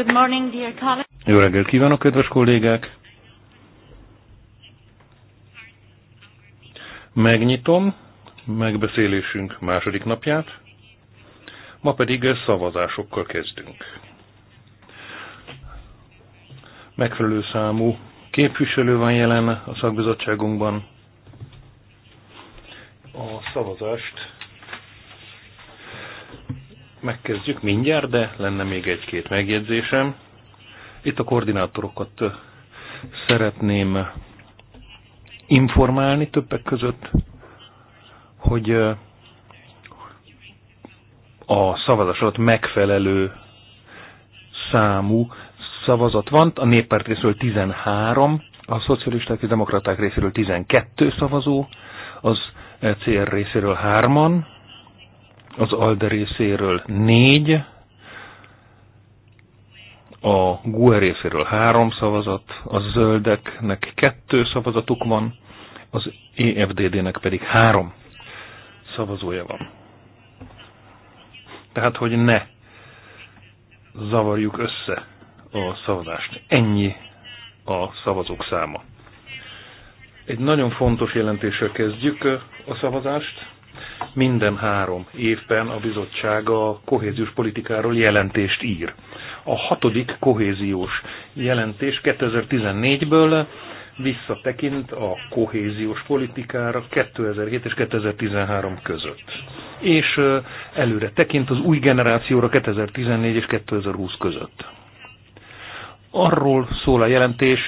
Good morning, dear colleagues. Jó reggelt kívánok, kedves kollégák! Megnyitom megbeszélésünk második napját, ma pedig szavazásokkal kezdünk. Megfelelő számú képviselő van jelen a szakbizottságunkban. A szavazást megkezdjük mindjárt, de lenne még egy-két megjegyzésem. Itt a koordinátorokat szeretném informálni többek között, hogy a szavazás alatt megfelelő számú szavazat van, a néppárt részéről 13, a szocialisták és demokraták részéről 12 szavazó, az e CR részéről 3-an, az ALDE részéről 4, a GUE részéről 3 szavazat, a zöldeknek 2 szavazatuk van, az EFDD-nek pedig 3 szavazója van. Tehát, hogy ne zavarjuk össze a szavazást. Ennyi a szavazók száma. Egy nagyon fontos jelentéssel kezdjük a szavazást minden három évben a bizottság a kohéziós politikáról jelentést ír. A hatodik kohéziós jelentés 2014-ből visszatekint a kohéziós politikára 2007 és 2013 között. És előre tekint az új generációra 2014 és 2020 között. Arról szól a jelentés,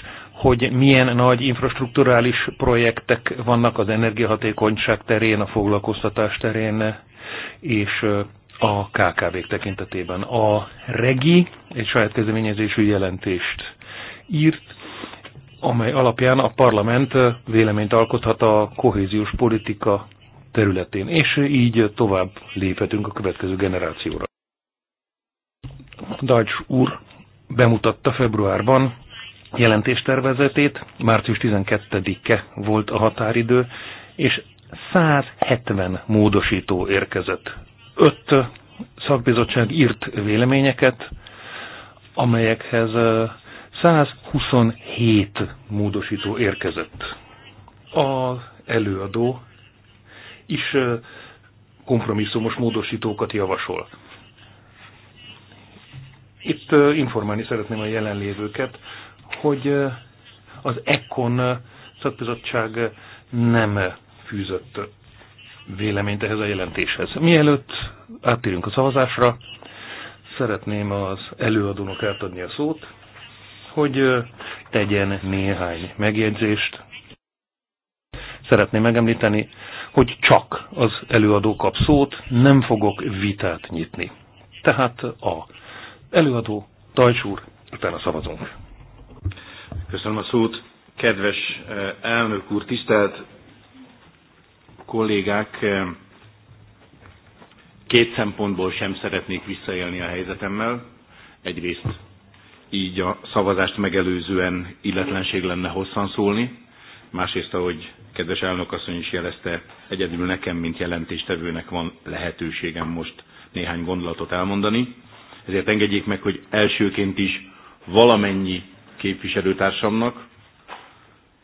hogy milyen nagy infrastruktúrális projektek vannak az energiahatékonyság terén, a foglalkoztatás terén és a kkv tekintetében. A REGI egy saját kezdeményezésű jelentést írt, amely alapján a parlament véleményt alkothat a kohéziós politika területén, és így tovább léphetünk a következő generációra. Dajcs úr bemutatta februárban jelentéstervezetét, március 12-e volt a határidő, és 170 módosító érkezett. Öt szakbizottság írt véleményeket, amelyekhez 127 módosító érkezett. Az előadó is kompromisszumos módosítókat javasol. Itt informálni szeretném a jelenlévőket, hogy az ECON szakbizottság nem fűzött véleményt ehhez a jelentéshez. Mielőtt áttérünk a szavazásra, szeretném az előadónak átadni a szót, hogy tegyen néhány megjegyzést. Szeretném megemlíteni, hogy csak az előadó kap szót, nem fogok vitát nyitni. Tehát a előadó, Tajcs utána szavazunk. Köszönöm a szót, kedves eh, elnök úr, tisztelt kollégák! Eh, két szempontból sem szeretnék visszaélni a helyzetemmel. Egyrészt így a szavazást megelőzően illetlenség lenne hosszan szólni, másrészt, ahogy kedves asszony is jelezte, egyedül nekem, mint jelentéstevőnek van lehetőségem most néhány gondolatot elmondani. Ezért engedjék meg, hogy elsőként is valamennyi képviselőtársamnak,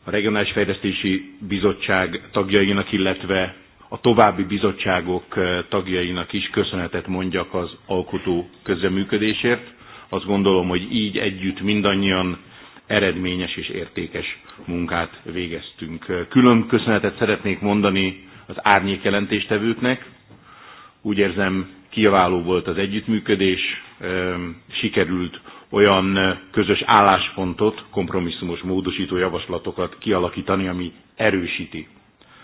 a Regionális Fejlesztési Bizottság tagjainak, illetve a további bizottságok eh, tagjainak is köszönetet mondjak az alkotó közreműködésért. Azt gondolom, hogy így együtt mindannyian eredményes és értékes munkát végeztünk. Eh, külön köszönetet szeretnék mondani az árnyék jelentéstevőknek. Úgy érzem, kiváló volt az együttműködés, eh, sikerült olyan közös álláspontot, kompromisszumos módosító javaslatokat kialakítani, ami erősíti.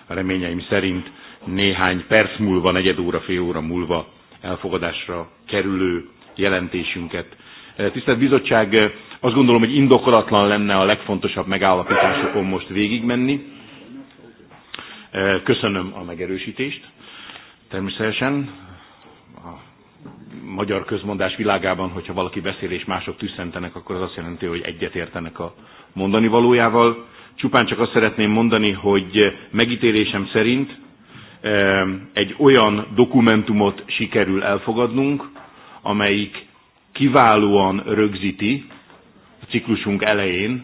A reményeim szerint néhány perc múlva, negyed óra, fél óra múlva elfogadásra kerülő jelentésünket. Tisztelt Bizottság, azt gondolom, hogy indokolatlan lenne a legfontosabb megállapításokon most végigmenni. Köszönöm a megerősítést természetesen magyar közmondás világában, hogyha valaki beszél és mások tüszentenek, akkor az azt jelenti, hogy egyetértenek a mondani valójával. Csupán csak azt szeretném mondani, hogy megítélésem szerint eh, egy olyan dokumentumot sikerül elfogadnunk, amelyik kiválóan rögzíti a ciklusunk elején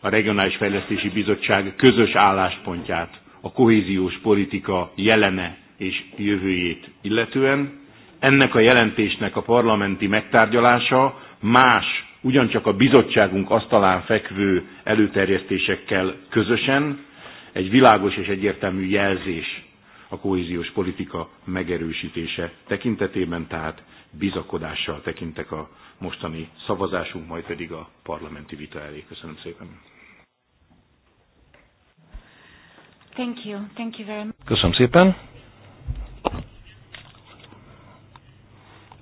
a Regionális Fejlesztési Bizottság közös álláspontját a kohéziós politika jelene és jövőjét illetően, ennek a jelentésnek a parlamenti megtárgyalása más, ugyancsak a bizottságunk asztalán fekvő előterjesztésekkel közösen egy világos és egyértelmű jelzés a kohéziós politika megerősítése tekintetében, tehát bizakodással tekintek a mostani szavazásunk, majd pedig a parlamenti vita elé. Köszönöm szépen. Thank you. Thank you very much. Köszönöm szépen.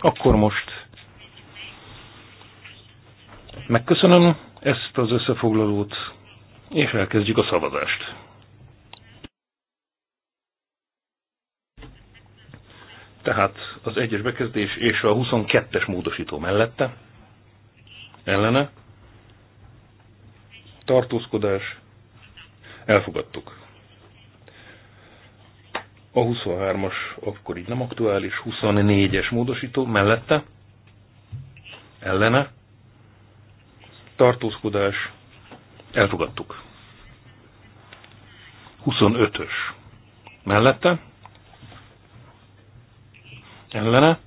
Akkor most megköszönöm ezt az összefoglalót, és elkezdjük a szavazást. Tehát az egyes bekezdés és a 22-es módosító mellette, ellene, tartózkodás, elfogadtuk. A 23-as akkor így nem aktuális, 24-es módosító mellette, ellene, tartózkodás, elfogadtuk. 25-ös mellette, ellene,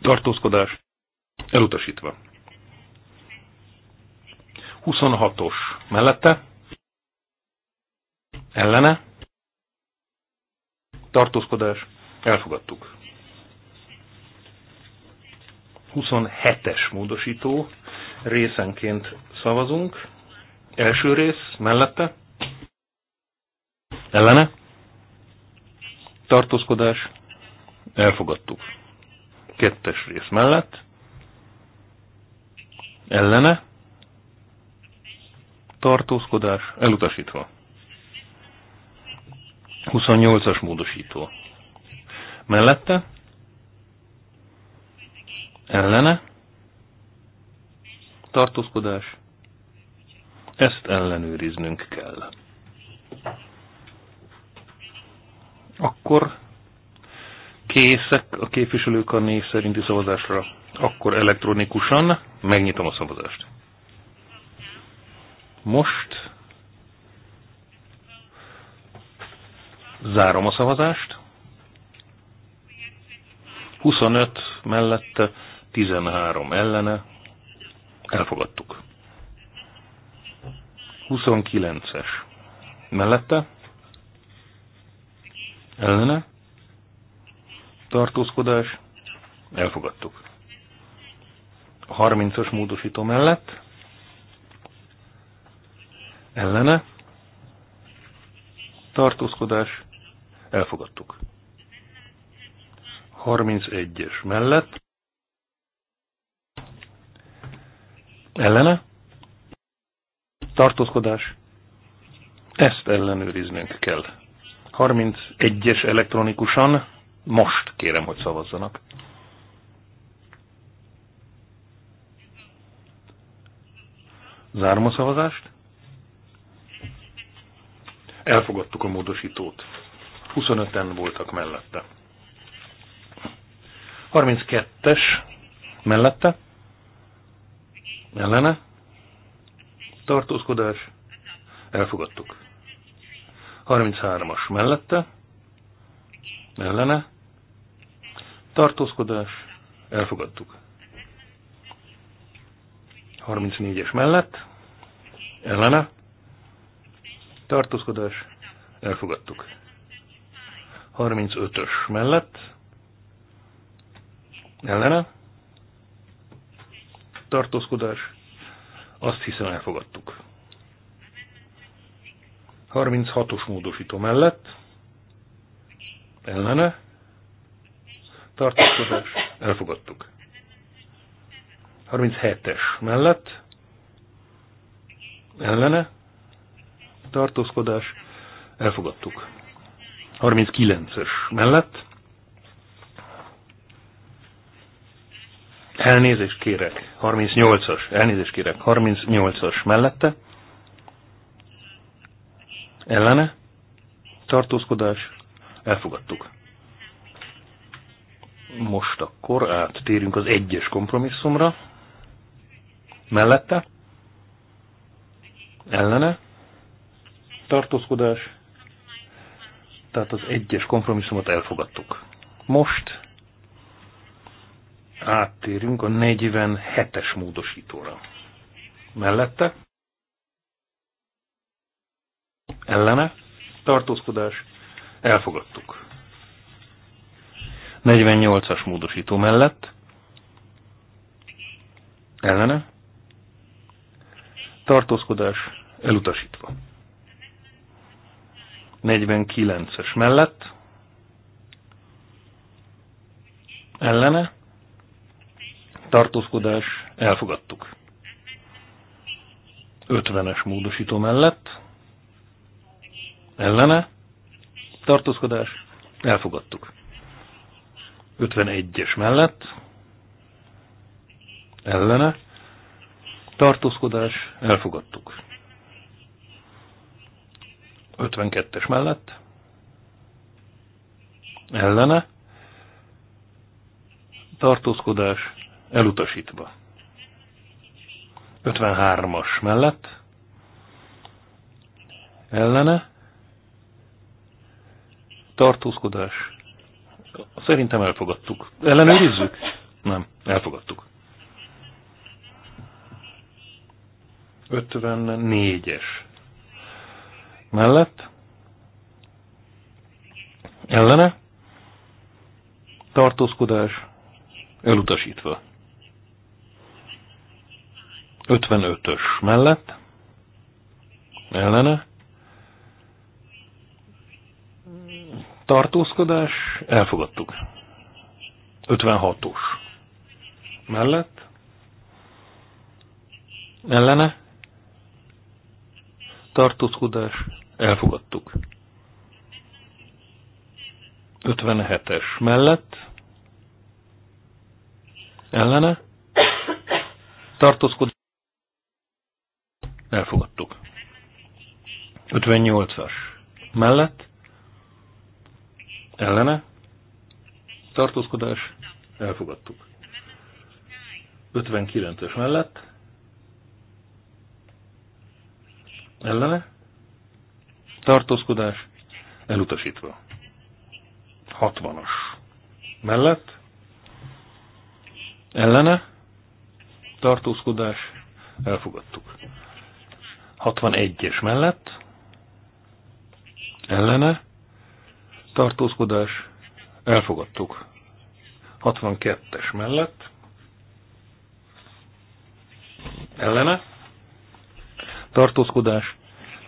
tartózkodás, elutasítva. 26-os mellette, ellene, tartózkodás, elfogadtuk. 27-es módosító, részenként szavazunk. Első rész, mellette, ellene, tartózkodás, elfogadtuk. Kettes rész mellett, ellene, tartózkodás, elutasítva. 28-as módosító. Mellette? Ellene? Tartózkodás? Ezt ellenőriznünk kell. Akkor készek a képviselők a név szerinti szavazásra. Akkor elektronikusan megnyitom a szavazást. Most Zárom a szavazást. 25 mellette, 13 ellene. Elfogadtuk. 29-es. Mellette? Ellene? Tartózkodás? Elfogadtuk. A 30-as módosító mellett? Ellene? Tartózkodás? Elfogadtuk. 31-es mellett. Ellene? Tartózkodás? Ezt ellenőriznünk kell. 31-es elektronikusan most kérem, hogy szavazzanak. Zárom a szavazást. Elfogadtuk a módosítót. 25-en voltak mellette. 32-es mellette, ellene, tartózkodás, elfogadtuk. 33-as mellette, ellene, tartózkodás, elfogadtuk. 34-es mellett, ellene, tartózkodás, elfogadtuk. 35-ös mellett ellene tartózkodás, azt hiszem elfogadtuk. 36-os módosító mellett ellene tartózkodás, elfogadtuk. 37-es mellett ellene tartózkodás, elfogadtuk. 39-ös mellett. Elnézést kérek, 38-as, elnézést kérek, 38-as mellette. Ellene, tartózkodás, elfogadtuk. Most akkor áttérünk az egyes kompromisszumra. Mellette, ellene, tartózkodás, tehát az egyes kompromisszumot elfogadtuk. Most áttérünk a 47-es módosítóra. Mellette ellene tartózkodás elfogadtuk. 48-as módosító mellett ellene tartózkodás elutasítva. 49-es mellett, ellene, tartózkodás, elfogadtuk. 50-es módosító mellett, ellene, tartózkodás, elfogadtuk. 51-es mellett, ellene, tartózkodás, elfogadtuk. 52-es mellett. Ellene. Tartózkodás elutasítva. 53-as mellett. Ellene. Tartózkodás. Szerintem elfogadtuk. Ellenőrizzük? Nem, elfogadtuk. 54-es mellett, ellene, tartózkodás, elutasítva. 55-ös mellett, ellene, tartózkodás, elfogadtuk. 56-os mellett, ellene, tartózkodás, elfogadtuk. 57-es mellett ellene tartózkodik, elfogadtuk. 58-as mellett ellene tartózkodás, elfogadtuk. 59-ös mellett ellene tartózkodás, elutasítva. 60-as mellett, ellene, tartózkodás, elfogadtuk. 61-es mellett, ellene, tartózkodás, elfogadtuk. 62-es mellett, ellene, tartózkodás,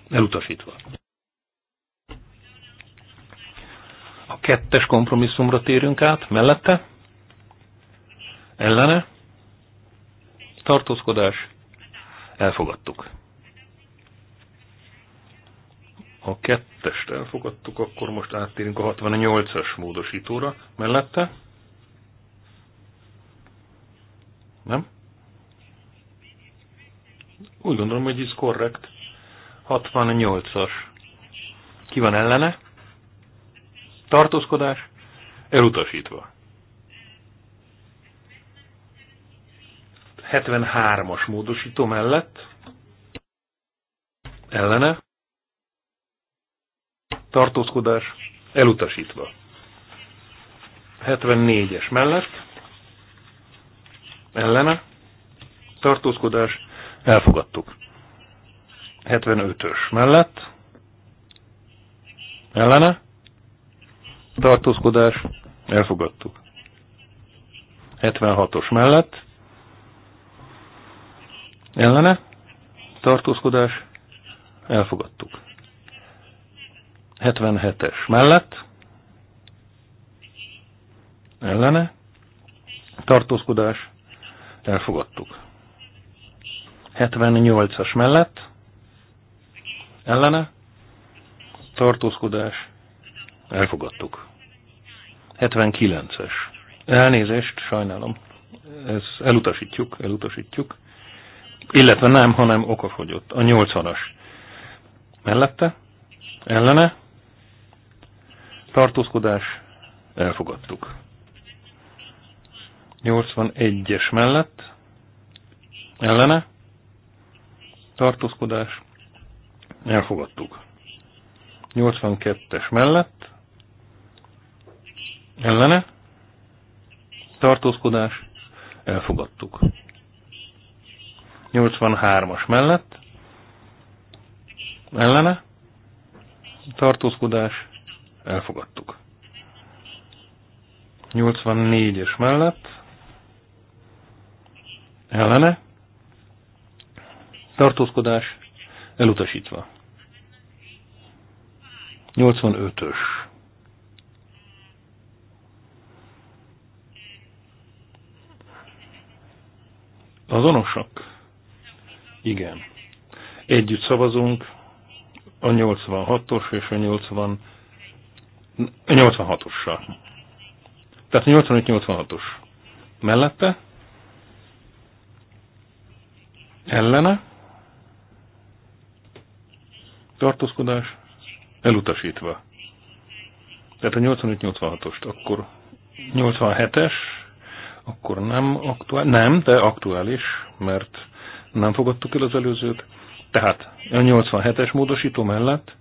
elutasítva. kettes kompromisszumra térünk át, mellette, ellene, tartózkodás, elfogadtuk. A kettest elfogadtuk, akkor most áttérünk a 68-as módosítóra, mellette, nem? Úgy gondolom, hogy ez korrekt. 68-as. Ki van ellene? tartózkodás, elutasítva. 73-as módosító mellett, ellene, tartózkodás, elutasítva. 74-es mellett, ellene, tartózkodás, elfogadtuk. 75-ös mellett, ellene, tartózkodás, elfogadtuk. 76-os mellett, ellene, tartózkodás, elfogadtuk. 77-es mellett, ellene, tartózkodás, elfogadtuk. 78-as mellett, ellene, tartózkodás, Elfogadtuk. 79-es. Elnézést, sajnálom. Ez elutasítjuk, elutasítjuk. Illetve nem, hanem okafogyott. A 80-as. Mellette? Ellene? Tartózkodás? Elfogadtuk. 81-es mellett? Ellene? Tartózkodás? Elfogadtuk. 82-es mellett? Ellene? Tartózkodás? Elfogadtuk. 83-as mellett? Ellene? Tartózkodás? Elfogadtuk. 84-es mellett? Ellene? Tartózkodás? Elutasítva. 85-ös Azonosak? Igen. Együtt szavazunk a 86-os és a 80 86-ossal. Tehát 85-86-os. Mellette? Ellene? Tartózkodás? Elutasítva. Tehát a 85-86-ost. Akkor 87-es akkor nem aktuális, nem, de aktuális, mert nem fogadtuk el az előzőt. Tehát a 87-es módosító mellett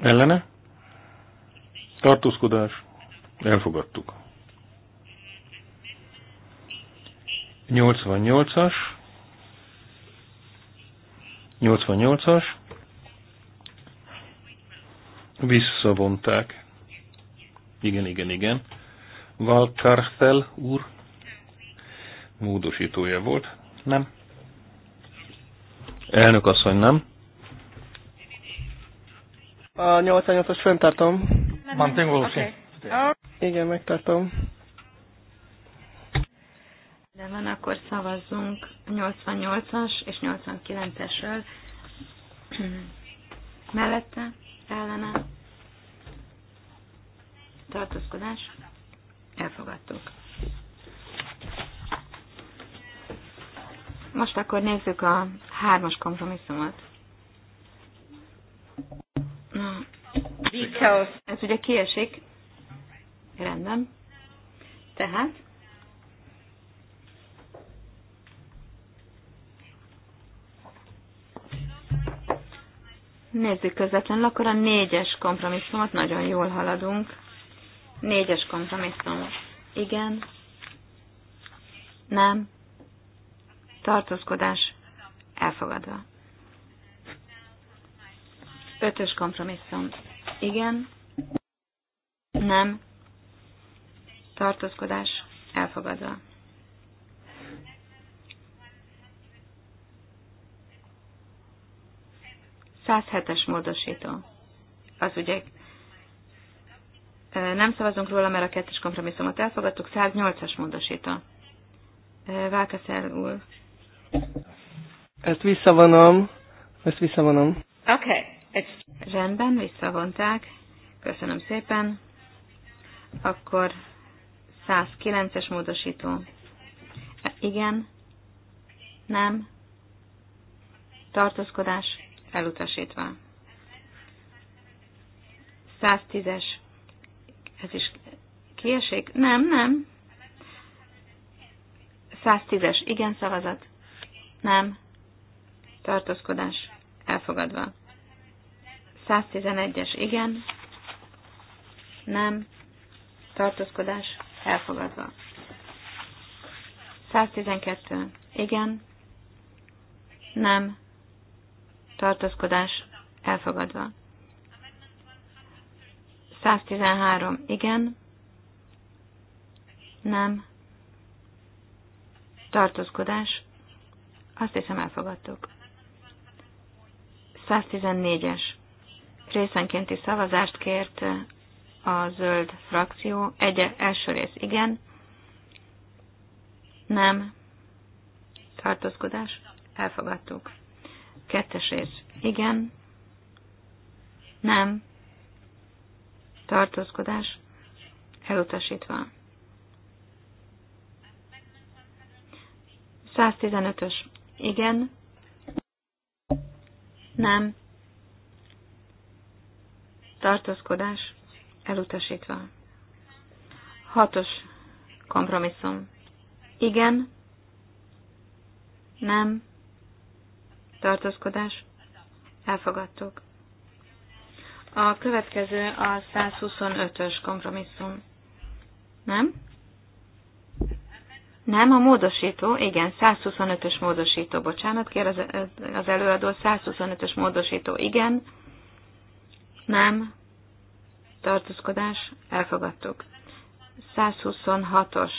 ellene tartózkodás elfogadtuk. 88-as 88-as visszavonták. Igen, igen, igen. Valkarcel úr módosítója volt, nem? Elnök asszony, nem? A 88-as fenntartom. Mantengo okay. Igen, megtartom. De van, akkor szavazzunk 88-as és 89-esről. Mellette, ellene, tartózkodás Elfogadtuk. Most akkor nézzük a hármas kompromisszumot. Na. Because. Ez ugye kiesik. Rendben. Tehát. Nézzük közvetlenül, akkor a négyes kompromisszumot nagyon jól haladunk. Négyes kompromisszum. Igen. Nem. Tartózkodás elfogadva. Ötös kompromisszum. Igen. Nem. Tartózkodás elfogadva. Százhetes módosító. Az ugye nem szavazunk róla, mert a kettes kompromisszumot elfogadtuk. 108-as módosító. Válkeszer úr. Ezt visszavonom. Ezt visszavonom. Oké. Okay. Rendben, visszavonták. Köszönöm szépen. Akkor 109-es módosító. E, igen. Nem. Tartózkodás elutasítva. 110-es ez is kiesik? Nem, nem. 110-es, igen szavazat. Nem. Tartózkodás, elfogadva. 111-es, igen. Nem. Tartózkodás, elfogadva. 112. Igen. Nem. Tartózkodás elfogadva. 113. Igen. Nem. Tartózkodás. Azt hiszem elfogadtuk. 114-es. Részenkénti szavazást kért a zöld frakció. Egy első rész igen. Nem. Tartózkodás. Elfogadtuk. Kettes rész. Igen. Nem tartózkodás elutasítva. 115-ös. Igen. Nem. Tartózkodás elutasítva. 6-os kompromisszum. Igen. Nem. Tartózkodás. Elfogadtuk. A következő a 125-ös kompromisszum. Nem? Nem, a módosító, igen, 125-ös módosító, bocsánat, kér az, az előadó, 125-ös módosító, igen, nem, tartózkodás, elfogadtuk. 126-os,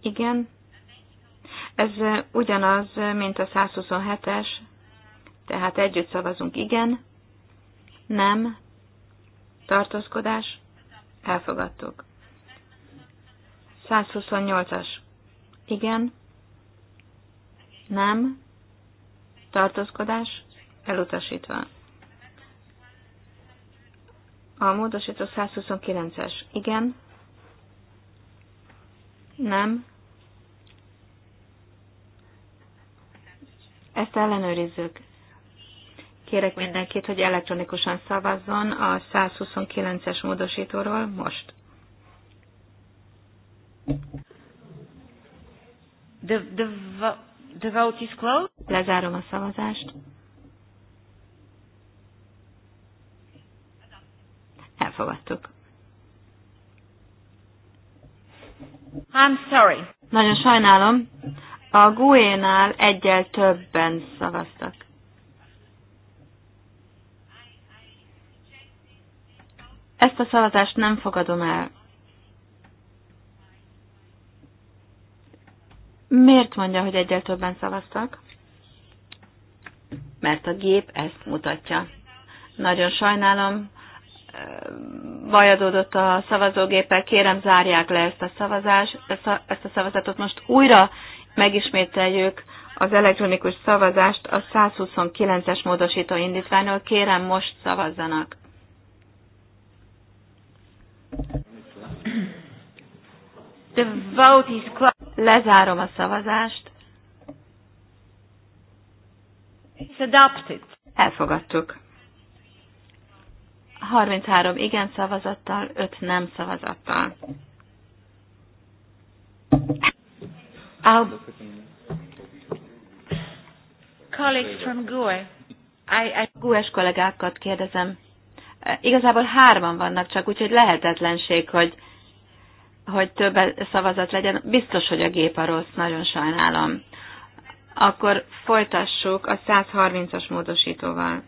igen, ez ugyanaz, mint a 127-es, tehát együtt szavazunk, igen, nem, tartózkodás, elfogadtuk. 128-as, igen, nem, tartózkodás, elutasítva. A módosító 129-es, igen, nem, ezt ellenőrizzük. Kérek mindenkit, hogy elektronikusan szavazzon a 129-es módosítóról most. The, the, the vote is closed. Lezárom a szavazást. Elfogadtuk. I'm sorry. Nagyon sajnálom. A GUE-nál egyel többen szavaztak. Ezt a szavazást nem fogadom el. Miért mondja, hogy egyel többen szavaztak? Mert a gép ezt mutatja. Nagyon sajnálom, vajadódott a szavazógéppel, kérem zárják le ezt a, szavazást. ezt a szavazatot. Most újra megismételjük az elektronikus szavazást a 129-es módosító indítványról. Kérem, most szavazzanak. The vote is closed. Lezárom a szavazást. It's adopted. Elfogadtuk. 33 igen szavazattal, 5 nem szavazattal. I'll... Colleagues from GUE. I, I... gue kollégákat kérdezem. Igazából hárman vannak csak, úgyhogy lehetetlenség, hogy hogy több szavazat legyen. Biztos, hogy a gép a rossz, nagyon sajnálom. Akkor folytassuk a 130-as módosítóval.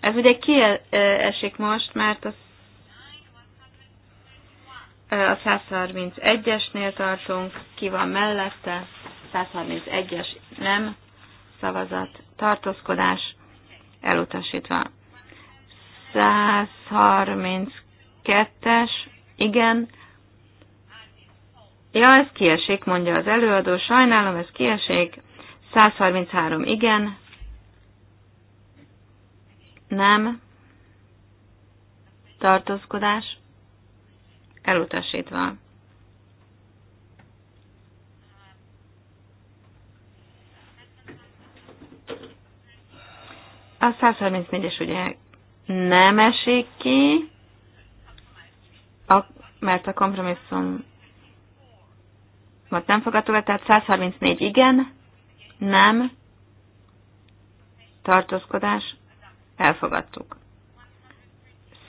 Ez ugye kiesik most, mert a, a 131-esnél tartunk, ki van mellette, 131-es nem, szavazat, tartózkodás, elutasítva. 132-es, igen, Ja, ez kiesik, mondja az előadó, sajnálom, ez kiesik. 133 igen. Nem. Tartózkodás. Elutasítva. A 134-es ugye nem esik ki, a, mert a kompromisszum most nem fogadtuk el, tehát 134 igen, nem, tartózkodás, elfogadtuk.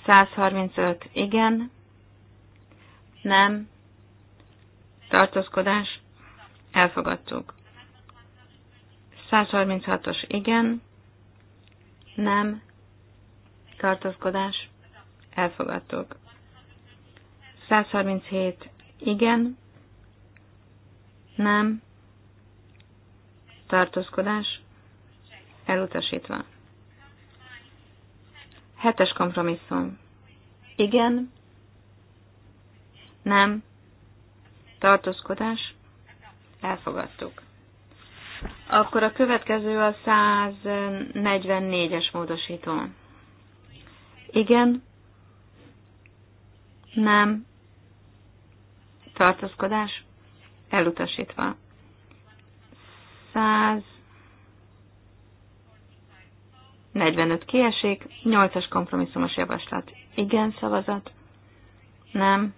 135 igen, nem, tartózkodás, elfogadtuk. 136-os igen, nem, tartózkodás, elfogadtuk. 137 igen, nem. Tartózkodás. Elutasítva. Hetes kompromisszum. Igen. Nem. Tartózkodás. Elfogadtuk. Akkor a következő a 144-es módosító. Igen. Nem. Tartózkodás elutasítva. 145 kiesik, 8-as kompromisszumos javaslat. Igen szavazat, nem,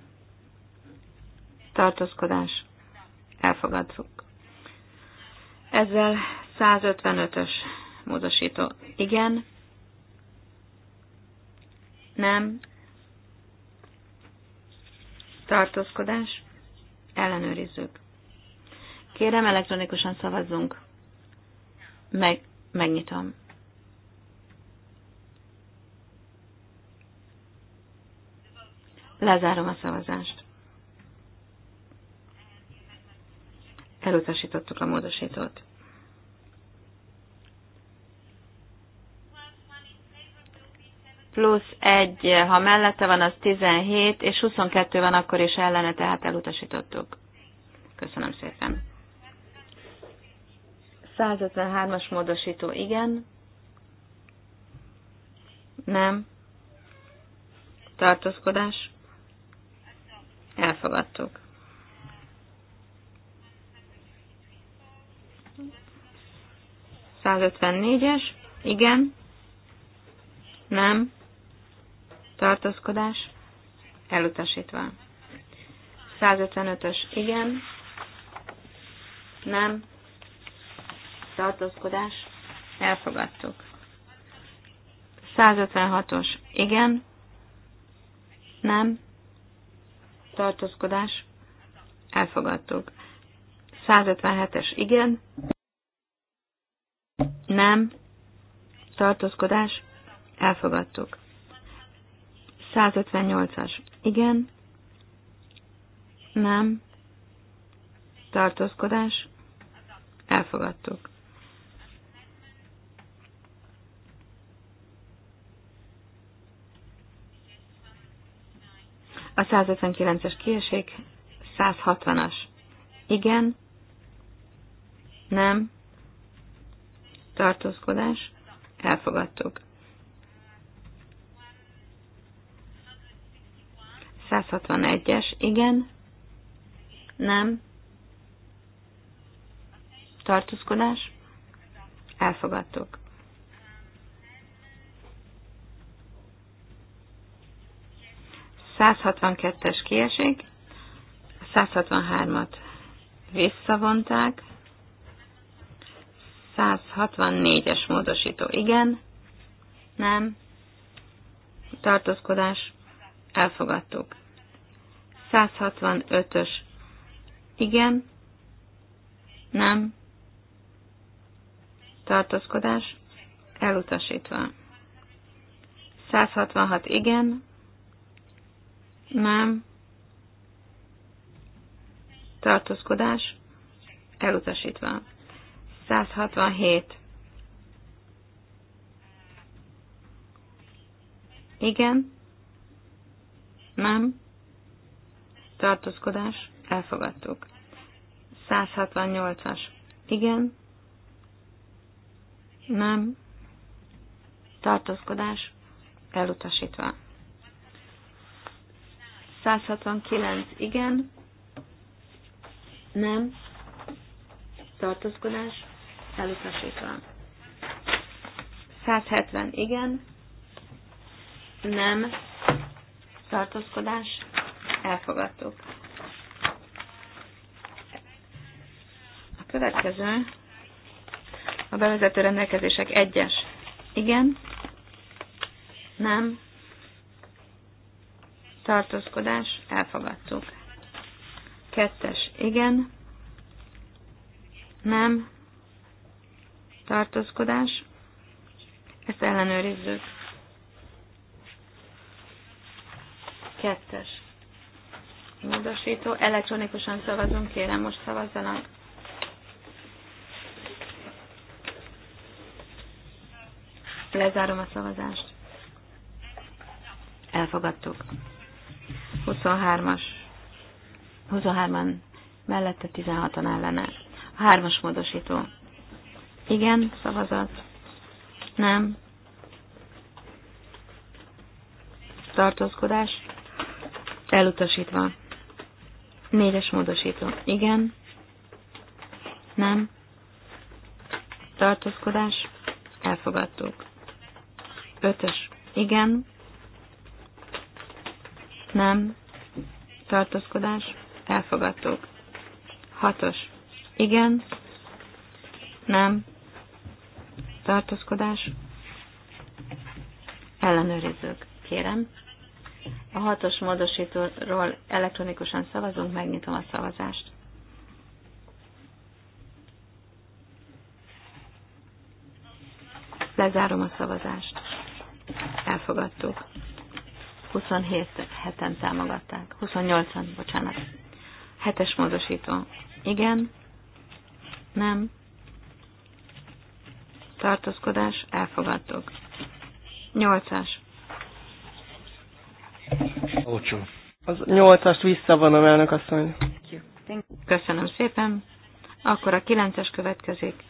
tartózkodás, Elfogadjuk. Ezzel 155-ös módosító. Igen, nem, tartózkodás, Ellenőrizzük. Kérem, elektronikusan szavazzunk. Meg, megnyitom. Lezárom a szavazást. Elutasítottuk a módosítót. plusz 1, ha mellette van, az 17, és 22 van akkor is ellene, tehát elutasítottuk. Köszönöm szépen. 153-as módosító, igen. Nem. Tartózkodás. Elfogadtuk. 154-es. Igen. Nem tartózkodás, elutasítva. 155-ös igen, nem, tartózkodás, elfogadtuk. 156-os igen, nem, tartózkodás, elfogadtuk. 157-es igen, nem, tartózkodás, elfogadtuk. 158-as. Igen. Nem. Tartózkodás. Elfogadtuk. A 159-es kiesik, 160-as. Igen. Nem. Tartózkodás. Elfogadtuk. 161-es, igen, nem, tartózkodás, elfogadtuk. es kiesik, 163-at visszavonták, 164-es módosító igen, nem, tartózkodás, elfogadtuk. 165-ös. Igen. Nem. Tartózkodás. Elutasítva. 166. Igen. Nem. Tartózkodás. Elutasítva. 167. Igen. Nem tartózkodás, elfogadtuk. 168-as, igen, nem, tartózkodás, elutasítva. 169, igen, nem, tartózkodás, elutasítva. 170, igen, nem, tartózkodás, elfogadtuk. A következő a bevezető rendelkezések egyes. Igen, nem, tartózkodás, elfogadtuk. Kettes, igen, nem, tartózkodás, ezt ellenőrizzük. Kettes módosító. Elektronikusan szavazunk, kérem most szavazzanak. Lezárom a szavazást. Elfogadtuk. 23-as. 23-an mellette 16-an ellene. A hármas módosító. Igen, szavazat. Nem. Tartózkodás. Elutasítva. Négyes módosító. Igen. Nem. Tartózkodás. Elfogadtuk. Ötös. Igen. Nem. Tartózkodás. Elfogadtuk. Hatos. Igen. Nem. Tartózkodás. Ellenőrizzük. Kérem. A hatos módosítóról elektronikusan szavazunk, megnyitom a szavazást. Lezárom a szavazást. Elfogadtuk. 27 heten támogatták. 28-an, bocsánat. Hetes módosító. Igen. Nem. Tartózkodás. Elfogadtuk. 8-as. Ocho. Az nyolcast visszavonom, elnök asszony. Köszönöm szépen. Akkor a kilences következik.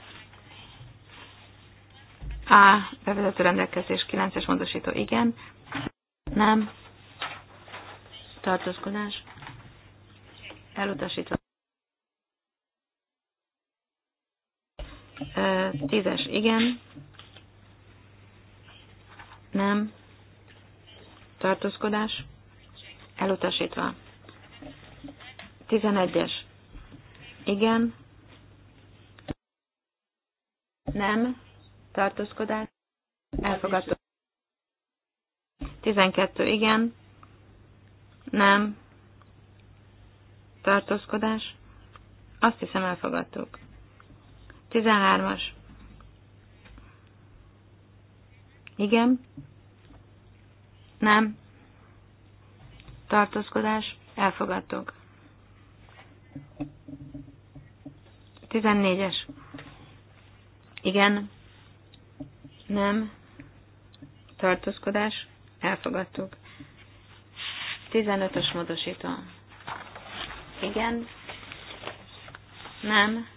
A. Bevezető rendelkezés kilences módosító. Igen. Nem. Tartózkodás. Elutasítva. Tízes. Igen. Nem. Tartózkodás. Elutasítva. 11-es. Igen. Nem. Tartózkodás. Elfogadó. 12. Igen. Nem. Tartózkodás. Azt hiszem elfogadtuk. 13-as. Igen. Nem tartózkodás, elfogadtuk. 14-es. Igen, nem, tartózkodás, elfogadtuk. 15-ös módosító. Igen, nem,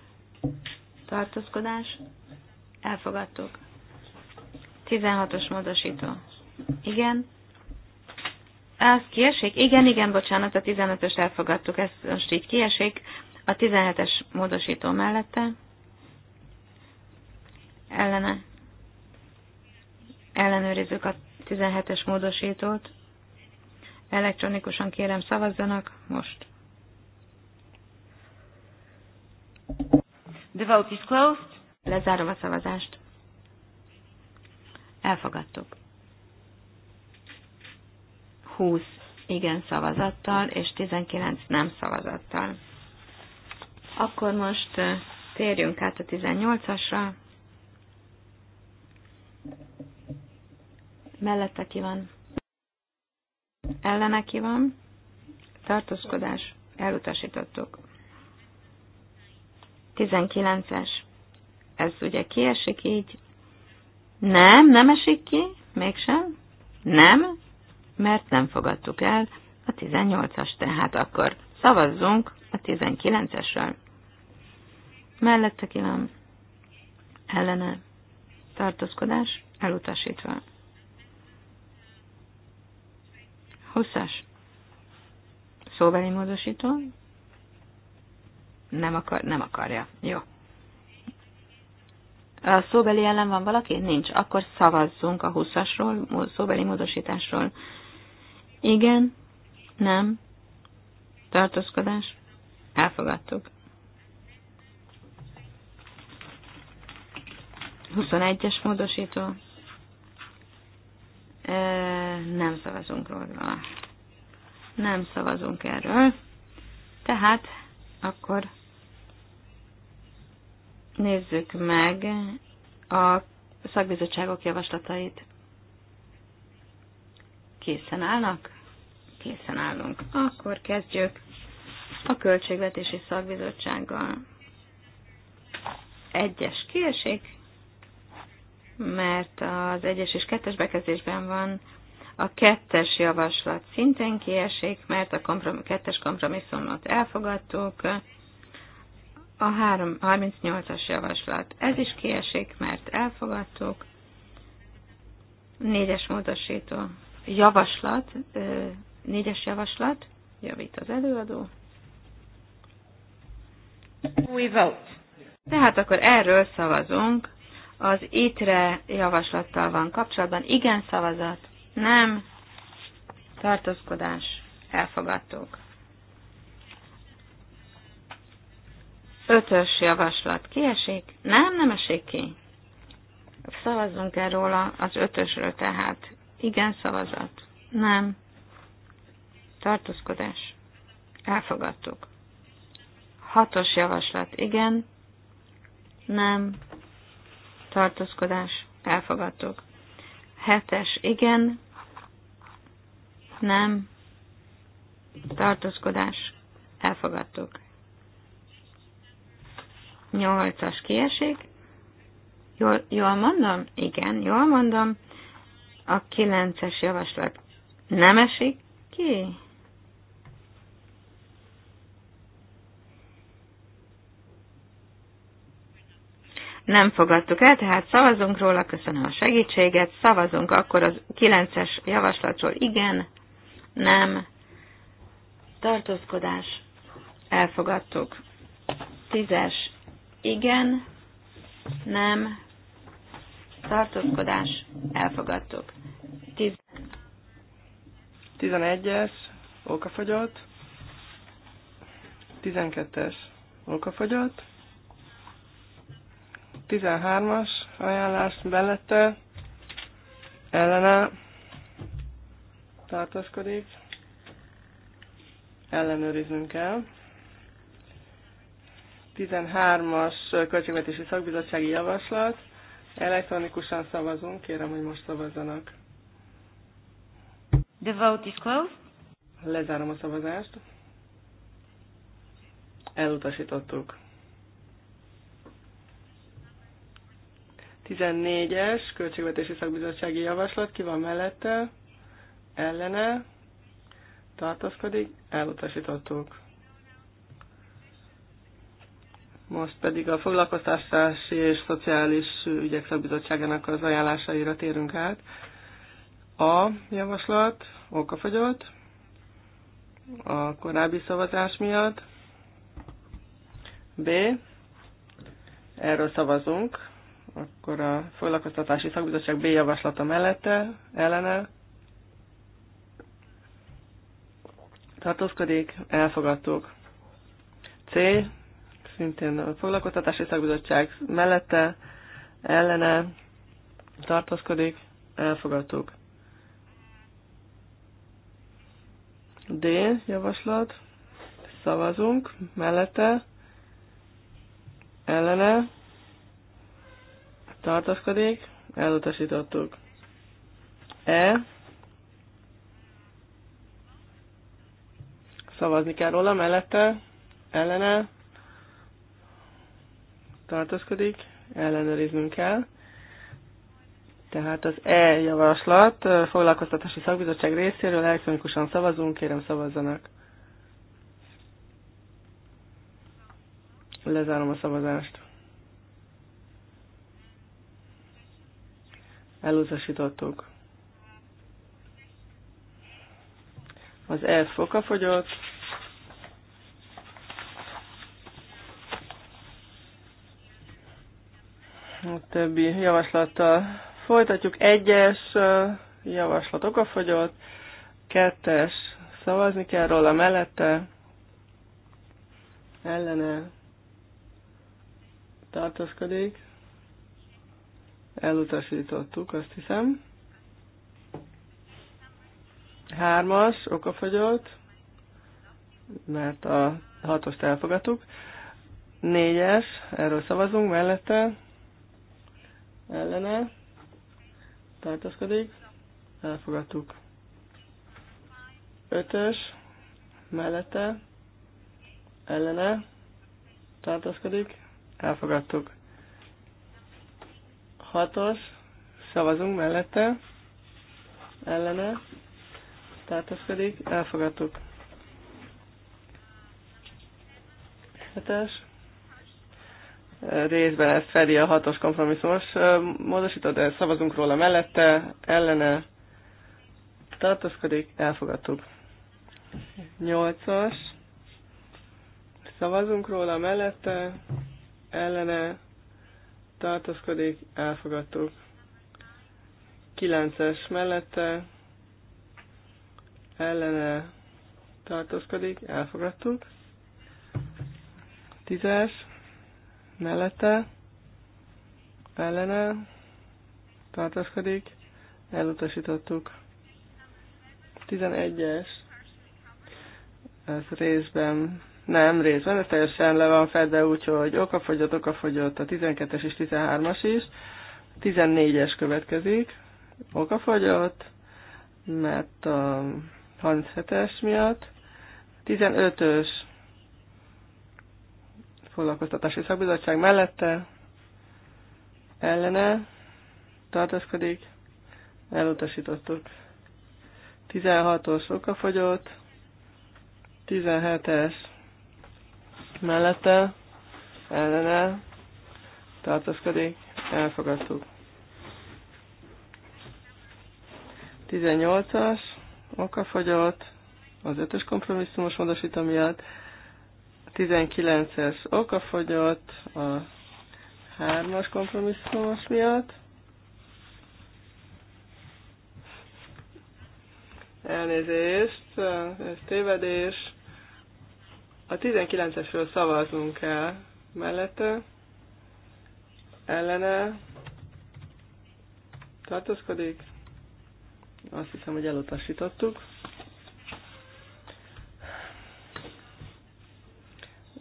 tartózkodás, elfogadtuk. 16-os módosító. Igen, ez kiesik? Igen, igen, bocsánat, a 15-ös elfogadtuk, ez most így kiesik. A 17-es módosító mellette. Ellene. Ellenőrizzük a 17-es módosítót. Elektronikusan kérem szavazzanak most. The vote is closed. Lezárom a szavazást. Elfogadtuk. 20 igen szavazattal és 19 nem szavazattal. Akkor most térjünk át a 18-asra. Mellette ki van? Ellene ki van? Tartózkodás. Elutasítottuk. 19-es. Ez ugye kiesik így? Nem, nem esik ki? Mégsem? Nem? mert nem fogadtuk el a 18-as, tehát akkor szavazzunk a 19-esről. Mellette van ellene tartózkodás elutasítva. 20-as szóbeli módosító nem, akar, nem akarja. Jó. A szóbeli ellen van valaki? Nincs. Akkor szavazzunk a 20-asról, szóbeli módosításról igen, nem, tartózkodás, elfogadtuk. 21-es módosító. E, nem szavazunk róla. Nem szavazunk erről. Tehát akkor nézzük meg a szakbizottságok javaslatait. Készen állnak? Készen állunk. Akkor kezdjük a Költségvetési Szakbizottsággal. Egyes kiesik, mert az egyes és kettes bekezdésben van a kettes javaslat szintén kiesik, mert a komprom- kettes kompromisszumot elfogadtuk, a három 38-as javaslat. Ez is kiesik, mert elfogadtuk. Négyes módosító javaslat, négyes javaslat, javít az előadó. We vote. Tehát akkor erről szavazunk. Az ITRE javaslattal van kapcsolatban. Igen szavazat, nem, tartózkodás, elfogadtuk. Ötös javaslat kiesik? Nem, nem esik ki. Szavazzunk erről az ötösről tehát igen szavazat. Nem. Tartózkodás. Elfogadtuk. Hatos javaslat. Igen. Nem. Tartózkodás. Elfogadtuk. Hetes. Igen. Nem. Tartózkodás. Elfogadtuk. Nyolcas kiesik. Jól, jól mondom? Igen, jól mondom a kilences javaslat nem esik ki? Nem fogadtuk el, tehát szavazunk róla, köszönöm a segítséget, szavazunk akkor az kilences javaslatról igen, nem, tartózkodás, elfogadtuk. Tízes igen, nem, tartózkodás, elfogadtuk. Tíz. 11-es, olkafogyott. 12-es, olkafogyott. 13-as ajánlás mellette ellene tartózkodik. Ellenőriznünk kell. 13-as költségvetési szakbizottsági javaslat. Elektronikusan szavazunk, kérem, hogy most szavazzanak. The vote is closed. Lezárom a szavazást. Elutasítottuk. 14-es költségvetési szakbizottsági javaslat, ki van mellette, ellene, Tartozkodik? elutasítottuk. Most pedig a foglalkoztatási és szociális ügyek szakbizottságának az ajánlásaira térünk át. A javaslat okafogyott a korábbi szavazás miatt. B. Erről szavazunk. Akkor a foglalkoztatási szakbizottság B javaslata mellette, ellene tartózkodik, elfogadtuk. C. Szintén a foglalkoztatási szakbizottság mellette, ellene tartózkodik, elfogadtuk. D javaslat, szavazunk, mellette, ellene, tartaszkodik, elutasítottuk. E, szavazni kell róla, mellette, ellene, tartaszkodik, ellenőriznünk kell. Tehát az E-javaslat foglalkoztatási szakbizottság részéről elektronikusan szavazunk, kérem szavazzanak. Lezárom a szavazást. Elutasítottuk. Az E foka fogyott. A többi javaslattal Folytatjuk egyes javaslat okafogyott, kettes szavazni kell róla mellette, ellene tartozkodik, Elutasítottuk, azt hiszem. Hármas okafogyott, mert a hatost elfogadtuk. Négyes, erről szavazunk, mellette, ellene tartózkodik, elfogadtuk. Ötös, mellette, ellene, tartózkodik, elfogadtuk. Hatos, szavazunk mellette, ellene, tartózkodik, elfogadtuk. Hetes, részben ezt fedi a hatos kompromisszumos módosító, de szavazunk róla mellette, ellene tartozkodik, elfogadtuk. Nyolcas, szavazunk róla mellette, ellene tartozkodik, elfogadtuk. Kilences mellette, ellene tartózkodik, elfogadtuk. Tízes, mellette, ellene, tartózkodik, elutasítottuk. 11-es, ez részben, nem részben, ez teljesen le van fedve, úgyhogy okafogyott, okafogyott a 12-es és 13-as is, 14-es következik, okafogyott, mert a 37-es miatt, 15-ös foglalkoztatási szakbizottság mellette, ellene, tartózkodik, elutasítottuk. 16-os okafogyott, 17-es mellette, ellene, tartózkodik, elfogadtuk. 18-as, okafogyott, az ötös kompromisszumos módosító miatt, 19-es okafogyott a 3-as kompromisszumos miatt. Elnézést, ez tévedés. A 19-esről szavaznunk kell mellette, ellene, tartózkodik. Azt hiszem, hogy elutasítottuk.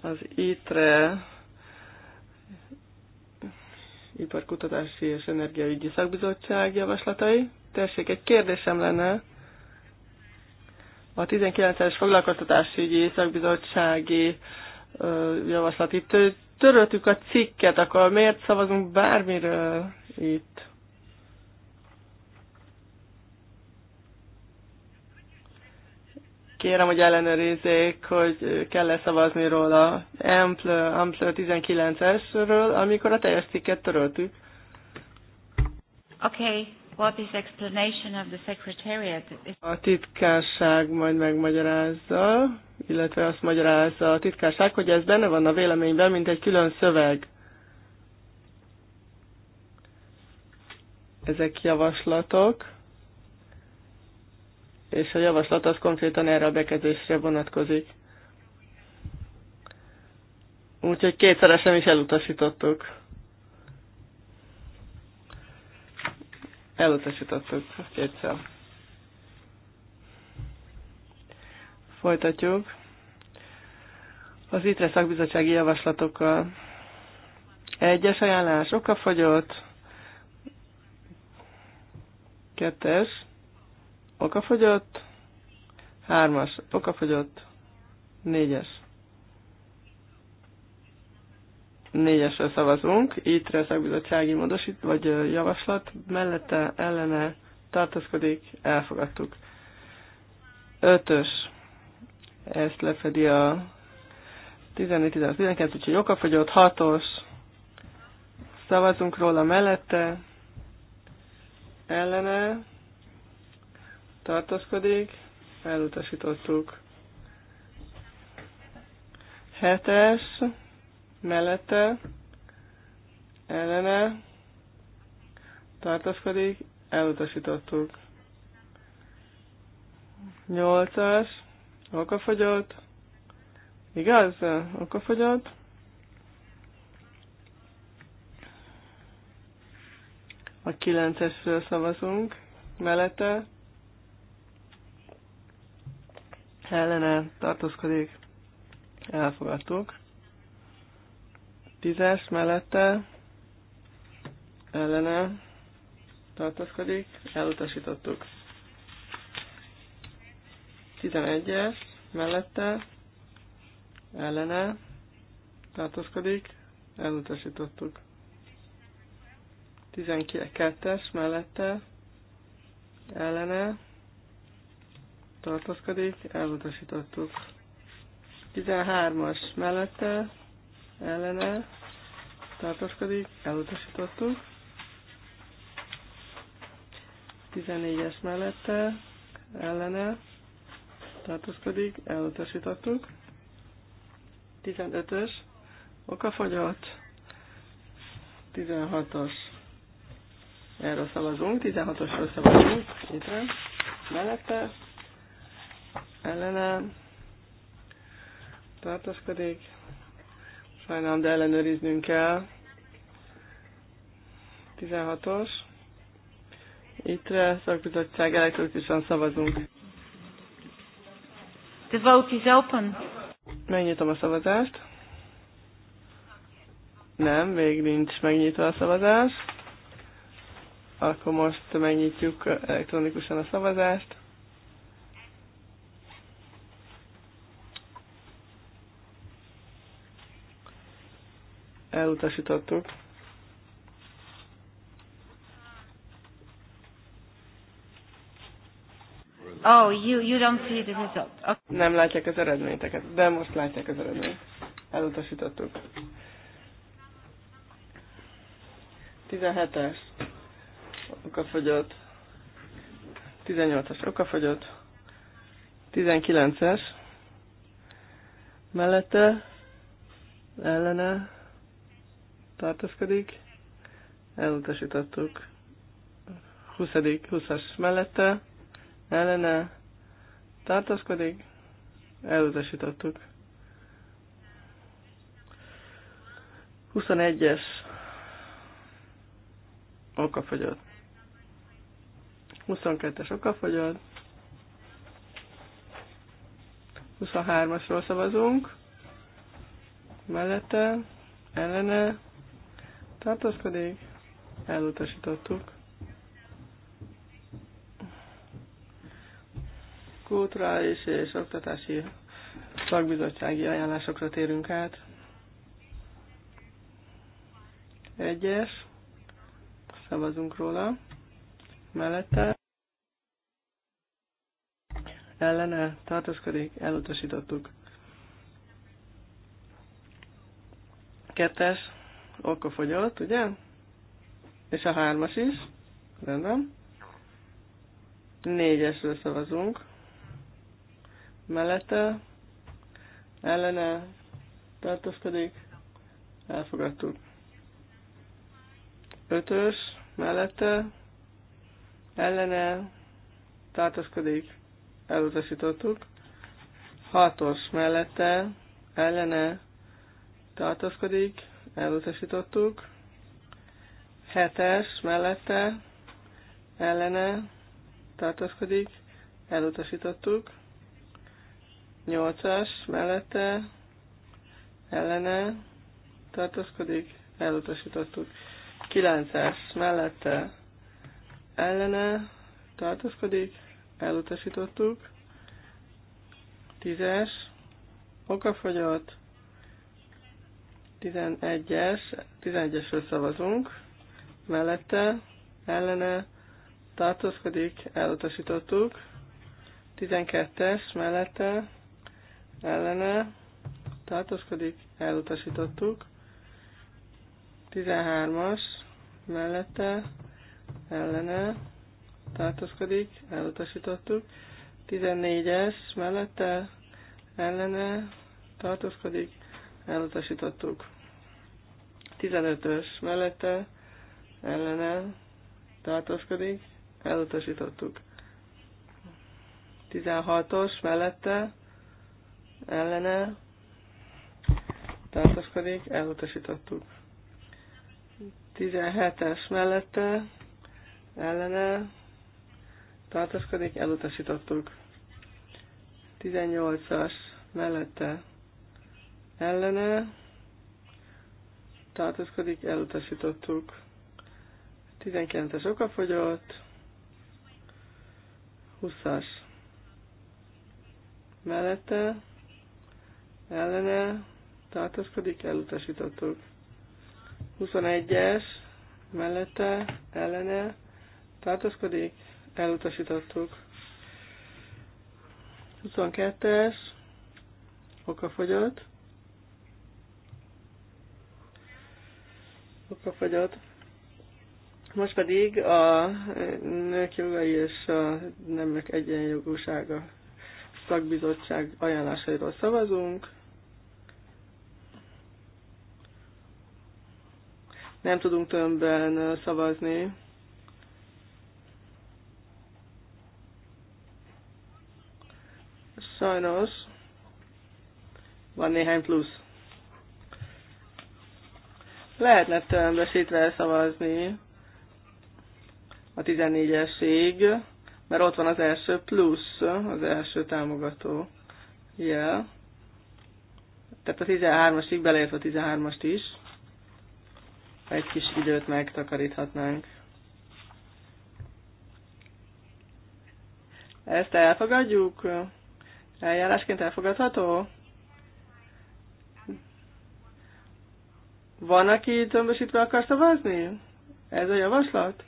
az ITRE Iparkutatási és Energiaügyi Szakbizottság javaslatai. Tessék, egy kérdésem lenne. A 19-es ügyi szakbizottsági javaslat. Itt töröltük a cikket, akkor miért szavazunk bármiről itt? kérem, hogy ellenőrizzék, hogy kell-e szavazni róla Ample, Ampl 19-esről, amikor a teljes cikket töröltük. Okay, what is explanation of the secretariat? A titkárság majd megmagyarázza, illetve azt magyarázza a titkárság, hogy ez benne van a véleményben, mint egy külön szöveg. Ezek javaslatok és a javaslat az konkrétan erre a bekezdésre vonatkozik. Úgyhogy kétszeresen is elutasítottuk. Elutasítottuk kétszer. Folytatjuk. Az ITRE szakbizottsági javaslatokkal. Egyes ajánlás okafogyott. Kettes okafogyott, hármas okafogyott, négyes. Négyesre szavazunk, itt a szakbizottsági módosít, vagy javaslat, mellette ellene tartozkodik, elfogadtuk. Ötös, ezt lefedi a 14 19 úgyhogy okafogyott, hatos, szavazunk róla mellette, ellene, tartózkodik, elutasítottuk. Hetes, mellette, ellene, tartózkodik, elutasítottuk. Nyolcas, okafogyott, igaz? Okafogyott. A kilencesről szavazunk, mellette, ellene tartózkodik, elfogadtuk. Tízes mellette ellene tartózkodik, elutasítottuk. Tizenegyes mellette ellene tartózkodik, elutasítottuk. Tizenkettes mellette ellene tartózkodik, elutasítottuk. 13-as mellette, ellene, tartózkodik, elutasítottuk. 14-es mellette, ellene, tartózkodik, elutasítottuk. 15-ös, okafogyott, 16-os, erről szavazunk, 16-osról szavazunk, itt mellette, ellene tartózkodik. Sajnálom, de ellenőriznünk kell. 16-os. Ittre szakbizottság elektronikusan szavazunk. The vote is open. Megnyitom a szavazást. Nem, még nincs megnyitva a szavazás. Akkor most megnyitjuk elektronikusan a szavazást. elutasítottuk. Oh, you, you don't see the result. Okay. Nem látják az eredményeket, de most látják az eredményt. Elutasítottuk. 17-es okafogyott. 18-as okafogyott. 19-es mellette ellene tartózkodik, elutasítottuk. 20. 20-as mellette, ellene tartózkodik, elutasítottuk. 21-es okafogyott. 22-es okafogyott. 23-asról szavazunk. Mellette, ellene, pedig elutasítottuk. Kulturális és oktatási szakbizottsági ajánlásokra térünk át. Egyes, szavazunk róla, mellette ellene tartózkodik, elutasítottuk. Kettes, akkor fogyott, ugye? És a hármas is. Rendben. Négyesről szavazunk. Mellette. Ellene. Tartózkodik. Elfogadtuk. Ötös. Mellette. Ellene. Tartózkodik. Elutasítottuk. Hatos mellette. Ellene. Tartózkodik elutasítottuk. Hetes mellette ellene tartózkodik, elutasítottuk. Nyolcas mellette ellene tartózkodik, elutasítottuk. Kilences mellette ellene tartózkodik, elutasítottuk. Tízes okafogyott, 11-es, 11-esről szavazunk, mellette, ellene, tartózkodik, elutasítottuk. 12-es, mellette, ellene, tartózkodik, elutasítottuk. 13-as, mellette, ellene, tartózkodik, elutasítottuk. 14-es, mellette, ellene, tartózkodik, elutasítottuk. 15-ös mellette ellene tartózkodik, elutasítottuk. 16-os mellette ellene tartózkodik, elutasítottuk. 17-es mellette ellene tartózkodik, elutasítottuk. 18-as mellette ellene tartózkodik, elutasítottuk. 19-es okafogyott, 20-as mellette, ellene tartózkodik, elutasítottuk. 21-es mellette, ellene tartózkodik, elutasítottuk. 22-es okafogyott, okafogyott. Most pedig a nők jogai és a nemek egyenjogúsága szakbizottság ajánlásairól szavazunk. Nem tudunk tömbben szavazni. Sajnos van néhány plusz. Lehetne tömbösítve szavazni a 14-esig, mert ott van az első plusz, az első támogató jel. Tehát a 13-asig beleértve a 13-ast is. Egy kis időt megtakaríthatnánk. Ezt elfogadjuk? Eljárásként elfogadható? Van, aki tömbösítve akar szavazni? Ez a javaslat?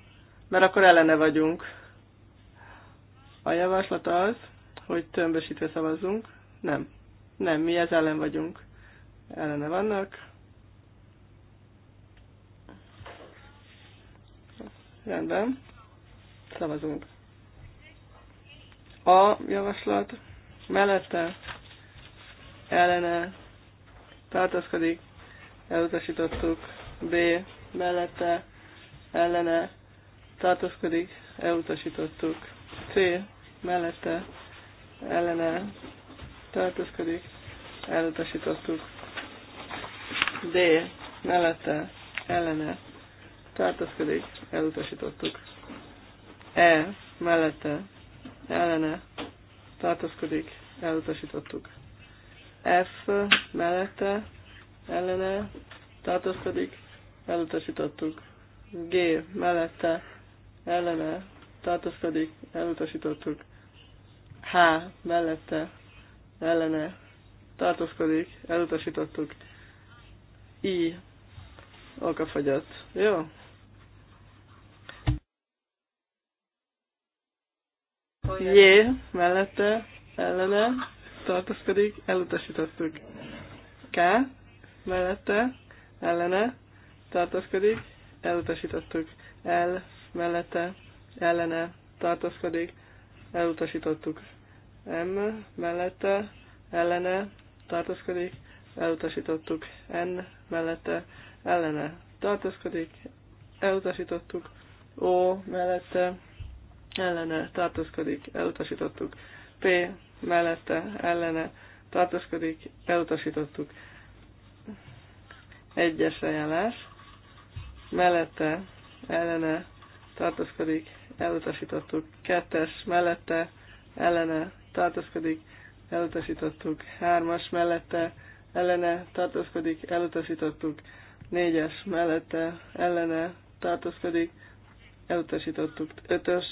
Mert akkor ellene vagyunk. A javaslat az, hogy tömbösítve szavazzunk. Nem. Nem, mi ez ellen vagyunk. Ellene vannak. Rendben. Szavazunk. A javaslat mellette ellene tartózkodik elutasítottuk, B mellette ellene tartózkodik, elutasítottuk, C mellette ellene tartózkodik, elutasítottuk, D mellette ellene tartózkodik, elutasítottuk, E mellette ellene tartózkodik, elutasítottuk. F mellette ellene pedig elutasítottuk. G mellette ellene pedig elutasítottuk. H mellette ellene tartózkodik, elutasítottuk. I okafagyott Jó? J mellette ellene tartózkodik, elutasítottuk. K mellette, ellene, tartózkodik, elutasítottuk, el, mellette, ellene, tartózkodik, elutasítottuk, m, mellette, ellene, tartózkodik, elutasítottuk, n, mellette, ellene, tartózkodik, elutasítottuk, o, mellette, ellene, tartózkodik, elutasítottuk, p, mellette, ellene, tartózkodik, elutasítottuk. Egyes ajánlás mellette ellene tartozkodik, elutasítottuk. Kettes mellette ellene tartozkodik, elutasítottuk. Hármas mellette ellene tartozkodik, elutasítottuk. Négyes mellette ellene tartozkodik, elutasítottuk. Ötös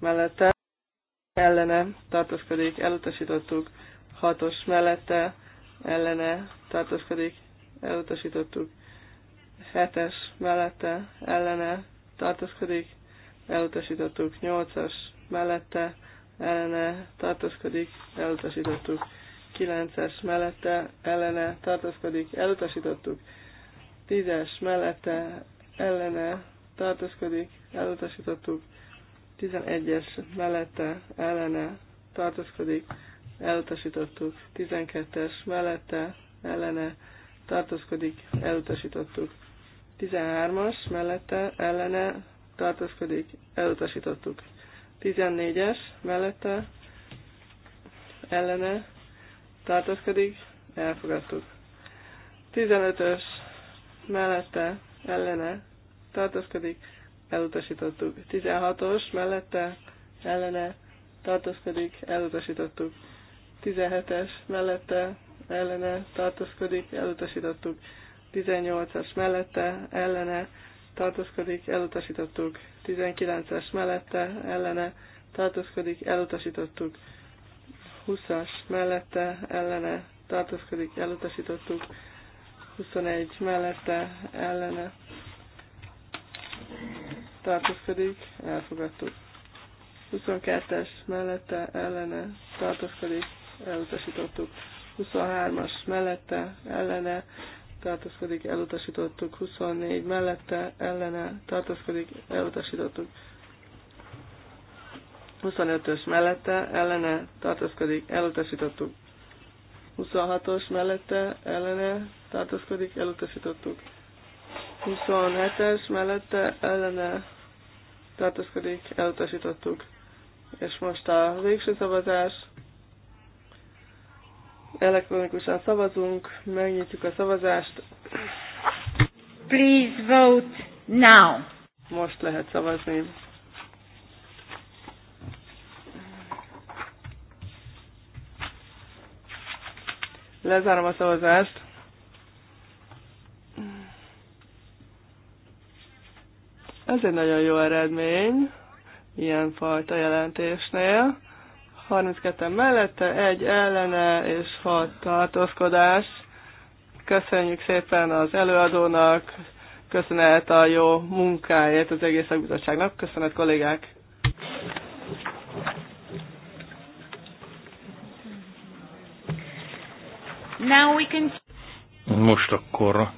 mellette ellene tartozkodik, elutasítottuk. Hatos mellette ellene tartozkodik, elutasítottuk. hetes mellette ellene tartozkodik, elutasítottuk. nyolcas mellette ellene tartozkodik, elutasítottuk. kilences mellette ellene tartozkodik, elutasítottuk. Tízes mellette ellene tartozkodik, elutasítottuk. tizenegyes mellette ellene tartozkodik, elutasítottuk. tizenkettes mellette ellene tartózkodik, elutasítottuk. 13-as mellette ellene tartózkodik, elutasítottuk. 14-es mellette ellene tartózkodik, elfogadtuk. 15-ös mellette ellene tartózkodik, elutasítottuk. 16-os mellette ellene tartózkodik, elutasítottuk. 17-es mellette ellene tartózkodik, elutasítottuk. 18-as mellette, ellene tartózkodik, elutasítottuk. 19 as mellette, ellene tartózkodik, elutasítottuk. 20-as mellette, ellene tartózkodik, elutasítottuk. 21 mellette, ellene tartózkodik, elfogadtuk. 22-es mellette, ellene tartózkodik, elutasítottuk. 23-as mellette ellene tartózkodik, elutasítottuk. 24 mellette ellene tartózkodik, elutasítottuk. 25-ös mellette ellene tartózkodik, elutasítottuk. 26-os mellette ellene tartózkodik, elutasítottuk. 27-es mellette ellene tartózkodik, elutasítottuk. És most a végső szavazás, Elektronikusan szavazunk, megnyitjuk a szavazást. Please vote now. Most lehet szavazni. Lezárom a szavazást. Ez egy nagyon jó eredmény Ilyen fajta jelentésnél. 32 mellette, egy ellene és 6 tartózkodás. Köszönjük szépen az előadónak, köszönet a jó munkáért az egész szakbizottságnak. Köszönet kollégák! Now we can... Most akkor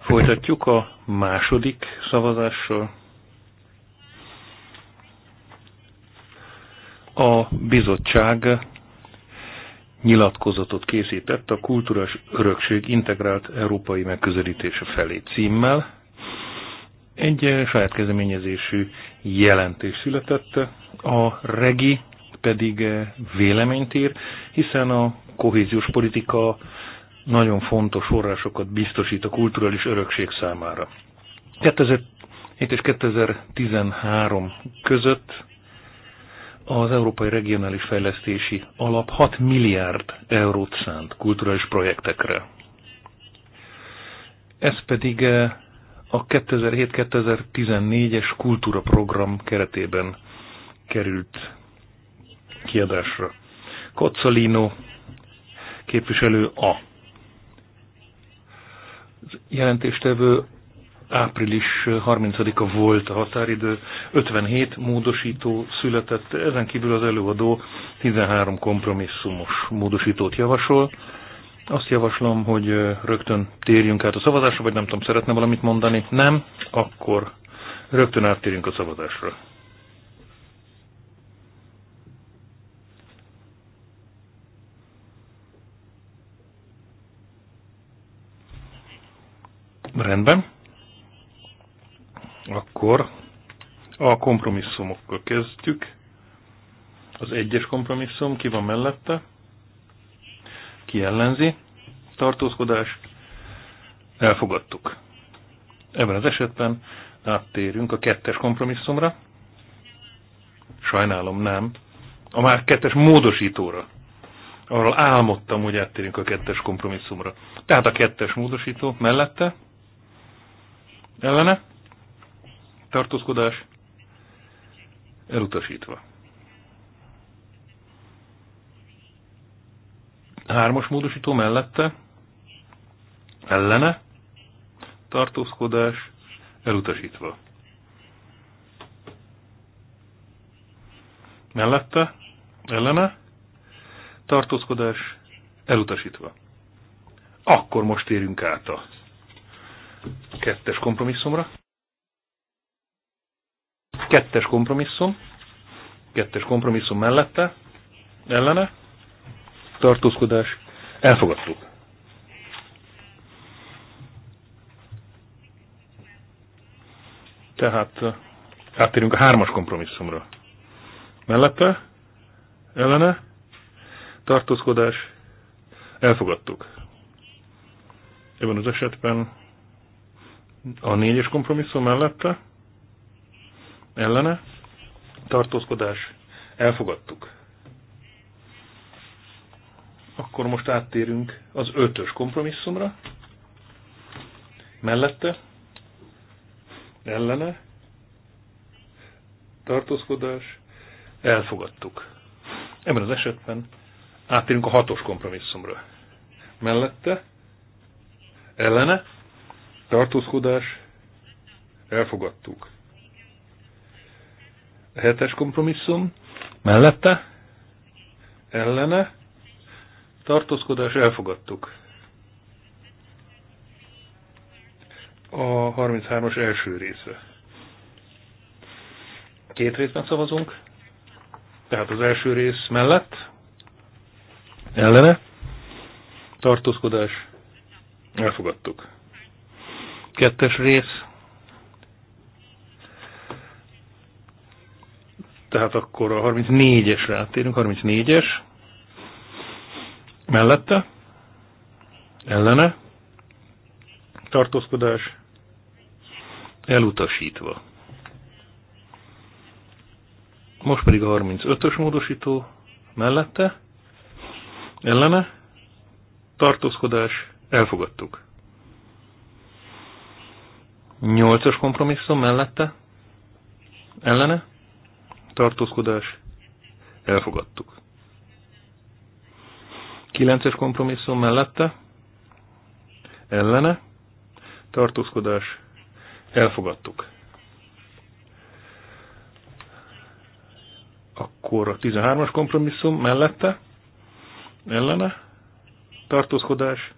folytatjuk a második szavazással. A bizottság nyilatkozatot készített a kulturális Örökség Integrált Európai Megközelítése felé címmel. Egy eh, saját kezdeményezésű jelentés született, a REGI pedig eh, véleményt ír, hiszen a kohéziós politika nagyon fontos forrásokat biztosít a kulturális örökség számára. 2007 és 2013 között az Európai Regionális Fejlesztési Alap 6 milliárd eurót szánt kulturális projektekre. Ez pedig eh, a 2007-2014-es kultúraprogram keretében került kiadásra. Kozzolino képviselő A. Jelentéstevő április 30-a volt a határidő, 57 módosító született, ezen kívül az előadó 13 kompromisszumos módosítót javasol. Azt javaslom, hogy rögtön térjünk át a szavazásra, vagy nem tudom, szeretne valamit mondani? Nem? Akkor rögtön áttérjünk a szavazásra. Rendben. Akkor a kompromisszumokkal kezdjük. Az egyes kompromisszum ki van mellette, ki ellenzi, tartózkodás, elfogadtuk. Ebben az esetben áttérünk a kettes kompromisszumra. Sajnálom, nem. A már kettes módosítóra. Arról álmodtam, hogy áttérünk a kettes kompromisszumra. Tehát a kettes módosító mellette, ellene, tartózkodás elutasítva. Hármas módosító mellette ellene tartózkodás elutasítva. Mellette ellene tartózkodás elutasítva. Akkor most érünk át a kettes kompromisszumra. Kettes kompromisszum. Kettes kompromisszum mellette. Ellene. Tartózkodás. Elfogadtuk. Tehát eh, áttérünk a hármas kompromisszumra. Mellette, ellene, tartózkodás, elfogadtuk. Ebben az esetben a négyes kompromisszum mellette, ellene, tartózkodás, elfogadtuk. Akkor most áttérünk az ötös kompromisszumra, mellette, ellene, tartózkodás, elfogadtuk. Ebben az esetben áttérünk a hatos kompromisszumra. Mellette, ellene, tartózkodás, elfogadtuk hetes kompromisszum, mellette, ellene, tartózkodás elfogadtuk. A 33-as első része. Két részben szavazunk, tehát az első rész mellett, ellene, tartózkodás elfogadtuk. Kettes rész Tehát akkor a 34-esre áttérünk, 34-es. Mellette. Ellene. Tartózkodás. Elutasítva. Most pedig a 35-ös módosító mellette, ellene, tartózkodás, elfogadtuk. 8-as kompromisszum mellette, ellene, tartózkodás, elfogadtuk. Kilences kompromisszum mellette, ellene, tartózkodás, elfogadtuk. Akkor a 13-as kompromisszum mellette, ellene, tartózkodás,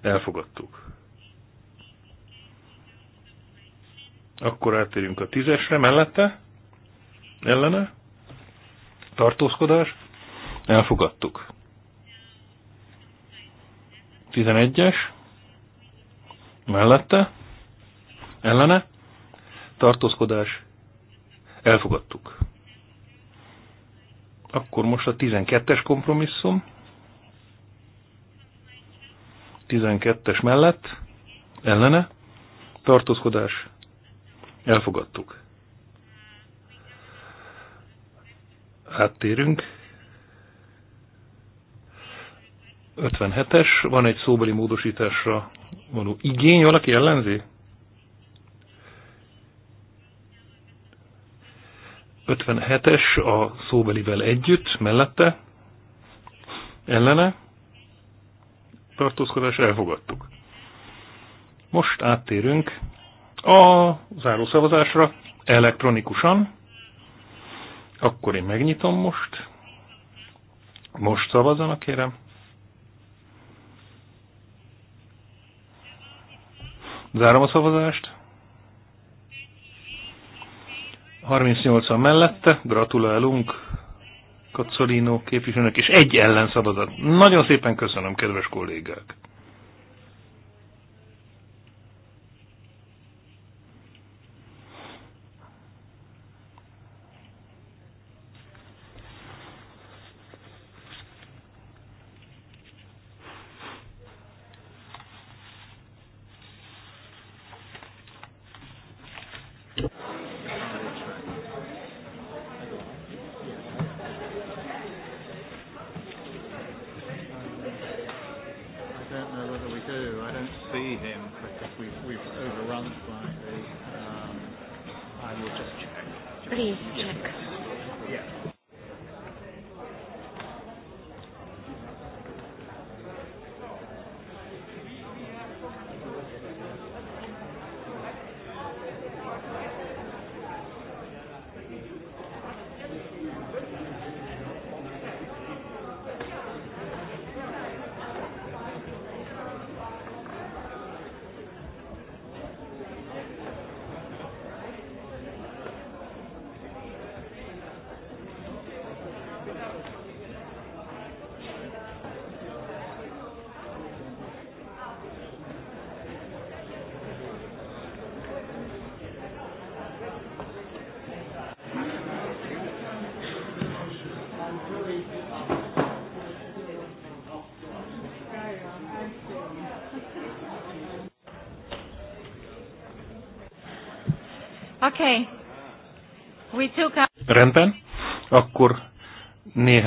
elfogadtuk. Akkor átérünk a 10-esre mellette, ellene, tartózkodás, elfogadtuk. 11-es, mellette, ellene, tartózkodás, elfogadtuk. Akkor most a 12-es kompromisszum, 12-es mellett, ellene, tartózkodás, elfogadtuk. áttérünk. 57-es, van egy szóbeli módosításra való igény, valaki ellenzi? 57-es a szóbelivel együtt, mellette, ellene, tartózkodás elfogadtuk. Most áttérünk a zárószavazásra elektronikusan. Akkor én megnyitom most. Most szavazzanak, kérem. Zárom a szavazást. 38 a mellette, gratulálunk Kacolino képviselőnek, és egy ellen szabadat. Nagyon szépen köszönöm, kedves kollégák!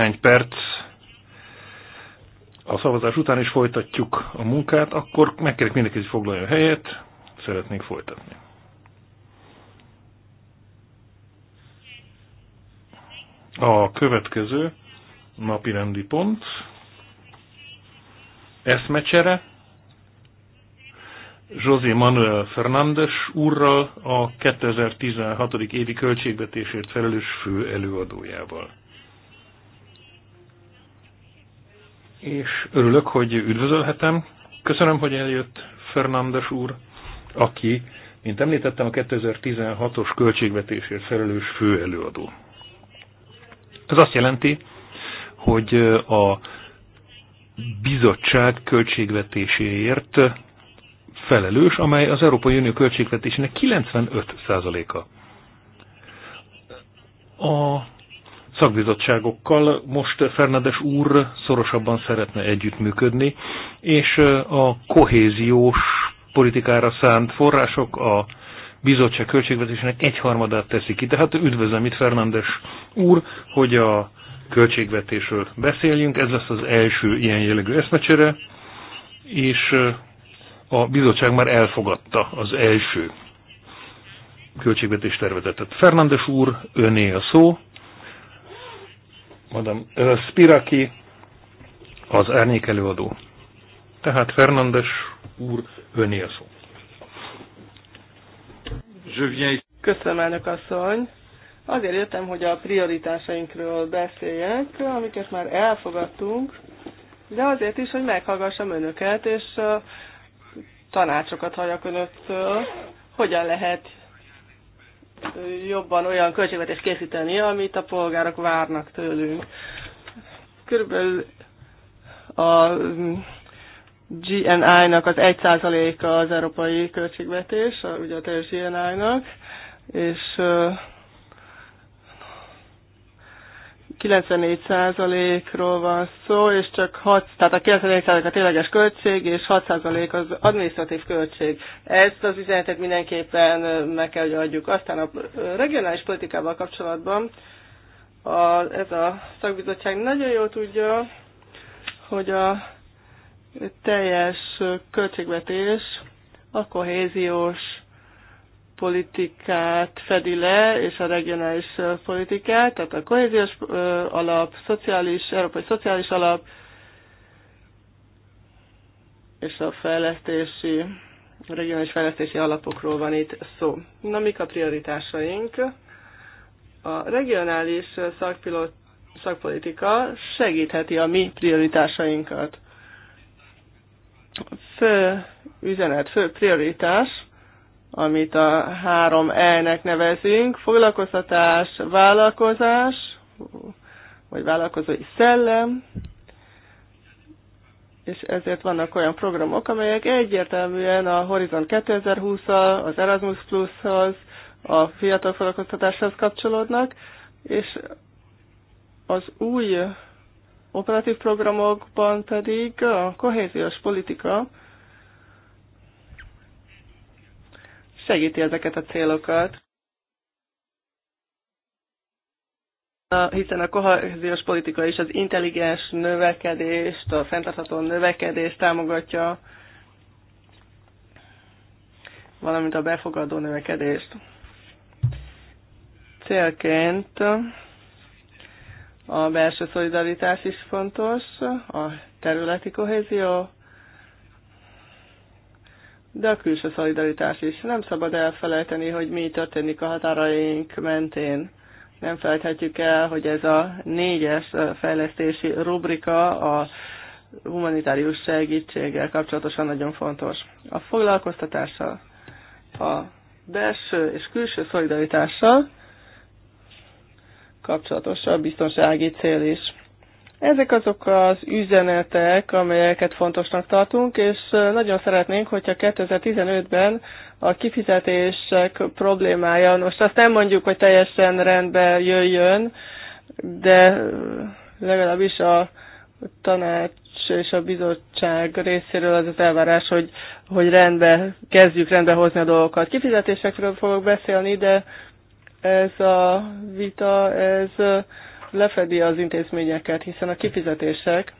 néhány perc a szavazás után is folytatjuk a munkát, akkor megkérek mindenki, hogy foglaljon helyet, szeretnénk folytatni. A következő napi rendi pont eszmecsere José Manuel Fernández úrral a 2016. évi költségvetésért felelős fő előadójával. Örülök, hogy üdvözölhetem. Köszönöm, hogy eljött Fernández úr, aki, mint említettem, a 2016-os költségvetésért felelős főelőadó. Ez azt jelenti, hogy a bizottság költségvetéséért felelős, amely az Európai Unió költségvetésének 95%-a. A szakbizottságokkal most Fernandes úr szorosabban szeretne együttműködni, és a kohéziós politikára szánt források a bizottság költségvetésének egyharmadát teszik ki. Tehát üdvözlöm itt Fernandes úr, hogy a költségvetésről beszéljünk. Ez lesz az első ilyen jellegű eszmecsere, és a bizottság már elfogadta az első költségvetés tervezetet. Fernandes úr, öné a szó, Madam Spiraki, az árnyék előadó. Tehát Fernandes úr, öné a szó. Köszönöm, elnök asszony. Azért jöttem, hogy a prioritásainkról beszéljek, amiket már elfogadtunk, de azért is, hogy meghallgassam önöket, és tanácsokat halljak önöktől, hogyan lehet jobban olyan költségvetés készíteni, amit a polgárok várnak tőlünk. Körülbelül a GNI-nak az 1%-a az európai költségvetés, ugye a teljes GNI-nak, és 94%-ról van szó, és csak 6, tehát a 94% a tényleges költség, és 6% az administratív költség. Ezt az üzenetet mindenképpen meg kell, hogy adjuk. Aztán a regionális politikával kapcsolatban a, ez a szakbizottság nagyon jól tudja, hogy a teljes költségvetés a kohéziós politikát fedi le, és a regionális politikát, tehát a kohéziós alap, szociális, európai szociális alap, és a fejlesztési, a regionális fejlesztési alapokról van itt szó. Na, mik a prioritásaink? A regionális szakpilot, szakpolitika segítheti a mi prioritásainkat. Fő üzenet, fő prioritás amit a három E-nek nevezünk, foglalkoztatás, vállalkozás, vagy vállalkozói szellem, és ezért vannak olyan programok, amelyek egyértelműen a Horizon 2020-al, az Erasmus Plus-hoz, a fiatal foglalkoztatáshoz kapcsolódnak, és az új operatív programokban pedig a kohéziós politika segíti ezeket a célokat. hiszen a kohéziós politika is az intelligens növekedést, a fenntartható növekedést támogatja, valamint a befogadó növekedést. Célként a belső szolidaritás is fontos, a területi kohézió, de a külső szolidaritás is. Nem szabad elfelejteni, hogy mi történik a határaink mentén. Nem felejthetjük el, hogy ez a négyes fejlesztési rubrika a humanitárius segítséggel kapcsolatosan nagyon fontos. A foglalkoztatással, a belső és külső szolidaritással kapcsolatos a biztonsági cél is. Ezek azok az üzenetek, amelyeket fontosnak tartunk, és nagyon szeretnénk, hogyha 2015-ben a kifizetések problémája, most azt nem mondjuk, hogy teljesen rendbe jöjjön, de legalábbis a tanács és a bizottság részéről az az elvárás, hogy, hogy rendbe kezdjük rendbe hozni a dolgokat. Kifizetésekről fogok beszélni, de ez a vita, ez lefedi az intézményeket, hiszen a kifizetések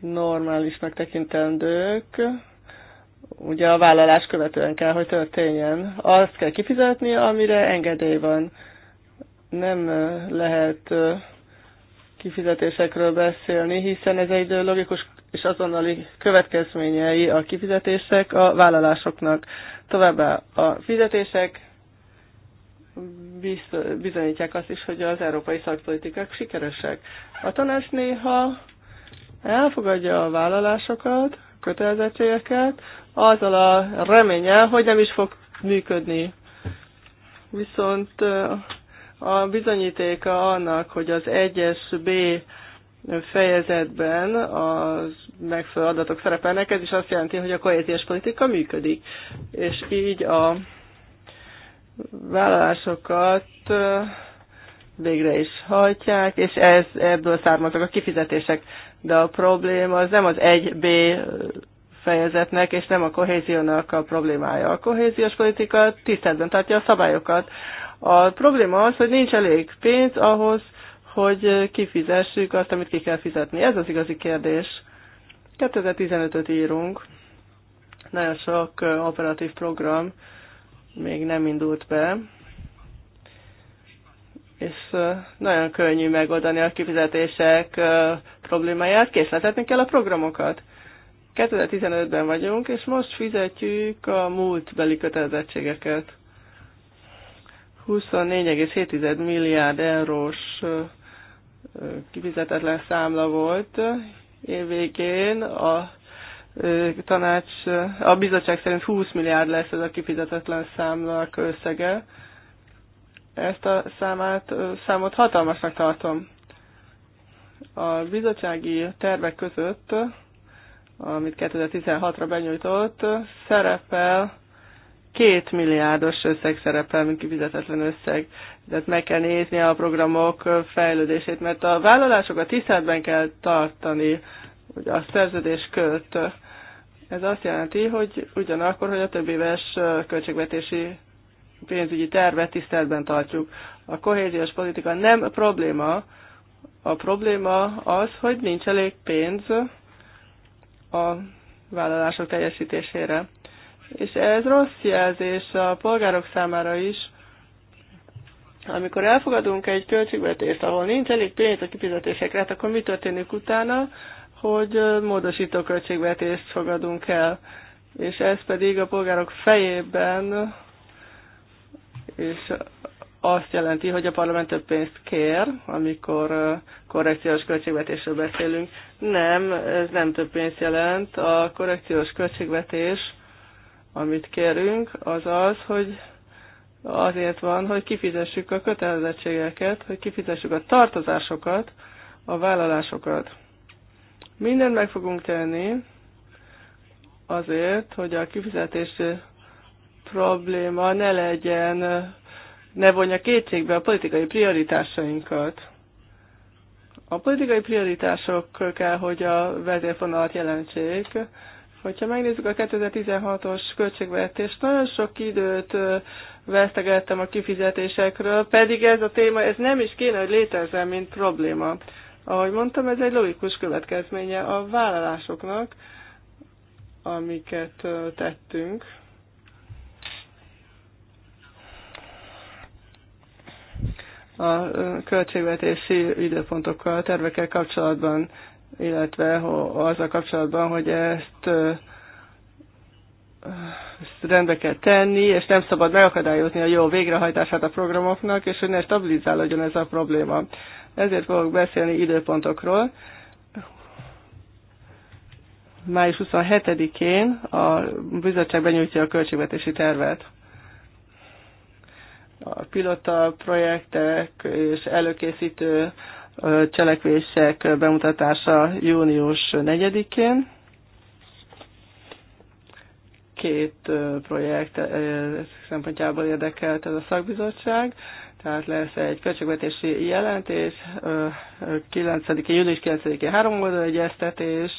normális megtekintendők, ugye a vállalás követően kell, hogy történjen. Azt kell kifizetni, amire engedély van. Nem lehet kifizetésekről beszélni, hiszen ez egy logikus és azonnali következményei a kifizetések a vállalásoknak. Továbbá a fizetések bizonyítják azt is, hogy az európai szakpolitikák sikeresek. A tanács néha elfogadja a vállalásokat, kötelezettségeket, azzal a reménye, hogy nem is fog működni. Viszont a bizonyítéka annak, hogy az 1-es B fejezetben a megfelelő adatok szerepelnek, ez is azt jelenti, hogy a kohéziós politika működik. És így a vállalásokat végre is hajtják, és ez ebből származnak a kifizetések. De a probléma az nem az 1B fejezetnek, és nem a kohéziónak a problémája. A kohéziós politika tiszteletben tartja a szabályokat. A probléma az, hogy nincs elég pénz ahhoz, hogy kifizessük azt, amit ki kell fizetni. Ez az igazi kérdés. 2015-öt írunk. Nagyon sok operatív program még nem indult be, és nagyon könnyű megoldani a kifizetések problémáját, készletetni kell a programokat. 2015-ben vagyunk, és most fizetjük a múltbeli kötelezettségeket. 24,7 milliárd eurós kifizetetlen számla volt évvégén, a tanács, a bizottság szerint 20 milliárd lesz ez a kifizetetlen számlak összege. Ezt a számát, számot hatalmasnak tartom. A bizottsági tervek között, amit 2016-ra benyújtott, szerepel két milliárdos összeg szerepel, mint kifizetetlen összeg. Tehát meg kell nézni a programok fejlődését, mert a vállalásokat tiszteletben kell tartani, hogy a szerződés költ ez azt jelenti, hogy ugyanakkor, hogy a több éves költségvetési pénzügyi tervet tiszteletben tartjuk. A kohéziós politika nem probléma, a probléma az, hogy nincs elég pénz a vállalások teljesítésére. És ez rossz jelzés a polgárok számára is, amikor elfogadunk egy költségvetést, ahol nincs elég pénz a kifizetésekre, hát akkor mi történik utána? hogy módosító költségvetést fogadunk el, és ez pedig a polgárok fejében és azt jelenti, hogy a parlament több pénzt kér, amikor korrekciós költségvetésről beszélünk. Nem, ez nem több pénzt jelent. A korrekciós költségvetés, amit kérünk, az az, hogy azért van, hogy kifizessük a kötelezettségeket, hogy kifizessük a tartozásokat, a vállalásokat. Mindent meg fogunk tenni azért, hogy a kifizetés probléma ne legyen, ne vonja kétségbe a politikai prioritásainkat. A politikai prioritások kell, hogy a vezérfonalat jelentsék. Hogyha megnézzük a 2016-os költségvetést, nagyon sok időt vesztegettem a kifizetésekről, pedig ez a téma, ez nem is kéne, hogy létezzen, mint probléma. Ahogy mondtam, ez egy logikus következménye a vállalásoknak, amiket tettünk. a költségvetési időpontokkal, tervekkel kapcsolatban, illetve azzal kapcsolatban, hogy ezt ezt rendbe kell tenni, és nem szabad megakadályozni a jó végrehajtását a programoknak, és hogy ne stabilizálódjon ez a probléma ezért fogok beszélni időpontokról. Május 27-én a bizottság benyújtja a költségvetési tervet. A pilota projektek és előkészítő cselekvések bemutatása június 4-én. Két projekt szempontjából érdekelt ez a szakbizottság. Tehát lesz egy költségvetési jelentés, 9 június 9-én három oldal egyeztetés,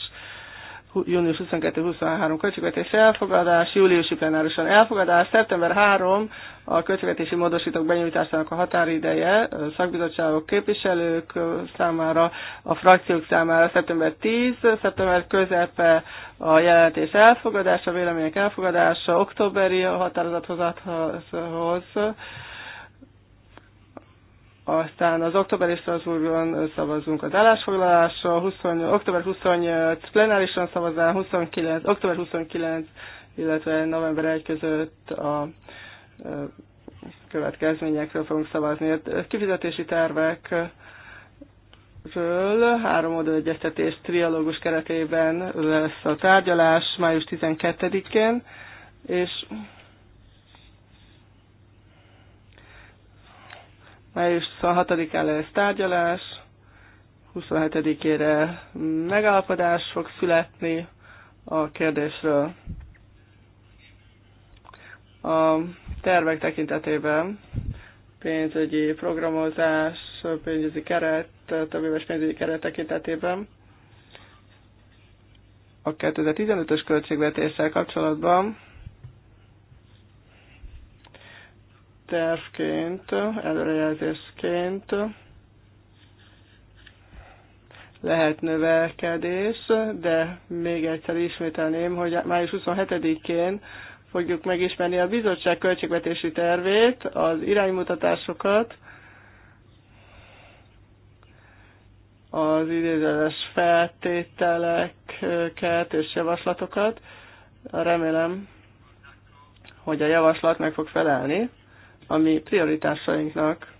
június 22-23 költségvetési elfogadás, júliusi plenárisan elfogadás, szeptember 3 a költségvetési módosítók benyújtásának a határideje szakbizottságok képviselők számára, a frakciók számára szeptember 10, szeptember közepe a jelentés elfogadása, a vélemények elfogadása, októberi határozathozathoz, aztán az október és Strasbourgon szavazunk az állásfoglalásra, 20, október 28 plenárisan szavazán, 29, október 29, illetve november 1 között a következményekről fogunk szavazni. A hát, kifizetési tervek ről három odaegyeztetés trialógus keretében lesz a tárgyalás május 12-én, és Május 26-án lesz tárgyalás, 27-ére megállapodás fog születni a kérdésről. A tervek tekintetében pénzügyi programozás, pénzügyi keret, több éves pénzügyi keret tekintetében a 2015-ös költségvetéssel kapcsolatban tervként, előrejelzésként lehet növelkedés, de még egyszer ismételném, hogy május 27-én fogjuk megismerni a bizottság költségvetési tervét, az iránymutatásokat, az idézeles feltételeket és javaslatokat. Remélem, hogy a javaslat meg fog felelni ami prioritásainknak.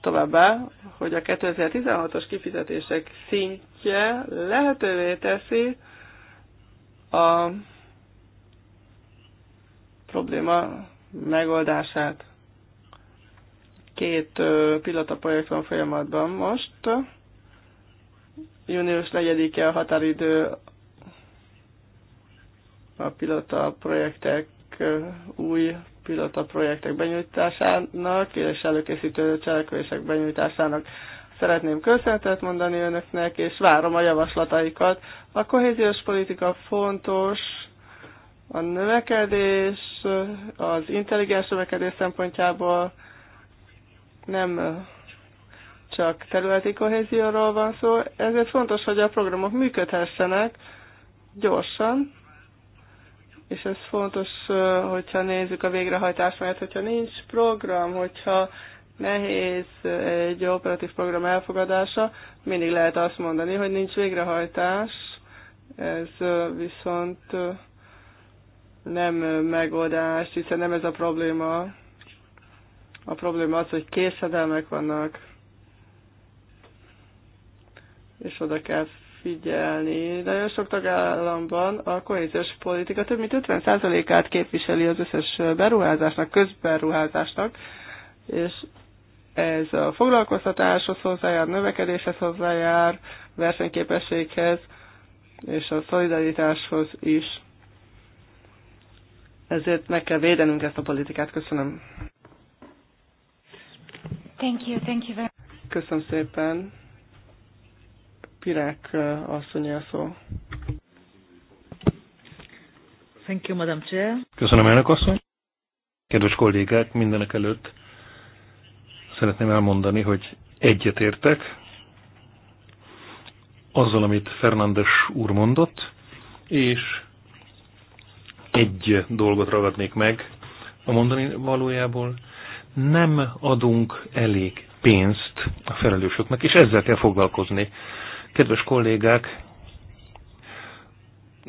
Továbbá, hogy a 2016-os kifizetések szintje lehetővé teszi a probléma megoldását. Két pilota projekt van folyamatban most. Június 4-e a határidő a pilota projektek új pilota projektek benyújtásának és előkészítő cselekvések benyújtásának. Szeretném köszönetet mondani önöknek, és várom a javaslataikat. A kohéziós politika fontos, a növekedés, az intelligens növekedés szempontjából nem csak területi kohézióról van szó, ezért fontos, hogy a programok működhessenek gyorsan, és ez fontos, hogyha nézzük a végrehajtást, mert hogyha nincs program, hogyha nehéz egy operatív program elfogadása, mindig lehet azt mondani, hogy nincs végrehajtás, ez viszont nem megoldás, hiszen nem ez a probléma. A probléma az, hogy késedelmek vannak, és oda kell figyelni. Nagyon sok tagállamban a kohéziós politika több mint 50%-át képviseli az összes beruházásnak, közberuházásnak, és ez a foglalkoztatáshoz hozzájár, növekedéshez hozzájár, versenyképességhez és a szolidaritáshoz is. Ezért meg kell védenünk ezt a politikát. Köszönöm. Thank you, thank you very Köszönöm szépen. Pirák asszony szó. Thank you, Madam Chair. Köszönöm, elnök asszony. Kedves kollégák, mindenek előtt szeretném elmondani, hogy egyetértek azzal, amit Fernandes úr mondott, és egy dolgot ragadnék meg a mondani valójából. Nem adunk elég pénzt a felelősöknek, és ezzel kell foglalkozni. Kedves kollégák,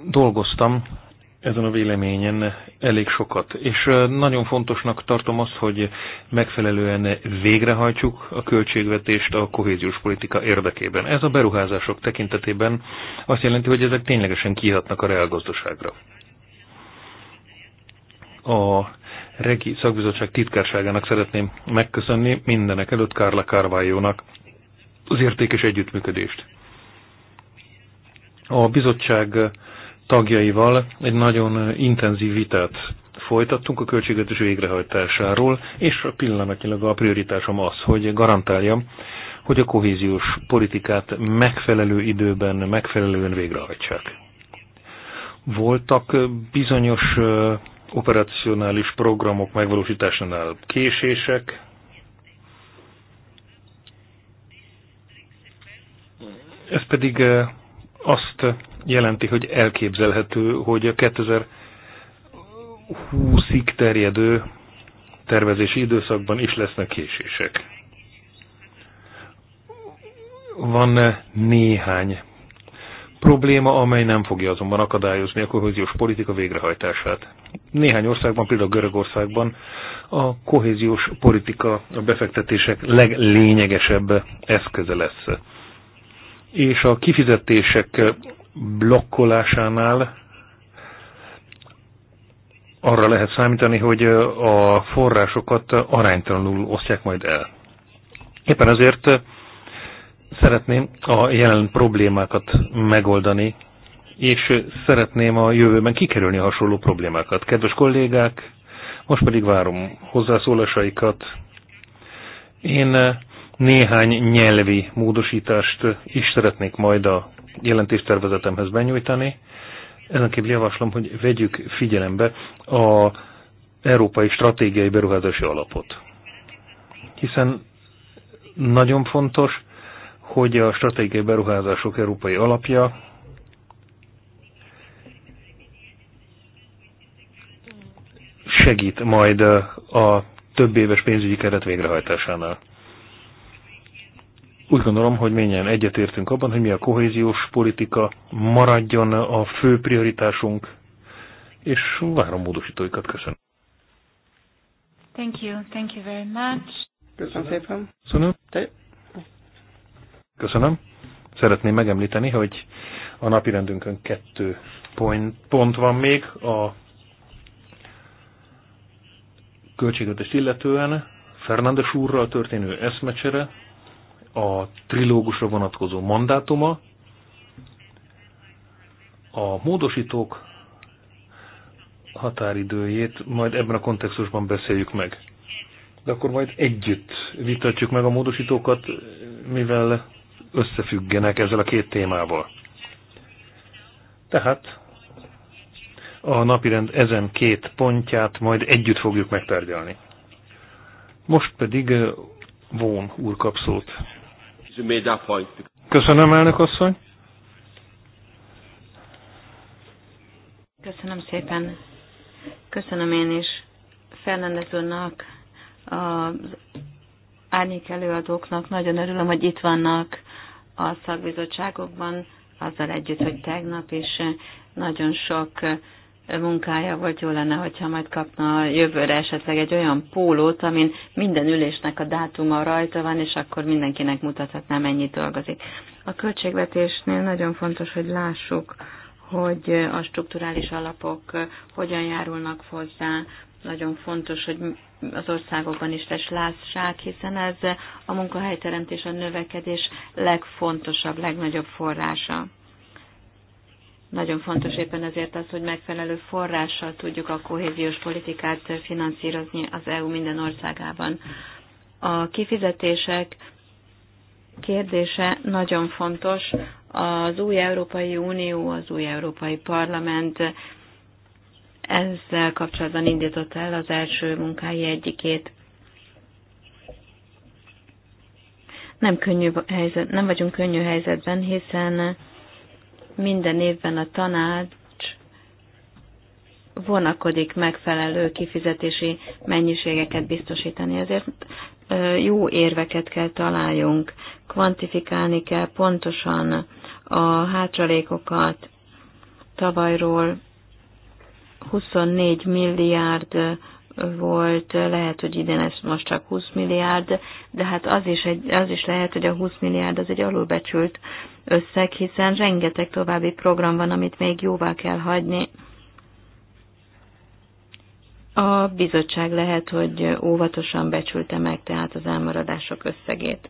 dolgoztam ezen a véleményen elég sokat, és nagyon fontosnak tartom azt, hogy megfelelően végrehajtjuk a költségvetést a kohéziós politika érdekében. Ez a beruházások tekintetében azt jelenti, hogy ezek ténylegesen kihatnak a reálgazdaságra. A Regi Szakbizottság titkárságának szeretném megköszönni mindenek előtt Kárla Kárvájónak az értékes együttműködést a bizottság tagjaival egy nagyon intenzív vitát folytattunk a költségvetés végrehajtásáról, és pillanatnyilag a prioritásom az, hogy garantáljam, hogy a kohéziós politikát megfelelő időben, megfelelően végrehajtsák. Voltak bizonyos operacionális programok megvalósításánál késések, ez pedig azt jelenti, hogy elképzelhető, hogy a 2020-ig terjedő tervezési időszakban is lesznek késések. Van néhány probléma, amely nem fogja azonban akadályozni a kohéziós politika végrehajtását. Néhány országban, például Görögországban a kohéziós politika a befektetések leglényegesebb eszköze lesz és a kifizetések blokkolásánál arra lehet számítani, hogy a forrásokat aránytalanul osztják majd el. Éppen ezért szeretném a jelen problémákat megoldani, és szeretném a jövőben kikerülni a hasonló problémákat. Kedves kollégák, most pedig várom hozzászólásaikat. Én néhány nyelvi módosítást is szeretnék majd a jelentéstervezetemhez benyújtani. kívül javaslom, hogy vegyük figyelembe a Európai Stratégiai Beruházási Alapot. Hiszen nagyon fontos, hogy a stratégiai beruházások európai alapja segít majd a több éves pénzügyi keret végrehajtásánál. Úgy gondolom, hogy mennyien egyetértünk abban, hogy mi a kohéziós politika, maradjon a fő prioritásunk, és várom módosítóikat. Köszönöm. Thank you. Thank you very much. Köszönöm szépen. Köszönöm. Te... Köszönöm. Szeretném megemlíteni, hogy a napirendünkön kettő pont, pont van még a költségvetést illetően Fernandes úrral történő eszmecsere, a trilógusra vonatkozó mandátuma, a módosítók határidőjét majd ebben a kontextusban beszéljük meg. De akkor majd együtt vitatjuk meg a módosítókat, mivel összefüggenek ezzel a két témával. Tehát a napirend ezen két pontját majd együtt fogjuk megtárgyalni. Most pedig eh, Vón úr kap szót. Köszönöm, elnök asszony. Köszönöm szépen. Köszönöm én is Fernandez úrnak, az árnyék előadóknak. Nagyon örülöm, hogy itt vannak a szakbizottságokban, azzal együtt, hogy tegnap is nagyon sok munkája volt, jó lenne, hogyha majd kapna jövőre esetleg egy olyan pólót, amin minden ülésnek a dátuma rajta van, és akkor mindenkinek mutathatná, mennyit dolgozik. A költségvetésnél nagyon fontos, hogy lássuk, hogy a strukturális alapok hogyan járulnak hozzá. Nagyon fontos, hogy az országokban is lesz lássák, hiszen ez a munkahelyteremtés, a növekedés legfontosabb, legnagyobb forrása. Nagyon fontos éppen ezért az, hogy megfelelő forrással tudjuk a kohéziós politikát finanszírozni az EU minden országában. A kifizetések kérdése nagyon fontos. Az új Európai Unió, az új Európai Parlament ezzel kapcsolatban indított el az első munkái egyikét. Nem, könnyű helyzet, nem vagyunk könnyű helyzetben, hiszen minden évben a tanács vonakodik megfelelő kifizetési mennyiségeket biztosítani. Ezért jó érveket kell találjunk, kvantifikálni kell pontosan a hátralékokat. Tavalyról 24 milliárd volt, lehet, hogy idén ez most csak 20 milliárd, de hát az is, egy, az is lehet, hogy a 20 milliárd az egy alulbecsült összeg, hiszen rengeteg további program van, amit még jóvá kell hagyni. A bizottság lehet, hogy óvatosan becsülte meg tehát az elmaradások összegét.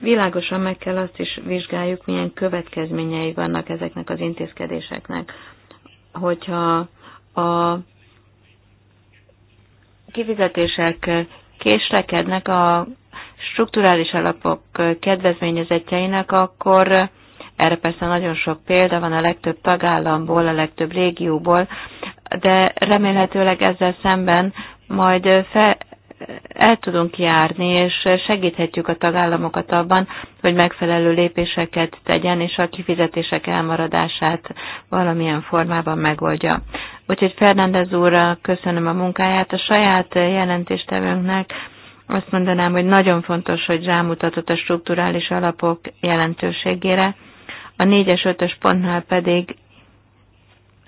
Világosan meg kell azt is vizsgáljuk, milyen következményei vannak ezeknek az intézkedéseknek. Hogyha a kifizetések késlekednek, a strukturális alapok kedvezményezetjeinek, akkor erre persze nagyon sok példa van a legtöbb tagállamból, a legtöbb régióból, de remélhetőleg ezzel szemben majd fe, el tudunk járni, és segíthetjük a tagállamokat abban, hogy megfelelő lépéseket tegyen, és a kifizetések elmaradását valamilyen formában megoldja. Úgyhogy Fernández úr, köszönöm a munkáját a saját jelentéstevőnknek, azt mondanám, hogy nagyon fontos, hogy rámutatott a strukturális alapok jelentőségére, a 4-es, 5-ös pontnál pedig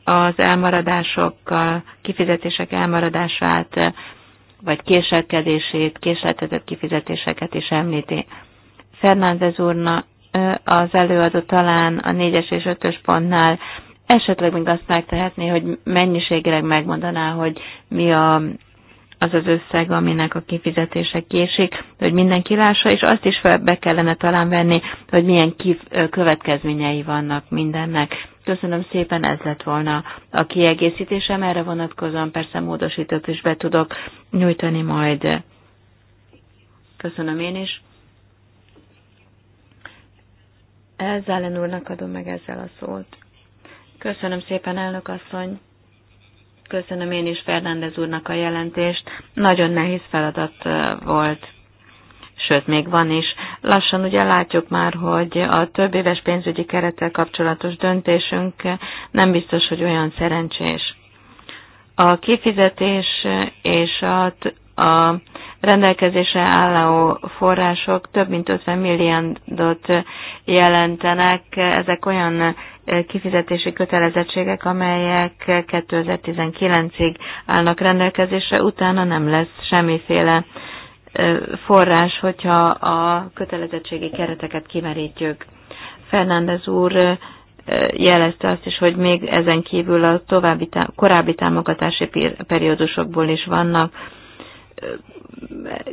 az elmaradásokkal, kifizetések elmaradását, vagy késelkedését, késeltetett kifizetéseket is említi. Fernández úrna az előadó talán a 4-es és 5-ös pontnál esetleg még azt megtehetné, hogy mennyiségileg megmondaná, hogy mi a az az összeg, aminek a kifizetése késik, hogy mindenki lássa, és azt is be kellene talán venni, hogy milyen kif- következményei vannak mindennek. Köszönöm szépen, ez lett volna a kiegészítésem, erre vonatkozóan persze módosítót is be tudok nyújtani majd. Köszönöm én is. Ezzel úrnak adom meg ezzel a szót. Köszönöm szépen, elnök asszony. Köszönöm én is Fernández úrnak a jelentést. Nagyon nehéz feladat volt, sőt, még van is. Lassan ugye látjuk már, hogy a több éves pénzügyi kerettel kapcsolatos döntésünk nem biztos, hogy olyan szerencsés. A kifizetés és a, a rendelkezésre álló források több mint 50 milliárdot jelentenek. Ezek olyan kifizetési kötelezettségek, amelyek 2019-ig állnak rendelkezésre, utána nem lesz semmiféle forrás, hogyha a kötelezettségi kereteket kimerítjük. Fernández úr jelezte azt is, hogy még ezen kívül a további, korábbi támogatási periódusokból is vannak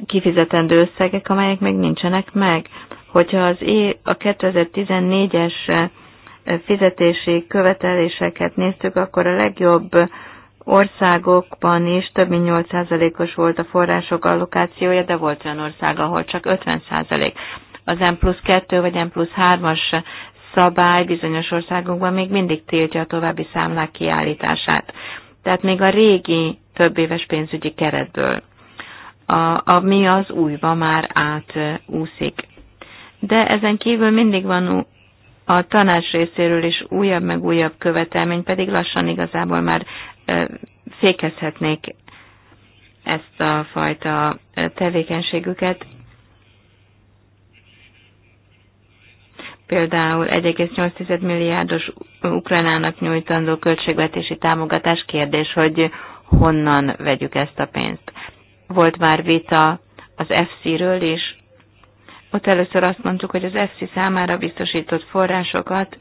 kifizetendő összegek, amelyek még nincsenek meg. Hogyha az é, a 2014-es fizetési követeléseket néztük, akkor a legjobb országokban is több mint 8%-os volt a források allokációja, de volt olyan ország, ahol csak 50%. Az M plusz 2 vagy M plusz 3-as szabály bizonyos országokban még mindig tiltja a további számlák kiállítását. Tehát még a régi több éves pénzügyi keretből, a, ami az újba már átúszik. De ezen kívül mindig van a tanács részéről is újabb meg újabb követelmény, pedig lassan igazából már fékezhetnék ezt a fajta tevékenységüket. Például 1,8 milliárdos Ukránának nyújtandó költségvetési támogatás kérdés, hogy honnan vegyük ezt a pénzt. Volt már vita az FC-ről is, ott először azt mondtuk, hogy az EFSI számára biztosított forrásokat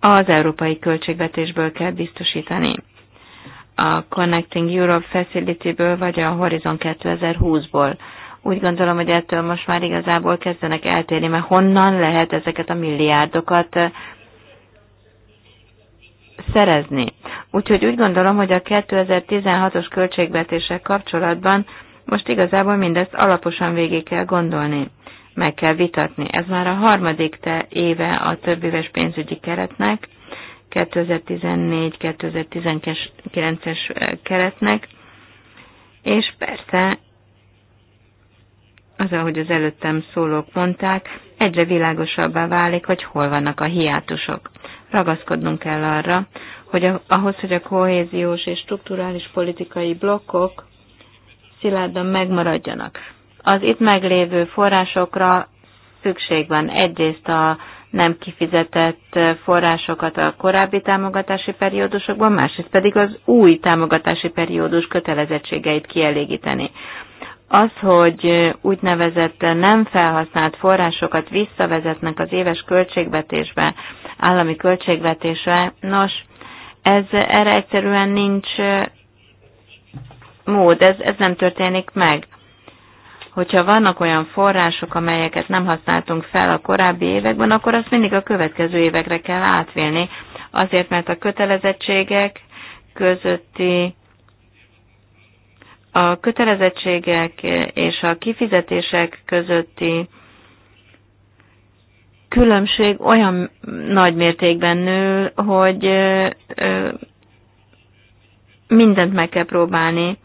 az európai költségvetésből kell biztosítani. A Connecting Europe Facility-ből vagy a Horizon 2020-ból. Úgy gondolom, hogy ettől most már igazából kezdenek eltérni, mert honnan lehet ezeket a milliárdokat szerezni. Úgyhogy úgy gondolom, hogy a 2016-os költségvetések kapcsolatban most igazából mindezt alaposan végig kell gondolni, meg kell vitatni. Ez már a harmadik te éve a többéves pénzügyi keretnek, 2014-2019-es eh, keretnek, és persze, az, ahogy az előttem szólók mondták, egyre világosabbá válik, hogy hol vannak a hiátusok ragaszkodnunk kell arra, hogy a, ahhoz, hogy a kohéziós és strukturális politikai blokkok szilárdan megmaradjanak. Az itt meglévő forrásokra szükség van egyrészt a nem kifizetett forrásokat a korábbi támogatási periódusokban, másrészt pedig az új támogatási periódus kötelezettségeit kielégíteni. Az, hogy úgynevezett nem felhasznált forrásokat visszavezetnek az éves költségvetésbe, állami költségvetésre. Nos, ez erre egyszerűen nincs mód, ez, ez nem történik meg. Hogyha vannak olyan források, amelyeket nem használtunk fel a korábbi években, akkor azt mindig a következő évekre kell átvélni, azért mert a kötelezettségek közötti a kötelezettségek és a kifizetések közötti különbség olyan nagy mértékben nő, hogy mindent meg kell próbálni,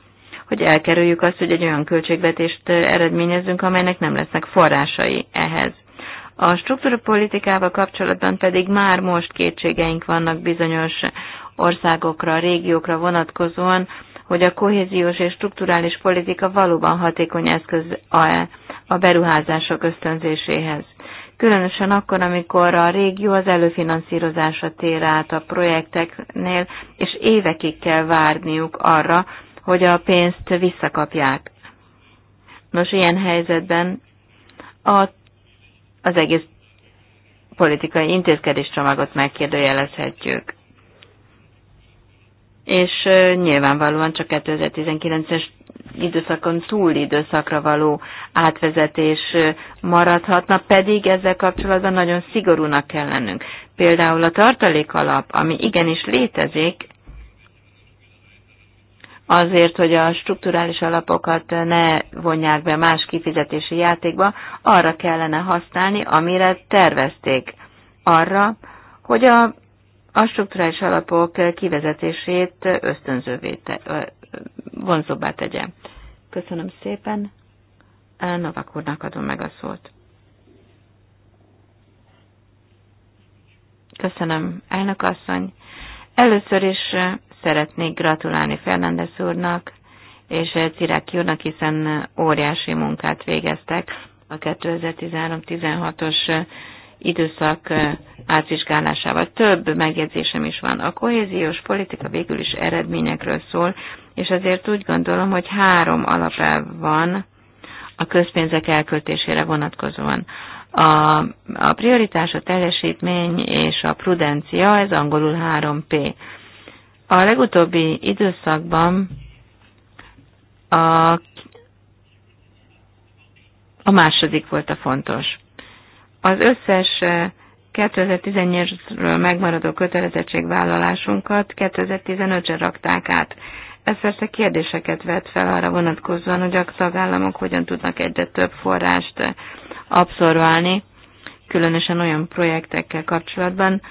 hogy elkerüljük azt, hogy egy olyan költségvetést eredményezünk, amelynek nem lesznek forrásai ehhez. A struktúrapolitikával kapcsolatban pedig már most kétségeink vannak bizonyos országokra, régiókra vonatkozóan, hogy a kohéziós és strukturális politika valóban hatékony eszköz a beruházások ösztönzéséhez különösen akkor, amikor a régió az előfinanszírozása tér át a projekteknél, és évekig kell várniuk arra, hogy a pénzt visszakapják. Nos, ilyen helyzetben a, az egész politikai intézkedéscsomagot megkérdőjelezhetjük. És nyilvánvalóan csak 2019-es időszakon túl időszakra való átvezetés maradhatna, pedig ezzel kapcsolatban nagyon szigorúnak kell lennünk. Például a tartalék alap, ami igenis létezik, azért, hogy a strukturális alapokat ne vonják be más kifizetési játékba, arra kellene használni, amire tervezték. Arra, hogy a, a strukturális alapok kivezetését ösztönzővé te, vonzóbbá tegye. Köszönöm szépen. Novak úrnak adom meg a szót. Köszönöm, elnök asszony. Először is eh, szeretnék gratulálni Fernández úrnak és Ciráki eh, úrnak, hiszen eh, óriási munkát végeztek a 2013-16-os időszak átvizsgálásával. Több megjegyzésem is van. A kohéziós politika végül is eredményekről szól, és ezért úgy gondolom, hogy három alapelv van a közpénzek elköltésére vonatkozóan. A, a prioritás, a teljesítmény és a prudencia, ez angolul 3P. A legutóbbi időszakban a, a második volt a fontos. Az összes 2018-ről eh, megmaradó kötelezettségvállalásunkat 2015-re rakták át. Ez persze kérdéseket vet fel arra vonatkozóan, hogy a tagállamok hogyan tudnak egyre több forrást abszorválni, különösen olyan projektekkel kapcsolatban,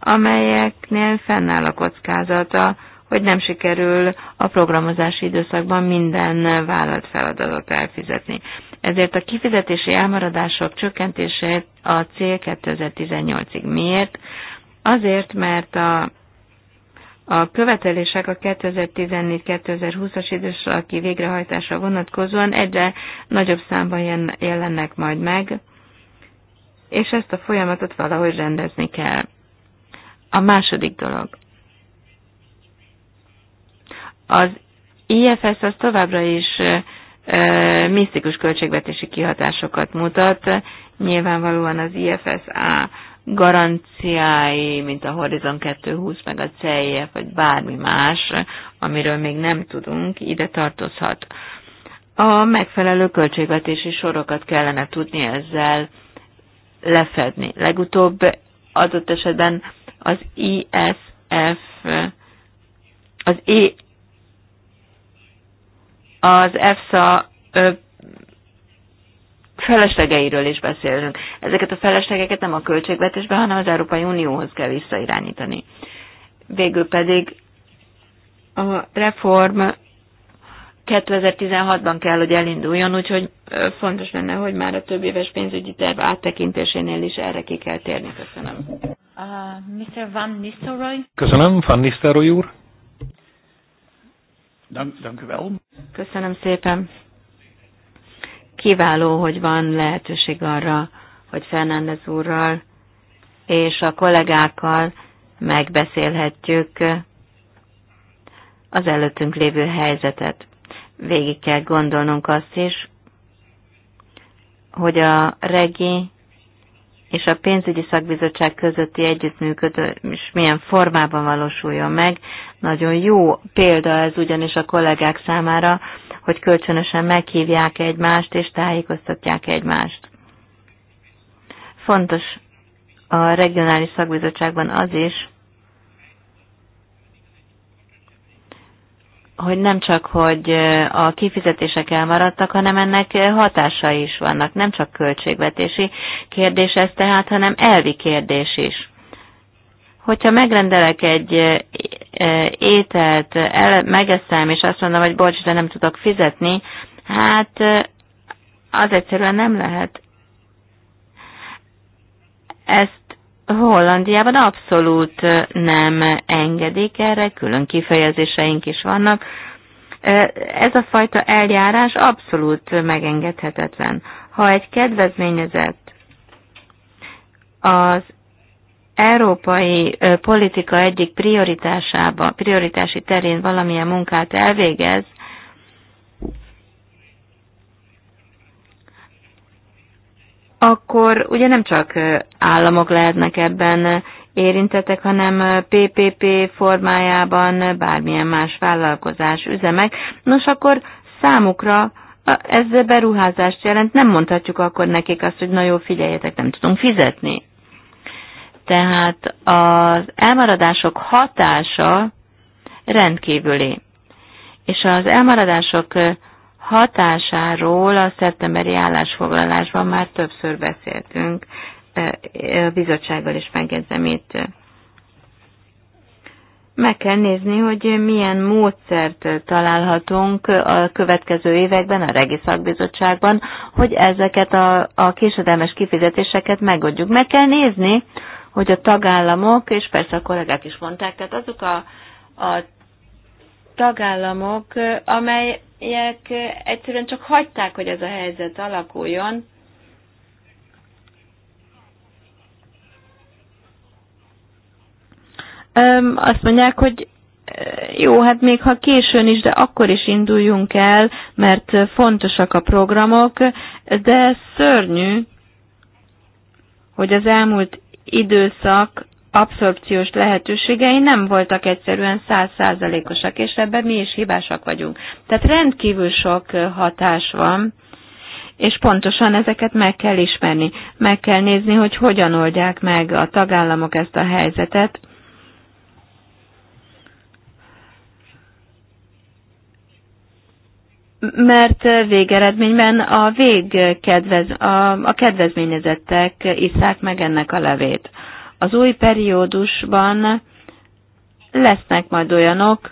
amelyeknél fennáll a kockázata, hogy nem sikerül a programozási időszakban minden vállalt feladatot elfizetni. Ezért a kifizetési elmaradások csökkentését a cél 2018-ig. Miért? Azért, mert a a követelések a 2014-2020-as időszaki végrehajtása vonatkozóan egyre nagyobb számban jelennek majd meg, és ezt a folyamatot valahogy rendezni kell. A második dolog. Az IFS az továbbra is ö, misztikus költségvetési kihatásokat mutat. Nyilvánvalóan az IFSA garanciái, mint a Horizon 220, meg a CEF, vagy bármi más, amiről még nem tudunk, ide tartozhat. A megfelelő költségvetési sorokat kellene tudni ezzel lefedni. Legutóbb adott esetben az ISF, az E, az EFSA feleslegeiről is beszélünk. Ezeket a feleslegeket nem a költségvetésbe, hanem az Európai Unióhoz kell visszairányítani. Végül pedig a reform 2016-ban kell, hogy elinduljon, úgyhogy fontos lenne, hogy már a több éves pénzügyi terv áttekintésénél is erre ki kell térni. Köszönöm. Uh, Mr. Van Nistelrooy. Köszönöm, Van Nistelrooy úr. Dank, dank u wel. Köszönöm szépen. Kiváló, hogy van lehetőség arra, hogy Fernández úrral és a kollégákkal megbeszélhetjük az előttünk lévő helyzetet. Végig kell gondolnunk azt is, hogy a regi és a pénzügyi szakbizottság közötti együttműködés milyen formában valósuljon meg. Nagyon jó példa ez ugyanis a kollégák számára, hogy kölcsönösen meghívják egymást és tájékoztatják egymást. Fontos a regionális szakbizottságban az is, hogy nem csak, hogy a kifizetések elmaradtak, hanem ennek hatásai is vannak, nem csak költségvetési kérdés ez tehát, hanem elvi kérdés is. Hogyha megrendelek egy ételt, el, megeszem, és azt mondom, hogy bocs, de nem tudok fizetni, hát az egyszerűen nem lehet. Ezt Hollandiában abszolút nem engedik erre, külön kifejezéseink is vannak. Ez a fajta eljárás abszolút megengedhetetlen. Ha egy kedvezményezett az európai politika egyik prioritásába, prioritási terén valamilyen munkát elvégez, akkor ugye nem csak államok lehetnek ebben érintettek, hanem PPP formájában bármilyen más vállalkozás, üzemek. Nos, akkor számukra ez beruházást jelent, nem mondhatjuk akkor nekik azt, hogy na jó, figyeljetek, nem tudunk fizetni. Tehát az elmaradások hatása rendkívüli. És az elmaradások hatásáról a szeptemberi állásfoglalásban már többször beszéltünk, a bizottsággal is megjegyzem itt. Meg kell nézni, hogy milyen módszert találhatunk a következő években a Regi Szakbizottságban, hogy ezeket a, a késedelmes kifizetéseket megoldjuk. Meg kell nézni, hogy a tagállamok, és persze a kollégák is mondták, tehát azok a, a tagállamok, amely egyszerűen csak hagyták, hogy ez a helyzet alakuljon, Öm, azt mondják, hogy jó, hát még ha későn is, de akkor is induljunk el, mert fontosak a programok, de szörnyű, hogy az elmúlt időszak abszorpciós lehetőségei nem voltak egyszerűen százszázalékosak, és ebben mi is hibásak vagyunk. Tehát rendkívül sok hatás van, és pontosan ezeket meg kell ismerni. Meg kell nézni, hogy hogyan oldják meg a tagállamok ezt a helyzetet. Mert végeredményben a, végkedvez, a, a kedvezményezettek isszák meg ennek a levét. Az új periódusban lesznek majd olyanok,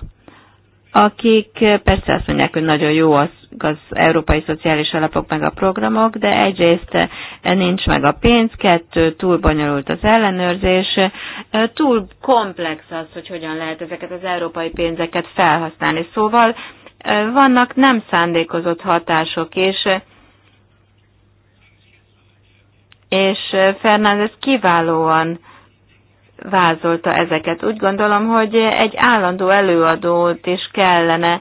akik persze azt mondják, hogy nagyon jó az, az európai szociális alapok meg a programok, de egyrészt nincs meg a pénz, kettő, túl bonyolult az ellenőrzés, túl komplex az, hogy hogyan lehet ezeket az európai pénzeket felhasználni. Szóval vannak nem szándékozott hatások, és és Fernández kiválóan vázolta ezeket. Úgy gondolom, hogy egy állandó előadót is kellene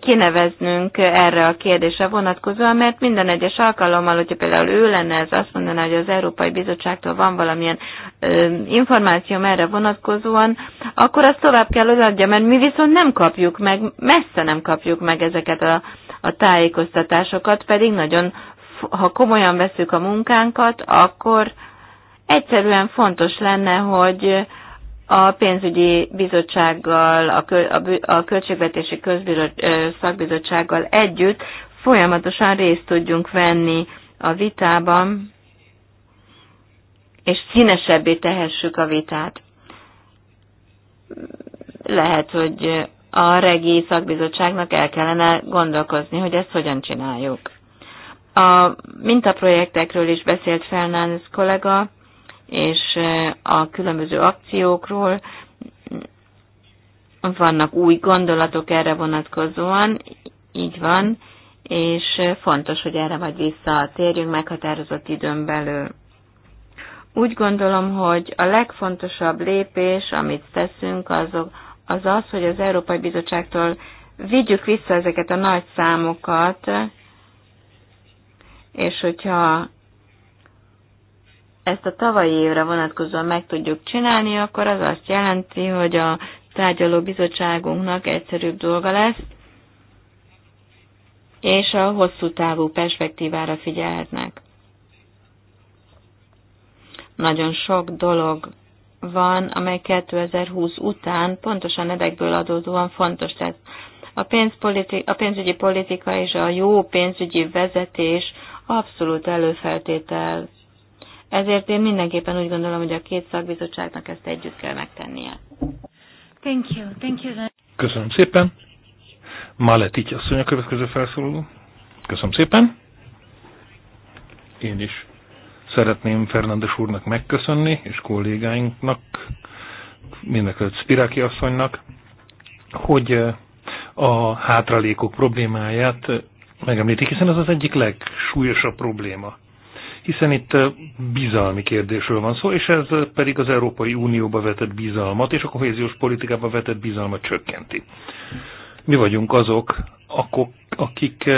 kineveznünk erre a kérdésre vonatkozóan, mert minden egyes alkalommal, hogyha például ő lenne, ez azt mondaná, hogy az Európai Bizottságtól van valamilyen ö, információm erre vonatkozóan, akkor azt tovább kell odaadja, mert mi viszont nem kapjuk meg, messze nem kapjuk meg ezeket a, a tájékoztatásokat, pedig nagyon, ha komolyan veszük a munkánkat, akkor Egyszerűen fontos lenne, hogy a pénzügyi bizottsággal, a, költségvetési szakbizottsággal együtt folyamatosan részt tudjunk venni a vitában, és színesebbé tehessük a vitát. Lehet, hogy a regi szakbizottságnak el kellene gondolkozni, hogy ezt hogyan csináljuk. A mintaprojektekről is beszélt Fernández kollega, és a különböző akciókról vannak új gondolatok erre vonatkozóan, így van, és fontos, hogy erre majd visszatérjünk meghatározott időn belül. Úgy gondolom, hogy a legfontosabb lépés, amit teszünk, azok, az az, hogy az Európai Bizottságtól vigyük vissza ezeket a nagy számokat, és hogyha ezt a tavalyi évre vonatkozóan meg tudjuk csinálni, akkor az azt jelenti, hogy a tárgyaló bizottságunknak egyszerűbb dolga lesz, és a hosszú távú perspektívára figyelhetnek. Nagyon sok dolog van, amely 2020 után pontosan edekből adódóan fontos tehát A, a pénzügyi politika és a jó pénzügyi vezetés abszolút előfeltétel ezért én mindenképpen úgy gondolom, hogy a két szakbizottságnak ezt együtt kell megtennie. Thank you. Thank you. Köszönöm szépen. Máletics asszony a következő felszólaló. Köszönöm szépen. Én is szeretném Fernandes úrnak megköszönni, és kollégáinknak, mindenkelőtt Spiráki asszonynak, hogy eh, a hátralékok problémáját megemlítik, hiszen ez az egyik legsúlyosabb probléma hiszen itt bizalmi kérdésről van szó, és ez pedig az Európai Unióba vetett bizalmat és a kohéziós politikába vetett bizalmat csökkenti. Mi vagyunk azok, akok, akik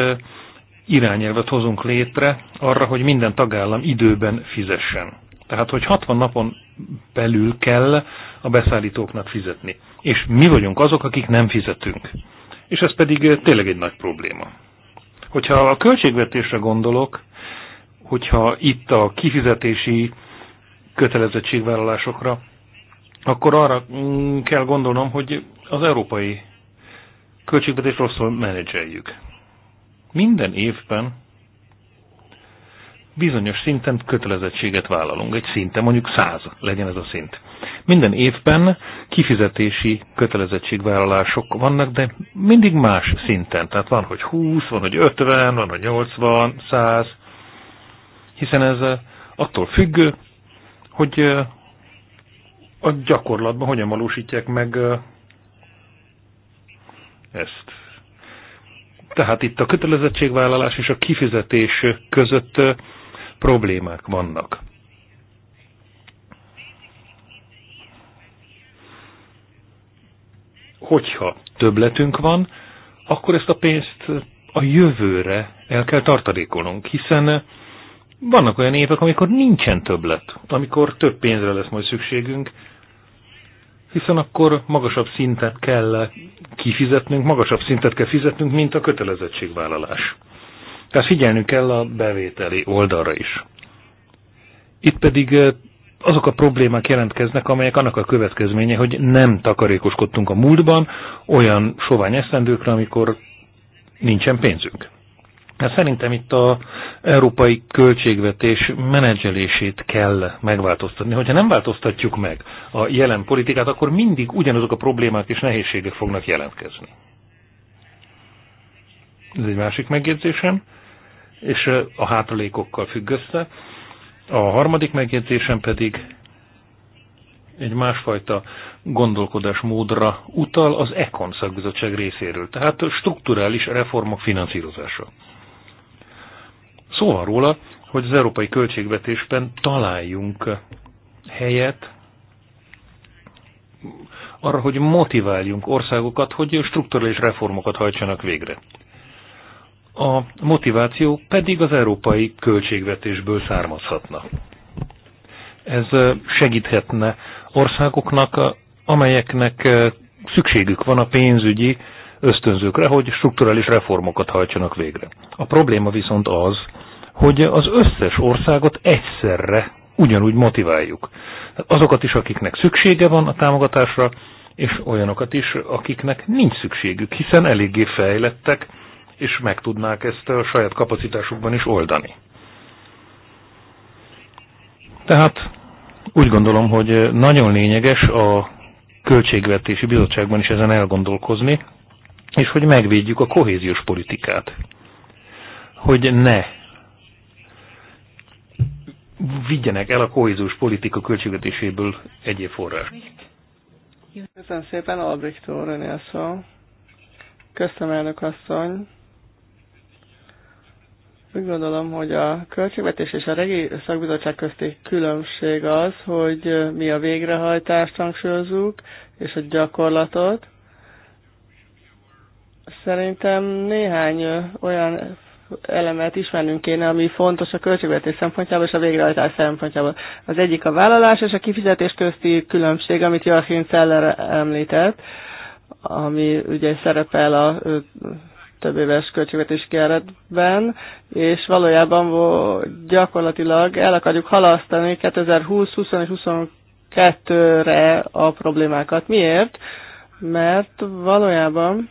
irányelvet hozunk létre arra, hogy minden tagállam időben fizessen. Tehát, hogy 60 napon belül kell a beszállítóknak fizetni. És mi vagyunk azok, akik nem fizetünk. És ez pedig tényleg egy nagy probléma. Hogyha a költségvetésre gondolok, hogyha itt a kifizetési kötelezettségvállalásokra, akkor arra mm, kell gondolnom, hogy az európai költségvetés rosszul menedzseljük. Minden évben bizonyos szinten kötelezettséget vállalunk, egy szinte, mondjuk száz legyen ez a szint. Minden évben kifizetési kötelezettségvállalások vannak, de mindig más szinten. Tehát van, hogy 20, van, hogy 50, van, hogy 80, 100 hiszen ez eh, attól függ, eh, hogy eh, a gyakorlatban hogyan valósítják meg ezt. Tehát itt a kötelezettségvállalás és a kifizetés között problémák vannak. Hogyha többletünk van, akkor ezt a pénzt a jövőre el kell tartalékolnunk, hiszen vannak olyan évek, amikor nincsen többlet, amikor több pénzre lesz majd szükségünk, hiszen akkor magasabb szintet kell kifizetnünk, magasabb szintet kell fizetnünk, mint a kötelezettségvállalás. Tehát figyelnünk kell a bevételi oldalra is. Itt pedig eh, azok a problémák jelentkeznek, amelyek annak a következménye, hogy nem takarékoskodtunk a múltban olyan sovány eszendőkre, amikor nincsen pénzünk. Mert szerintem itt a európai költségvetés menedzselését kell megváltoztatni. Hogyha nem változtatjuk meg a jelen politikát, akkor mindig ugyanazok a problémák és nehézségek fognak jelentkezni. Ez egy másik megjegyzésem, és a hátralékokkal függ össze. A harmadik megjegyzésem pedig egy másfajta gondolkodásmódra utal az Econ szakbizottság részéről, tehát strukturális reformok finanszírozása. Szó van róla, hogy az európai költségvetésben találjunk helyet arra, hogy motiváljunk országokat, hogy strukturális reformokat hajtsanak végre. A motiváció pedig az európai költségvetésből származhatna. Ez segíthetne országoknak, amelyeknek szükségük van a pénzügyi ösztönzőkre, hogy strukturális reformokat hajtsanak végre. A probléma viszont az, hogy az összes országot egyszerre ugyanúgy motiváljuk. Hát azokat is, akiknek szüksége van a támogatásra, és olyanokat is, akiknek nincs szükségük, hiszen eléggé fejlettek, és meg tudnák ezt a saját kapacitásukban is oldani. Tehát úgy gondolom, hogy nagyon lényeges a Költségvetési Bizottságban is ezen elgondolkozni, és hogy megvédjük a kohéziós politikát. Hogy ne vigyenek el a kohéziós politika költségvetéséből egyéb forrás. Köszönöm szépen, Albrecht úr, a szó. Köszönöm, elnök asszony. Úgy gondolom, hogy a költségvetés és a regi szakbizottság közti különbség az, hogy mi a végrehajtást hangsúlyozunk, és a gyakorlatot. Szerintem néhány olyan elemet ismernünk kéne, ami fontos a költségvetés szempontjából és a végrehajtás szempontjából. Az egyik a vállalás és a kifizetés közti különbség, amit Joachim Zeller említett, ami ugye szerepel a több éves költségvetési keretben, és valójában gyakorlatilag el akarjuk halasztani 2020, 2022 és re a problémákat. Miért? Mert valójában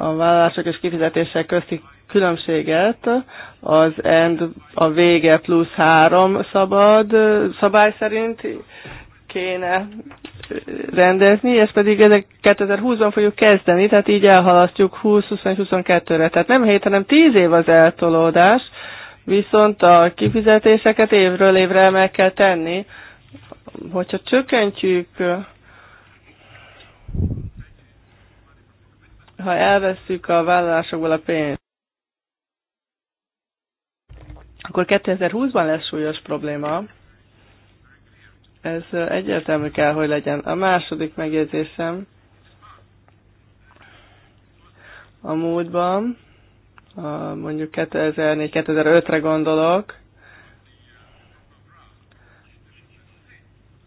a vállalások és kifizetések közti különbséget az end, a vége plusz három szabad szabály szerint kéne rendezni, ezt pedig ezek 2020-ban fogjuk kezdeni, tehát így elhalasztjuk 20 22 re Tehát nem 7, hanem 10 év az eltolódás, viszont a kifizetéseket évről évre meg kell tenni. Hogyha csökkentjük ha elveszük a vállalásokból a pénzt, akkor 2020-ban lesz súlyos probléma. Ez egyértelmű kell, hogy legyen. A második megjegyzésem a múltban, a mondjuk 2004-2005-re gondolok,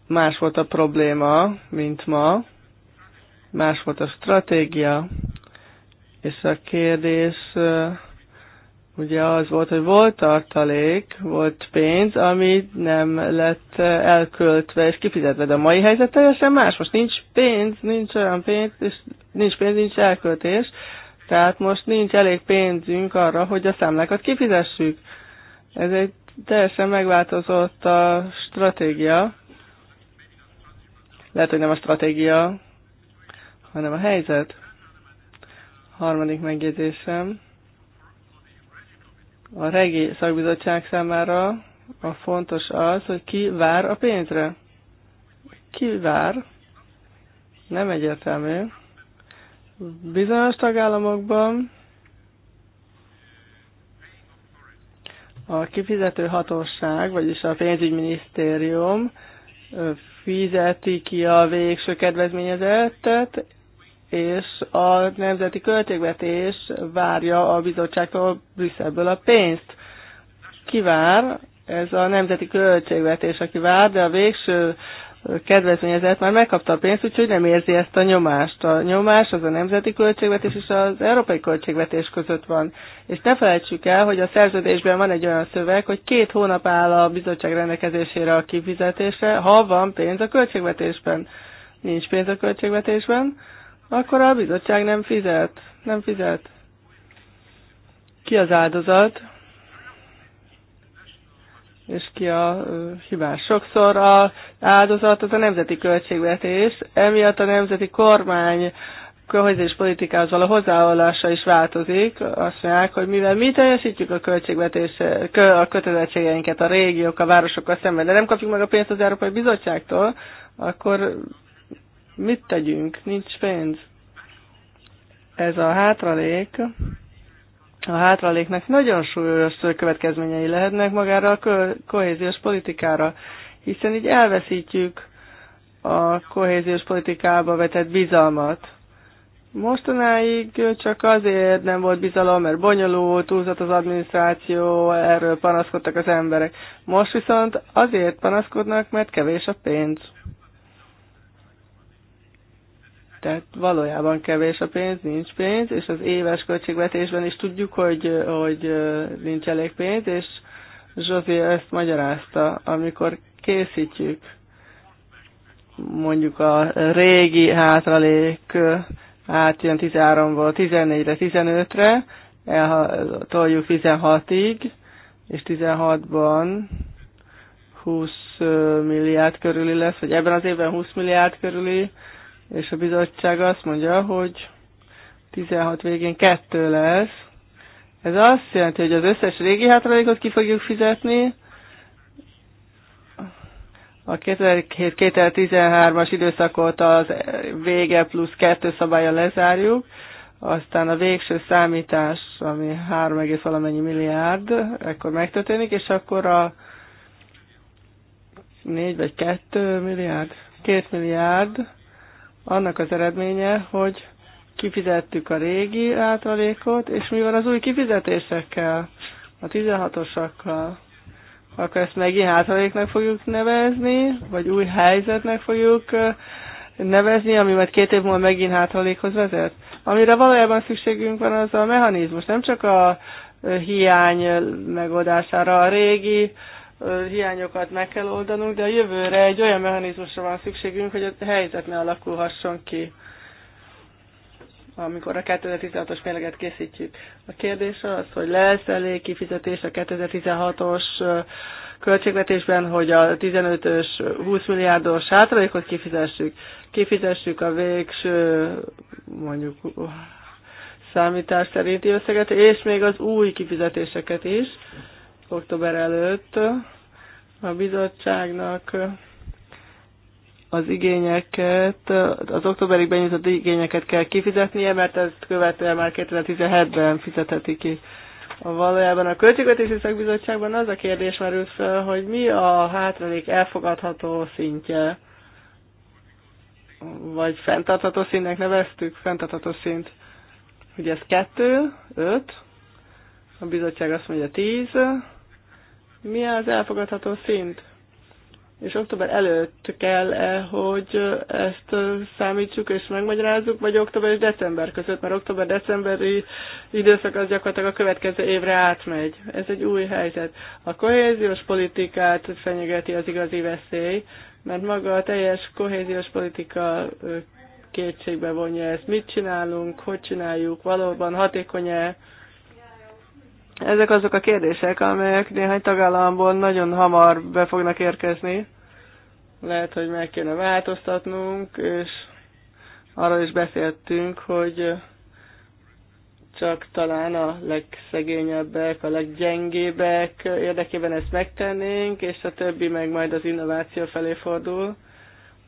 más volt a probléma, mint ma, más volt a stratégia, és a kérdés ugye az volt, hogy volt tartalék, volt pénz, ami nem lett elköltve és kifizetve, de a mai helyzet teljesen más. Most nincs pénz, nincs olyan pénz, és nincs pénz, nincs elköltés, tehát most nincs elég pénzünk arra, hogy a számlákat kifizessük. Ez egy teljesen megváltozott a stratégia. Lehet, hogy nem a stratégia, hanem a helyzet. Harmadik megjegyzésem. A regi szakbizottság számára a fontos az, hogy ki vár a pénzre. Ki vár? Nem egyértelmű. Bizonyos tagállamokban a kifizető hatóság, vagyis a pénzügyminisztérium fizeti ki a végső kedvezményezettet, és a nemzeti költségvetés várja a bizottságtól Brüsszelből a pénzt. Ki vár? Ez a nemzeti költségvetés, aki vár, de a végső kedvezményezett már megkapta a pénzt, úgyhogy nem érzi ezt a nyomást. A nyomás az a nemzeti költségvetés és az európai költségvetés között van. És ne felejtsük el, hogy a szerződésben van egy olyan szöveg, hogy két hónap áll a bizottság rendelkezésére a kifizetésre, ha van pénz a költségvetésben. Nincs pénz a költségvetésben, akkor a bizottság nem fizet. Nem fizet. Ki az áldozat? És ki a hibás? Sokszor az áldozat az a nemzeti költségvetés, emiatt a nemzeti kormány kohéziós politikához való hozzáállása is változik. Azt mondják, hogy mivel mi teljesítjük a költségvetés, a kötelezettségeinket, a régiók, a városokkal szemben, de nem kapjuk meg a pénzt az Európai Bizottságtól, akkor Mit tegyünk? Nincs pénz. Ez a hátralék, a hátraléknak nagyon súlyos következményei lehetnek magára a kohéziós politikára, hiszen így elveszítjük a kohéziós politikába vetett bizalmat. Mostanáig csak azért nem volt bizalom, mert bonyolult, túlzott az adminisztráció, erről panaszkodtak az emberek. Most viszont azért panaszkodnak, mert kevés a pénz. Tehát valójában kevés a pénz, nincs pénz, és az éves költségvetésben is tudjuk, hogy, hogy nincs elég pénz, és Zsozé ezt magyarázta, amikor készítjük mondjuk a régi hátralék átjön 13-ból 14-re, 15-re, toljuk 16-ig, és 16-ban 20 milliárd körüli lesz, vagy ebben az évben 20 milliárd körüli és a bizottság azt mondja, hogy 16 végén kettő lesz. Ez azt jelenti, hogy az összes régi hátralékot ki fogjuk fizetni, a 2013 as időszakot az vége plusz kettő szabálya lezárjuk, aztán a végső számítás, ami 3, valamennyi milliárd, ekkor megtörténik, és akkor a 4 vagy 2 milliárd, 2 milliárd annak az eredménye, hogy kifizettük a régi átalékot, és mi van az új kifizetésekkel, a 16-osakkal? Akkor ezt megint átaléknak fogjuk nevezni, vagy új helyzetnek fogjuk nevezni, ami majd két év múlva megint hátralékhoz vezet? Amire valójában szükségünk van, az a mechanizmus, nem csak a hiány megoldására. A régi hiányokat meg kell oldanunk, de a jövőre egy olyan mechanizmusra van szükségünk, hogy a helyzet ne alakulhasson ki, amikor a 2016-os mérleget készítjük. A kérdés az, hogy lesz elég kifizetés a 2016-os költségvetésben, hogy a 15-ös 20 milliárdos hátralékot kifizessük, kifizessük a végső mondjuk számítás szerinti összeget, és még az új kifizetéseket is október előtt a bizottságnak az igényeket, az októberig benyújtott igényeket kell kifizetnie, mert ezt követően már 2017-ben fizetheti ki. Valójában a Költségvetési Szakbizottságban az a kérdés merül fel, hogy mi a hátralék elfogadható szintje, vagy fenntartható szintnek neveztük, fenntartható szint. Ugye ez kettő, öt, a bizottság azt mondja tíz, mi az elfogadható szint? És október előtt kell-e, hogy ezt számítsuk és megmagyarázzuk, vagy október és december között, mert október-decemberi időszak az gyakorlatilag a következő évre átmegy. Ez egy új helyzet. A kohéziós politikát fenyegeti az igazi veszély, mert maga a teljes kohéziós politika kétségbe vonja ezt. Mit csinálunk, hogy csináljuk, valóban hatékony-e, ezek azok a kérdések, amelyek néhány tagállamból nagyon hamar be fognak érkezni. Lehet, hogy meg kéne változtatnunk, és arról is beszéltünk, hogy csak talán a legszegényebbek, a leggyengébbek érdekében ezt megtennénk, és a többi meg majd az innováció felé fordul.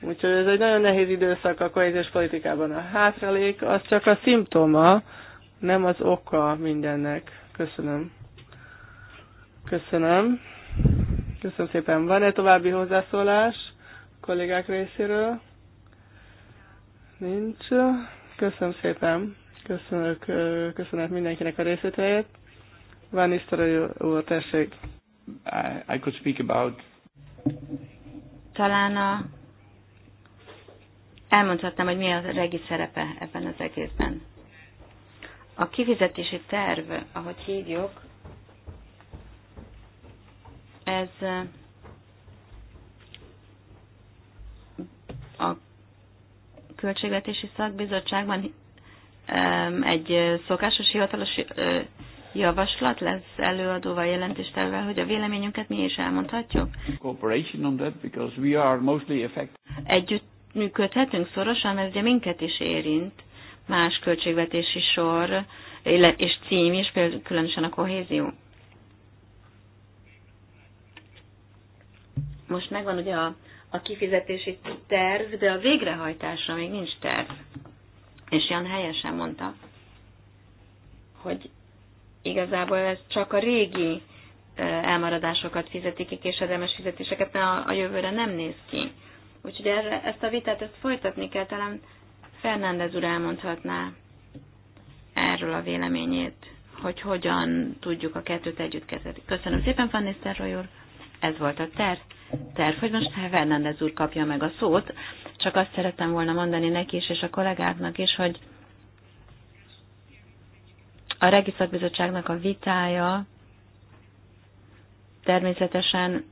Úgyhogy ez egy nagyon nehéz időszak a kohéziós politikában. A hátralék az csak a szimptoma, nem az oka mindennek. Köszönöm. Köszönöm. Köszönöm szépen. Van-e további hozzászólás a kollégák részéről? Nincs. Köszönöm szépen. Köszönök, köszönök mindenkinek a részvételét. Van Isztora úr, tessék. I, I could speak about... Talán a... elmondhatnám, hogy mi a regi szerepe ebben az egészben. A kifizetési terv, ahogy hívjuk, ez eh, a Költségvetési Szakbizottságban egy szokásos hivatalos eh, javaslat lesz előadóval, jelentéstelvel, hogy a véleményünket mi is elmondhatjuk? Együtt működhetünk szorosan, ez ugye minket is érint más költségvetési sor és cím is, például különösen a kohézió. Most megvan ugye a, a kifizetési terv, de a végrehajtásra még nincs terv. És Jan helyesen mondta, hogy igazából ez csak a régi elmaradásokat fizetik ki, késedelmes fizetéseket a, a jövőre nem néz ki. Úgyhogy erre, ezt a vitát ezt folytatni kell, talán Fernández úr elmondhatná erről a véleményét, hogy hogyan tudjuk a kettőt együtt kezelni. Köszönöm szépen, Fanny Szerroly úr. Ez volt a terv. Terv, hogy most Fernández úr kapja meg a szót. Csak azt szerettem volna mondani neki is, és a kollégáknak is, hogy a Regiszakbizottságnak a vitája természetesen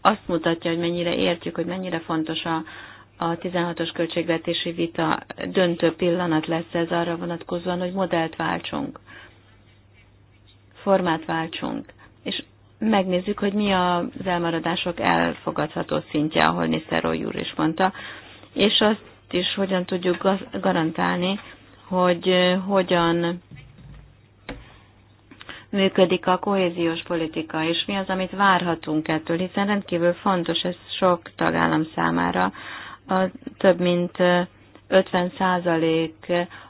azt mutatja, hogy mennyire értjük, hogy mennyire fontos a, a 16-os költségvetési vita döntő pillanat lesz ez arra vonatkozóan, hogy modellt váltsunk, formát váltsunk, és megnézzük, hogy mi az elmaradások elfogadható szintje, ahol Niszerói úr is mondta, és azt is hogyan tudjuk garantálni, hogy hogyan működik a kohéziós politika, és mi az, amit várhatunk ettől, hiszen rendkívül fontos ez sok tagállam számára, a több mint 50 százalék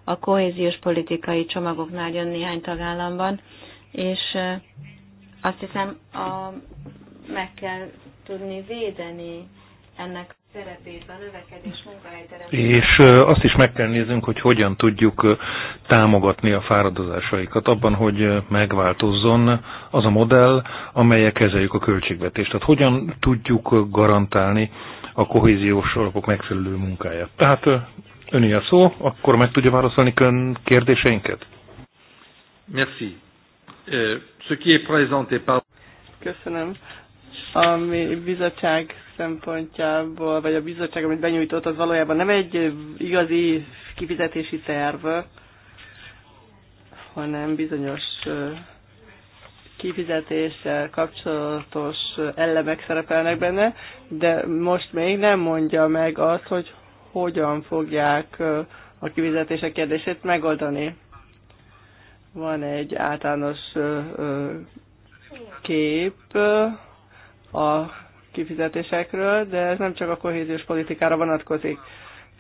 a kohéziós politikai csomagoknál jön néhány tagállamban, és azt hiszem a, meg kell tudni védeni ennek a a növekedés És azt is meg kell néznünk, hogy hogyan tudjuk támogatni a fáradozásaikat abban, hogy megváltozzon az a modell, amelyek kezeljük a költségvetést. Tehát hogyan tudjuk garantálni, a kohéziós alapok megfelelő munkáját. Tehát öné a szó, akkor meg tudja válaszolni ön kérdéseinket? Merci. Euh, ce qui est présenté par... Köszönöm. A bizottság szempontjából, vagy a bizottság, amit benyújtott, az valójában nem egy igazi kifizetési terv, hanem bizonyos kifizetéssel kapcsolatos elemek szerepelnek benne, de most még nem mondja meg azt, hogy hogyan fogják a kifizetések kérdését megoldani. Van egy általános kép a kifizetésekről, de ez nem csak a kohéziós politikára vonatkozik.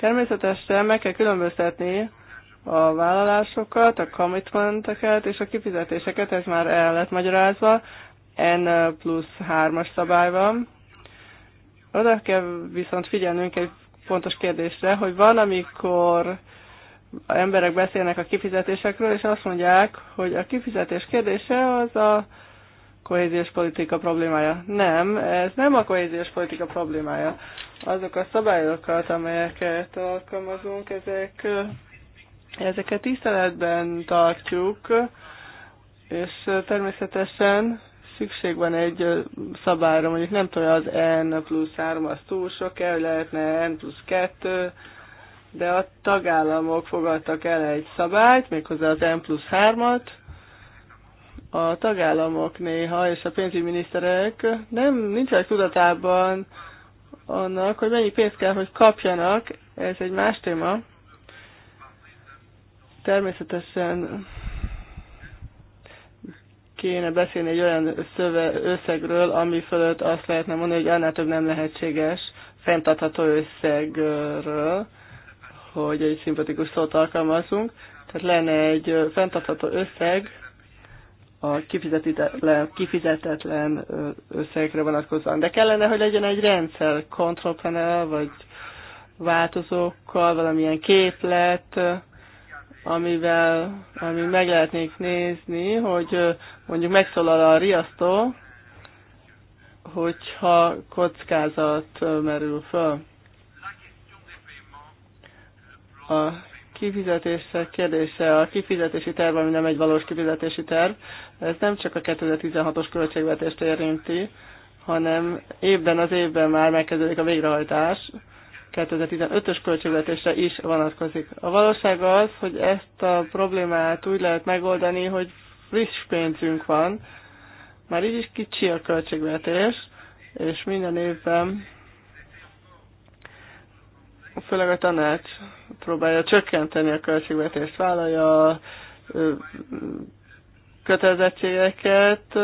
Természetesen meg kell különböztetni a vállalásokat, a commitmenteket és a kifizetéseket, ez már el lett magyarázva, N plusz 3-as szabályban. Oda kell viszont figyelnünk egy fontos kérdésre, hogy van, amikor a emberek beszélnek a kifizetésekről, és azt mondják, hogy a kifizetés kérdése az a kohéziós politika problémája. Nem, ez nem a kohéziós politika problémája. Azok a szabályokat, amelyeket alkalmazunk, ezek Ezeket tiszteletben tartjuk, és természetesen szükség van egy szabályra, mondjuk nem tudom, az N plusz 3 az túl sok el, lehetne N plusz 2, de a tagállamok fogadtak el egy szabályt, méghozzá az N plusz 3-at, a tagállamok néha és a pénzügyminiszterek nem nincsenek tudatában annak, hogy mennyi pénzt kell, hogy kapjanak, ez egy más téma, Természetesen kéne beszélni egy olyan szöve, összegről, ami fölött azt lehetne mondani, hogy annál több nem lehetséges fenntartható összegről, hogy egy szimpatikus szót alkalmazunk. Tehát lenne egy fenntartható összeg, a kifizetetlen, kifizetetlen összegekre vonatkozóan. De kellene, hogy legyen egy rendszer, panel vagy változókkal, valamilyen képlet, amivel ami meg lehetnék nézni, hogy mondjuk megszólal a riasztó, hogyha kockázat merül föl. A kifizetések kérdése, a kifizetési terv, ami nem egy valós kifizetési terv, ez nem csak a 2016-os költségvetést érinti, hanem évben az évben már megkezdődik a végrehajtás, 2015-ös költségvetésre is vonatkozik. A valóság az, hogy ezt a problémát úgy lehet megoldani, hogy friss pénzünk van, már így is kicsi a költségvetés, és minden évben főleg a tanács próbálja csökkenteni a költségvetést, vállalja a kötelezettségeket,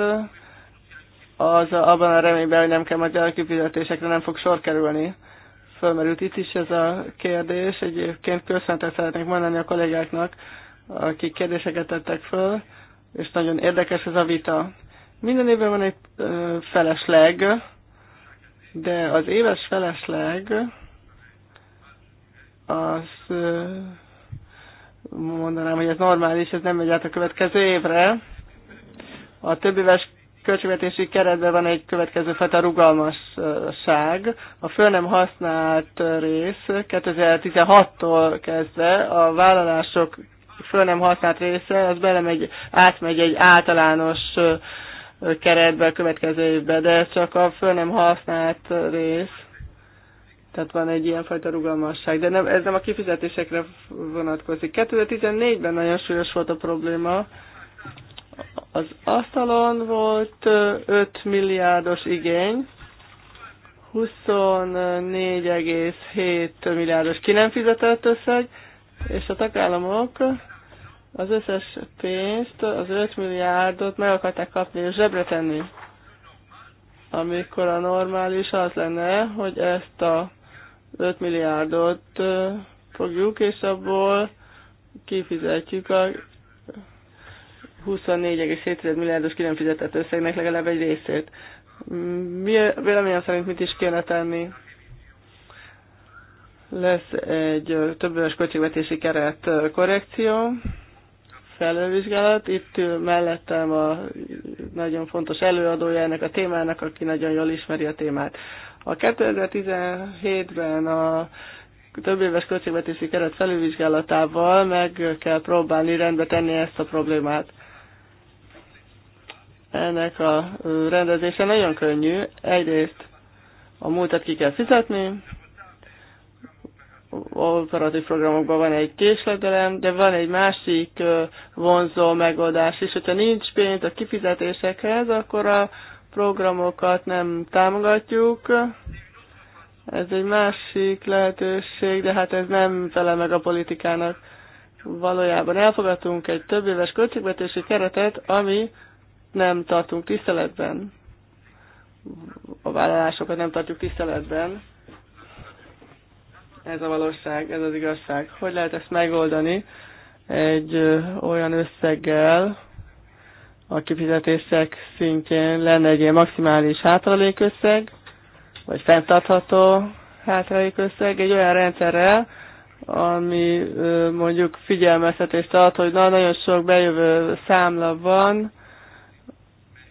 az abban a reményben, hogy nem kell majd a kifizetésekre nem fog sor kerülni felmerült itt is ez a kérdés. Egyébként köszöntet szeretnék mondani a kollégáknak, akik kérdéseket tettek föl, és nagyon érdekes ez a vita. Minden évben van egy felesleg, de az éves felesleg az mondanám, hogy ez normális, ez nem megy át a következő évre. A több éves költségvetési keretben van egy következő fajta rugalmasság. A föl nem használt rész 2016-tól kezdve a vállalások föl nem használt része, az belemegy, átmegy egy általános keretbe a következő évbe, de ez csak a föl nem használt rész. Tehát van egy ilyen fajta rugalmasság, de nem, ez nem a kifizetésekre vonatkozik. 2014-ben nagyon súlyos volt a probléma, az asztalon volt 5 milliárdos igény, 24,7 milliárdos ki nem fizetett összeg, és a tagállamok az összes pénzt, az 5 milliárdot meg akarták kapni és zsebre tenni. Amikor a normális az lenne, hogy ezt a 5 milliárdot fogjuk, és abból kifizetjük a 24,7 milliárdos ki nem fizetett összegnek legalább egy részét. Mi, véleményem szerint mit is kéne tenni? Lesz egy éves költségvetési keret korrekció, felővizsgálat. Itt mellettem a nagyon fontos előadója ennek a témának, aki nagyon jól ismeri a témát. A 2017-ben a több éves költségvetési keret felülvizsgálatával meg kell próbálni rendbe tenni ezt a problémát. Ennek a rendezése nagyon könnyű. Egyrészt a múltat ki kell fizetni, operatív programokban van egy késlegelem, de van egy másik vonzó megoldás is. Hogyha nincs pénz a kifizetésekhez, akkor a programokat nem támogatjuk. Ez egy másik lehetőség, de hát ez nem fele meg a politikának. Valójában elfogadtunk egy több éves költségvetési keretet, ami nem tartunk tiszteletben, a vállalásokat nem tartjuk tiszteletben. Ez a valóság, ez az igazság. Hogy lehet ezt megoldani? Egy olyan összeggel, a kifizetések szintjén lenne egy ilyen maximális hátralékösszeg, vagy fenntartható hátralékösszeg, egy olyan rendszerrel, ami mondjuk figyelmeztetést ad, hogy na, nagyon sok bejövő számla van,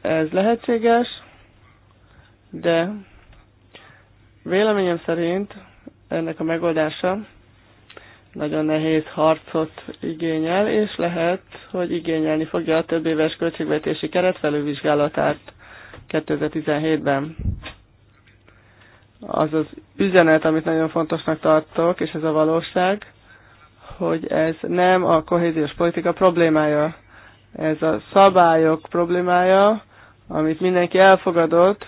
ez lehetséges, de véleményem szerint ennek a megoldása nagyon nehéz harcot igényel, és lehet, hogy igényelni fogja a több éves költségvetési keretfelővizsgálatát 2017-ben. Az az üzenet, amit nagyon fontosnak tartok, és ez a valóság, hogy ez nem a kohéziós politika problémája, ez a szabályok problémája, amit mindenki elfogadott,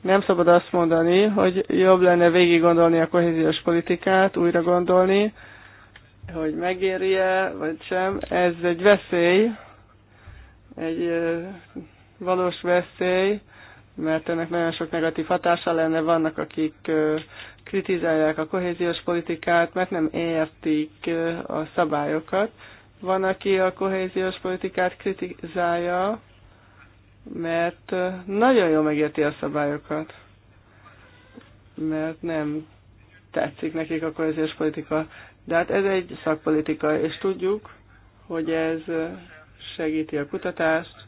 nem szabad azt mondani, hogy jobb lenne végig gondolni a kohéziós politikát, újra gondolni, hogy megéri-e, vagy sem. Ez egy veszély, egy valós veszély, mert ennek nagyon sok negatív hatása lenne. Vannak, akik kritizálják a kohéziós politikát, mert nem értik a szabályokat. Van, aki a kohéziós politikát kritizálja, mert nagyon jól megérti a szabályokat, mert nem tetszik nekik a kohéziós politika. De hát ez egy szakpolitika, és tudjuk, hogy ez segíti a kutatást,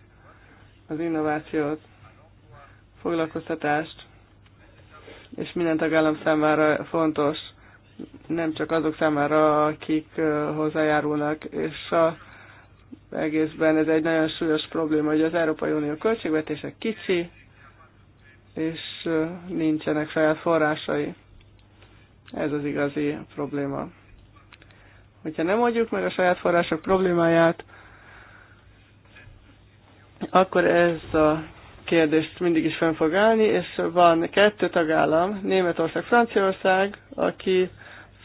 az innovációt, foglalkoztatást, és minden tagállam számára fontos, nem csak azok számára, akik hozzájárulnak, és a egészben ez egy nagyon súlyos probléma, hogy az Európai Unió költségvetése kicsi, és nincsenek saját forrásai. Ez az igazi probléma. Hogyha nem oldjuk meg a saját források problémáját, akkor ez a kérdést mindig is fenn fog állni, és van kettő tagállam, Németország, Franciaország, aki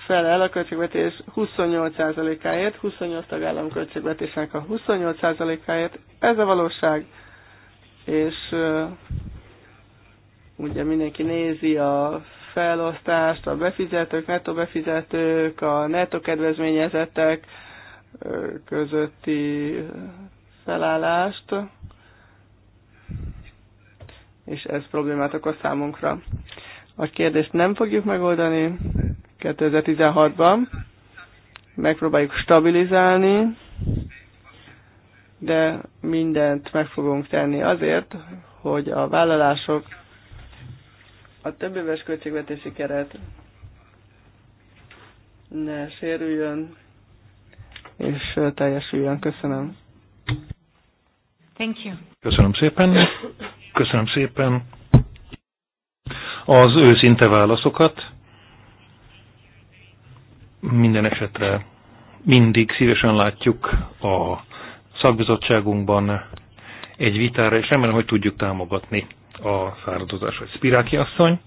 el a költségvetés 28%-áért, 28 tagállam költségvetésnek a 28%-áért. Ez a valóság, és uh, ugye mindenki nézi a felosztást, a befizetők, netto befizetők, a netto kedvezményezettek közötti felállást, és ez problémát okoz számunkra. A kérdést nem fogjuk megoldani, 2016-ban. Megpróbáljuk stabilizálni, de mindent meg fogunk tenni azért, hogy a vállalások a több éves költségvetési keret ne sérüljön, és teljesüljön. Köszönöm. Thank you. Köszönöm szépen. Köszönöm szépen az őszinte válaszokat. Minden esetre mindig szívesen látjuk a szakbizottságunkban egy vitára, és remélem, hogy tudjuk támogatni a fáradozás, hogy Spiráki asszony.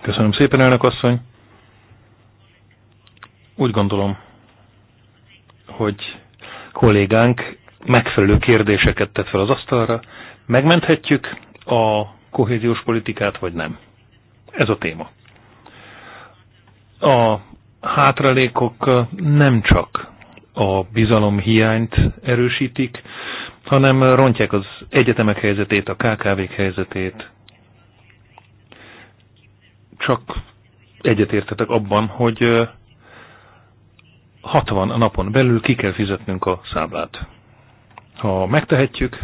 Köszönöm szépen, elnök asszony. Úgy gondolom, hogy kollégánk megfelelő kérdéseket tett fel az asztalra. Megmenthetjük a kohéziós politikát, vagy nem? Ez a téma. A hátralékok nem csak a bizalom hiányt erősítik, hanem rontják az egyetemek helyzetét, a KKV-k helyzetét. Csak egyetértetek abban, hogy 60 napon belül ki kell fizetnünk a számlát. Ha megtehetjük,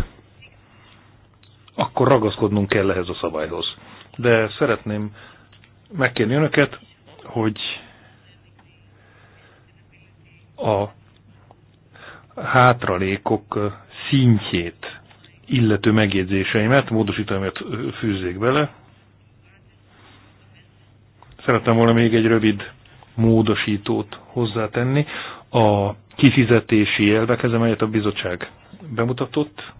akkor ragaszkodnunk kell ehhez a szabályhoz. De szeretném megkérni önöket, hogy a hátralékok szintjét illető megjegyzéseimet, módosítóimat fűzzék bele. Szerettem volna még egy rövid módosítót hozzátenni. A kifizetési elvekhez, amelyet a bizottság bemutatott.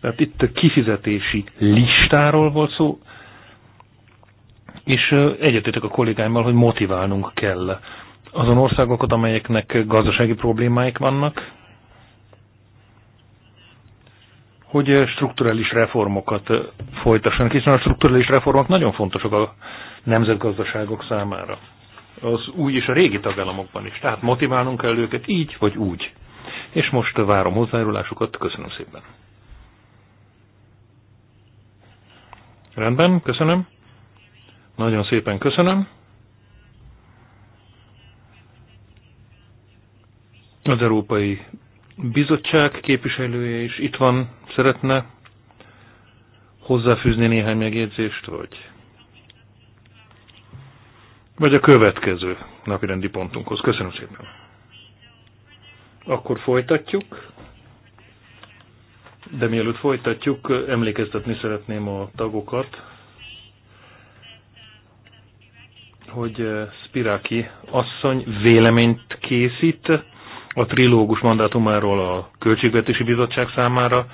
Tehát itt a kifizetési listáról volt szó, és egyetértek a kollégáimmal, hogy motiválnunk kell azon országokat, amelyeknek gazdasági problémáik vannak, hogy strukturális reformokat folytassanak, hiszen a strukturális reformok nagyon fontosak a nemzetgazdaságok számára. Az új és a régi tagállamokban is. Tehát motiválnunk kell őket így vagy úgy. És most várom hozzájárulásukat. Köszönöm szépen. Rendben, köszönöm. Nagyon szépen köszönöm. Az Európai Bizottság képviselője is itt van, szeretne hozzáfűzni néhány megjegyzést, vagy, vagy a következő napirendi pontunkhoz. Köszönöm szépen. Akkor folytatjuk. De mielőtt folytatjuk, emlékeztetni szeretném a tagokat, hogy eh, Spiraki asszony véleményt készít a trilógus mandátumáról a Költségvetési Bizottság számára,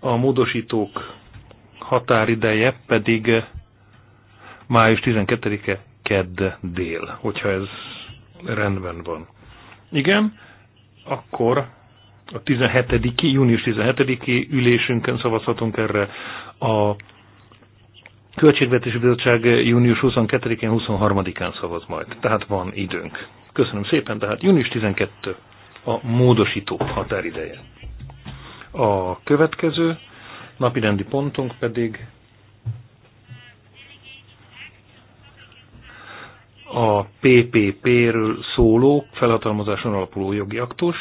a módosítók határideje pedig eh, május 12-e kedd dél, hogyha ez rendben van. Igen, akkor a 17. június 17-i ülésünkön szavazhatunk erre a Költségvetési Bizottság június 22-én, 23-án szavaz majd, tehát van időnk. Köszönöm szépen, tehát június 12 a módosító határideje. A következő napirendi pontunk pedig a PPP-ről szóló felhatalmazáson alapuló jogi aktus,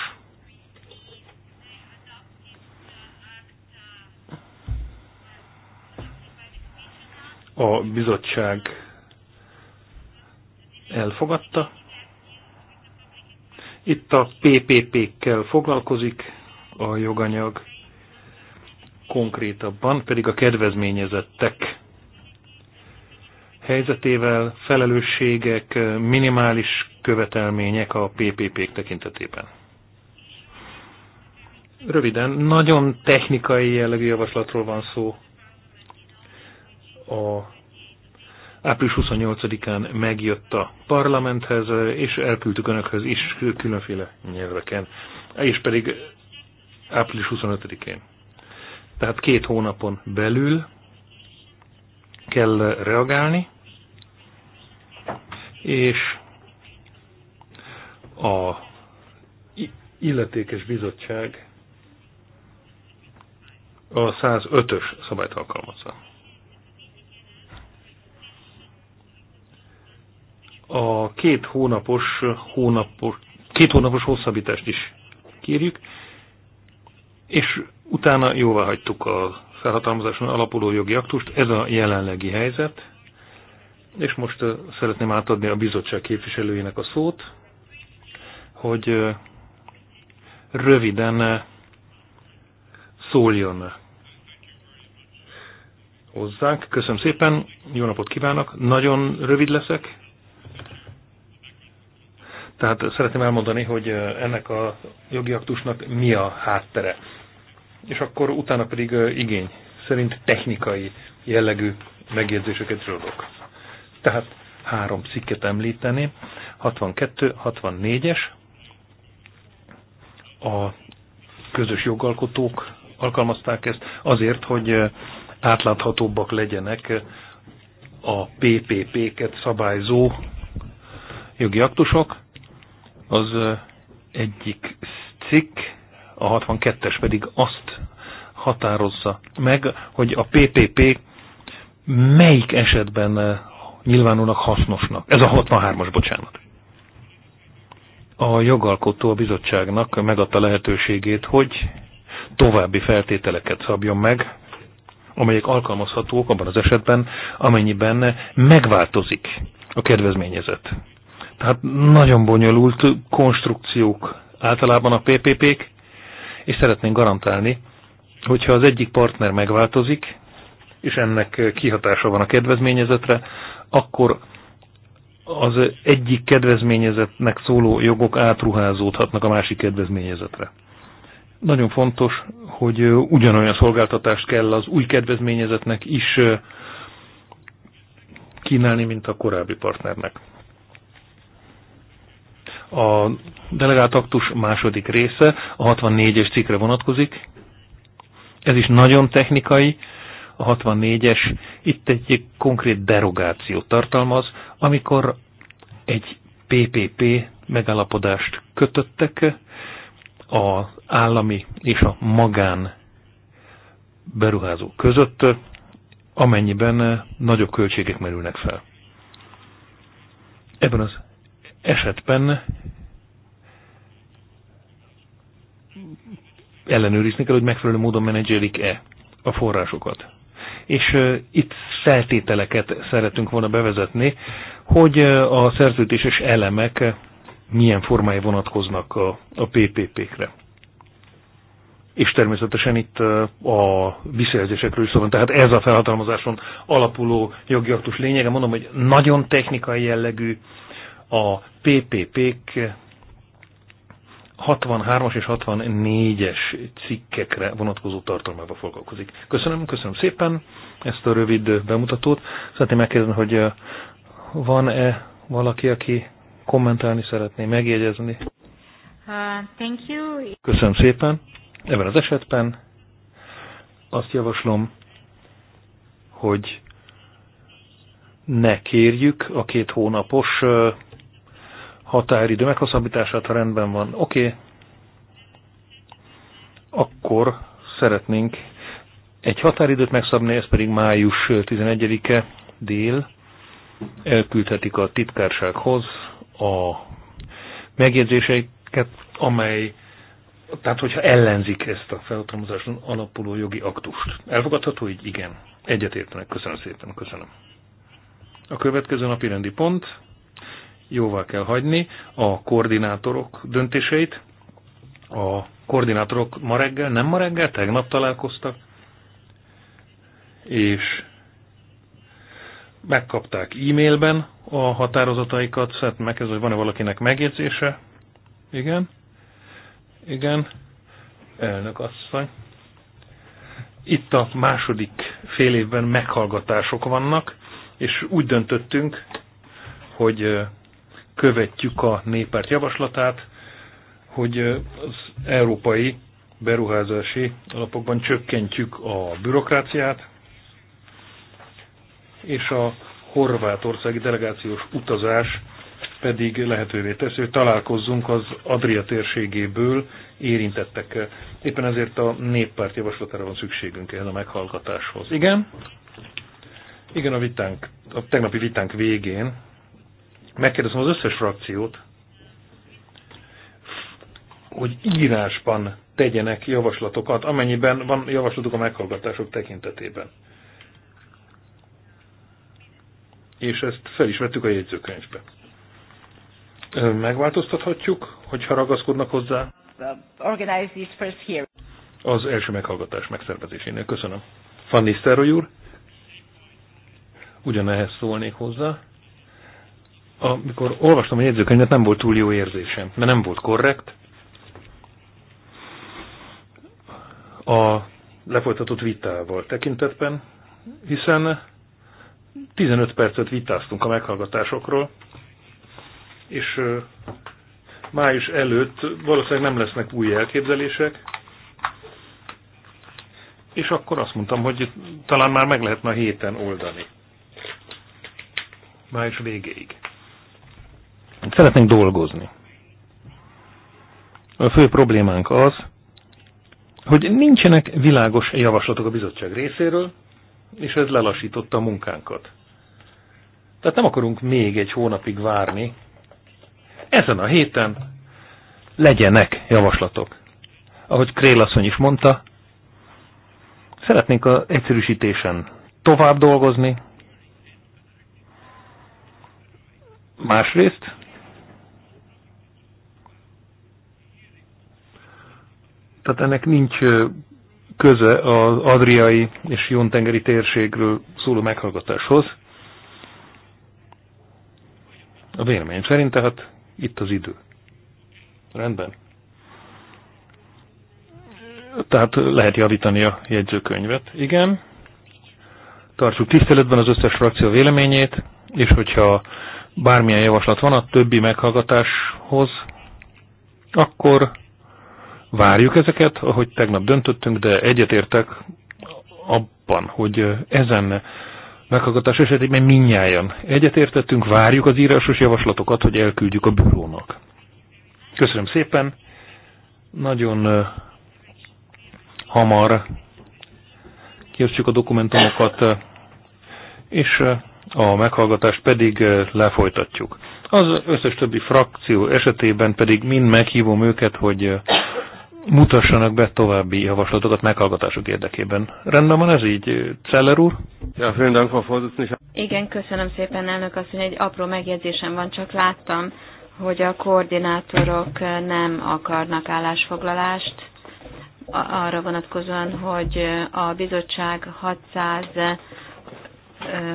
a bizottság elfogadta. Itt a PPP-kkel foglalkozik a joganyag, konkrétabban pedig a kedvezményezettek helyzetével, felelősségek, minimális követelmények a PPP-k tekintetében. Röviden, nagyon technikai jellegű javaslatról van szó, a április 28-án megjött a parlamenthez, és elküldtük önökhöz is különféle nyelveken, és pedig április 25-én. Tehát két hónapon belül kell reagálni, és a illetékes bizottság a 105-ös szabályt alkalmazza. a két hónapos, hónapos, két hónapos hosszabbítást is kérjük, és utána jóvá hagytuk a felhatalmazáson alapuló jogi aktust, ez a jelenlegi helyzet, és most szeretném átadni a bizottság képviselőjének a szót, hogy röviden szóljon hozzánk. Köszönöm szépen, jó napot kívánok, nagyon rövid leszek, tehát szeretném elmondani, hogy ennek a jogi aktusnak mi a háttere. És akkor utána pedig igény szerint technikai jellegű megjegyzéseket zsodok. Tehát három cikket említeni, 62, 64-es, a közös jogalkotók alkalmazták ezt azért, hogy átláthatóbbak legyenek a PPP-ket szabályzó jogi aktusok, az egyik cikk, a 62-es pedig azt határozza meg, hogy a PPP melyik esetben nyilvánulnak hasznosnak. Ez a 63-as, bocsánat. A jogalkotó a bizottságnak megadta lehetőségét, hogy további feltételeket szabjon meg, amelyek alkalmazhatók abban az esetben, amennyiben megváltozik a kedvezményezet. Tehát nagyon bonyolult konstrukciók általában a PPP-k, és szeretnénk garantálni, hogyha az egyik partner megváltozik, és ennek kihatása van a kedvezményezetre, akkor az egyik kedvezményezetnek szóló jogok átruházódhatnak a másik kedvezményezetre. Nagyon fontos, hogy ugyanolyan szolgáltatást kell az új kedvezményezetnek is kínálni, mint a korábbi partnernek. A delegált aktus második része a 64-es cikkre vonatkozik. Ez is nagyon technikai. A 64-es itt egy konkrét derogációt tartalmaz, amikor egy PPP megállapodást kötöttek az állami és a magán beruházók között, amennyiben nagyobb költségek merülnek fel. Ebben az esetben ellenőrizni kell, hogy megfelelő módon menedzselik-e a forrásokat. És itt feltételeket szeretünk volna bevezetni, hogy a szerződéses elemek milyen formái vonatkoznak a, a PPP-kre. És természetesen itt a visszajelzésekről is szó van. Tehát ez a felhatalmazáson alapuló jogi aktus lényege. Mondom, hogy nagyon technikai jellegű, a PPP-k 63-as és 64-es cikkekre vonatkozó tartalmába foglalkozik. Köszönöm, köszönöm szépen ezt a rövid bemutatót. Szeretném megkérdezni, hogy eh, van-e valaki, aki kommentálni szeretné, megjegyezni? Uh, thank you. Köszönöm szépen. Ebben az esetben azt javaslom, hogy ne kérjük a két hónapos eh, határidő meghosszabbítását, ha rendben van. Oké, okay. akkor szeretnénk egy határidőt megszabni, ez pedig május 11-e dél. Elküldhetik a titkársághoz a megjegyzéseiket, amely, tehát hogyha ellenzik ezt a felhatalmazáson alapuló jogi aktust. Elfogadható, hogy igen. Egyetértenek. Köszönöm szépen, köszönöm. A következő napi rendi pont jóvá kell hagyni a koordinátorok döntéseit. A koordinátorok ma reggel, nem ma reggel, tegnap találkoztak, és megkapták e-mailben a határozataikat, szeretném megkezdeni, hogy van-e valakinek megjegyzése. Igen. Igen. Elnök asszony. Itt a második fél évben meghallgatások vannak, és úgy döntöttünk, hogy követjük a néppárt javaslatát, hogy az európai beruházási alapokban csökkentjük a bürokráciát, és a horvátországi delegációs utazás pedig lehetővé teszi, hogy találkozzunk az Adria térségéből érintettekkel. Éppen ezért a néppárt javaslatára van szükségünk ehhez a meghallgatáshoz. Igen? Igen, a vitánk, a tegnapi vitánk végén megkérdezem az összes frakciót, hogy írásban tegyenek javaslatokat, amennyiben van javaslatuk a meghallgatások tekintetében. És ezt fel is vettük a jegyzőkönyvbe. Megváltoztathatjuk, hogyha ragaszkodnak hozzá? Az első meghallgatás megszervezésénél. Köszönöm. Van Nisztároly úr? Ugyanehhez szólnék hozzá amikor olvastam a jegyzőkönyvet, nem volt túl jó érzésem, mert nem volt korrekt. A lefolytatott vitával tekintetben, hiszen 15 percet vitáztunk a meghallgatásokról, és május előtt valószínűleg nem lesznek új elképzelések, és akkor azt mondtam, hogy talán már meg lehetne a héten oldani. Május végéig. Szeretnénk dolgozni. A fő problémánk az, hogy nincsenek világos javaslatok a bizottság részéről, és ez lelassította a munkánkat. Tehát nem akarunk még egy hónapig várni. Ezen a héten legyenek javaslatok. Ahogy Krél asszony is mondta, szeretnénk az egyszerűsítésen tovább dolgozni. Másrészt tehát ennek nincs köze az adriai és jontengeri térségről szóló meghallgatáshoz. A vélemény szerint tehát itt az idő. Rendben. Tehát lehet javítani a jegyzőkönyvet. Igen. Tartsuk tiszteletben az összes frakció véleményét, és hogyha bármilyen javaslat van a többi meghallgatáshoz, akkor Várjuk ezeket, ahogy tegnap döntöttünk, de egyetértek abban, hogy ezen meghallgatás esetében minnyáján egyetértettünk, várjuk az írásos javaslatokat, hogy elküldjük a bűrónak. Köszönöm szépen, nagyon hamar kiosztjuk a dokumentumokat, és a meghallgatást pedig lefolytatjuk. Az összes többi frakció esetében pedig mind meghívom őket, hogy mutassanak be további javaslatokat meghallgatásuk érdekében. Rendben van ez így, Celler úr? Ja, Dank, Igen, köszönöm szépen, elnök hogy Egy apró megjegyzésem van, csak láttam, hogy a koordinátorok nem akarnak állásfoglalást arra vonatkozóan, hogy a bizottság 600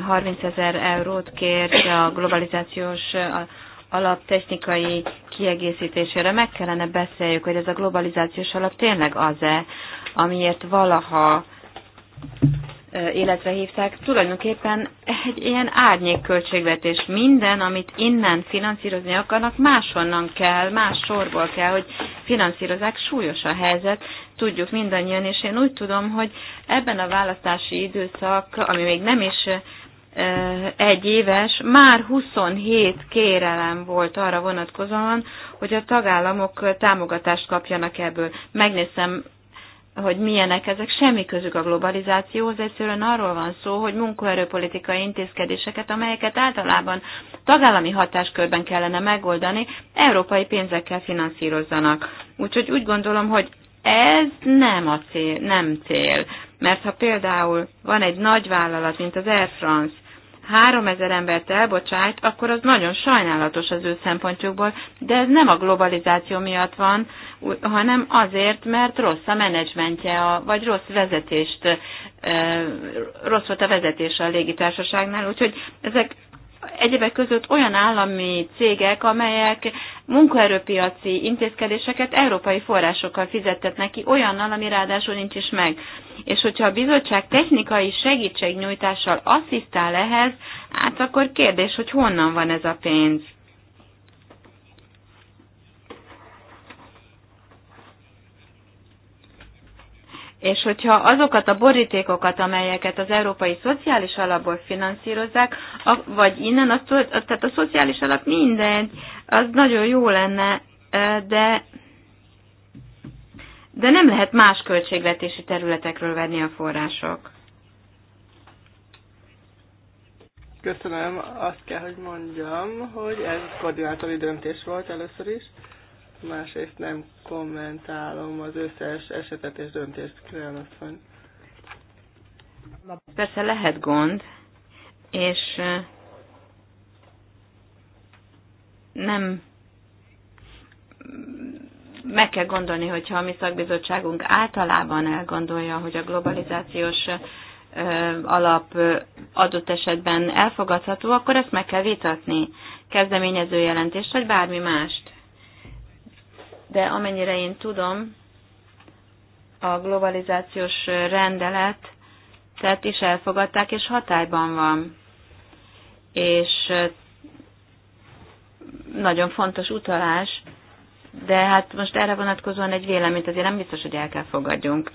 30 ezer eurót kért a globalizációs alaptechnikai kiegészítésére meg kellene beszéljük, hogy ez a globalizációs alap tényleg az-e, amiért valaha életre hívták, tulajdonképpen egy ilyen árnyék költségvetés Minden, amit innen finanszírozni akarnak, máshonnan kell, más sorból kell, hogy finanszírozák. Súlyos a helyzet, tudjuk mindannyian, és én úgy tudom, hogy ebben a választási időszak, ami még nem is egy éves, már 27 kérelem volt arra vonatkozóan, hogy a tagállamok támogatást kapjanak ebből. Megnézem, hogy milyenek ezek, semmi közük a globalizációhoz, egyszerűen arról van szó, hogy munkaerőpolitikai intézkedéseket, amelyeket általában tagállami hatáskörben kellene megoldani, európai pénzekkel finanszírozzanak. Úgyhogy úgy gondolom, hogy ez nem a cél, nem cél. Mert ha például van egy nagy vállalat, mint az Air France, 3000 embert elbocsájt, akkor az nagyon sajnálatos az ő szempontjukból, de ez nem a globalizáció miatt van, hanem azért, mert rossz a menedzsmentje, vagy rossz vezetést, rossz volt a vezetése a légitársaságnál, úgyhogy ezek egyebek között olyan állami cégek, amelyek munkaerőpiaci intézkedéseket európai forrásokkal fizettet neki, olyannal, ami ráadásul nincs is meg. És hogyha a bizottság technikai segítségnyújtással asszisztál ehhez, hát akkor kérdés, hogy honnan van ez a pénz. És hogyha azokat a borítékokat, amelyeket az Európai Szociális Alapból finanszírozzák, vagy innen, az, tehát a szociális alap mindegy, az nagyon jó lenne, de, de nem lehet más költségvetési területekről venni a források. Köszönöm, azt kell, hogy mondjam, hogy ez koordinátori döntés volt először is másrészt nem kommentálom az összes esetet és döntést, Krean Persze lehet gond, és nem meg kell gondolni, hogyha a mi szakbizottságunk általában elgondolja, hogy a globalizációs alap adott esetben elfogadható, akkor ezt meg kell vitatni, kezdeményező jelentést, vagy bármi mást de amennyire én tudom, a globalizációs rendelet tehát is elfogadták, és hatályban van. És nagyon fontos utalás, de hát most erre vonatkozóan egy véleményt azért nem biztos, hogy el kell fogadjunk.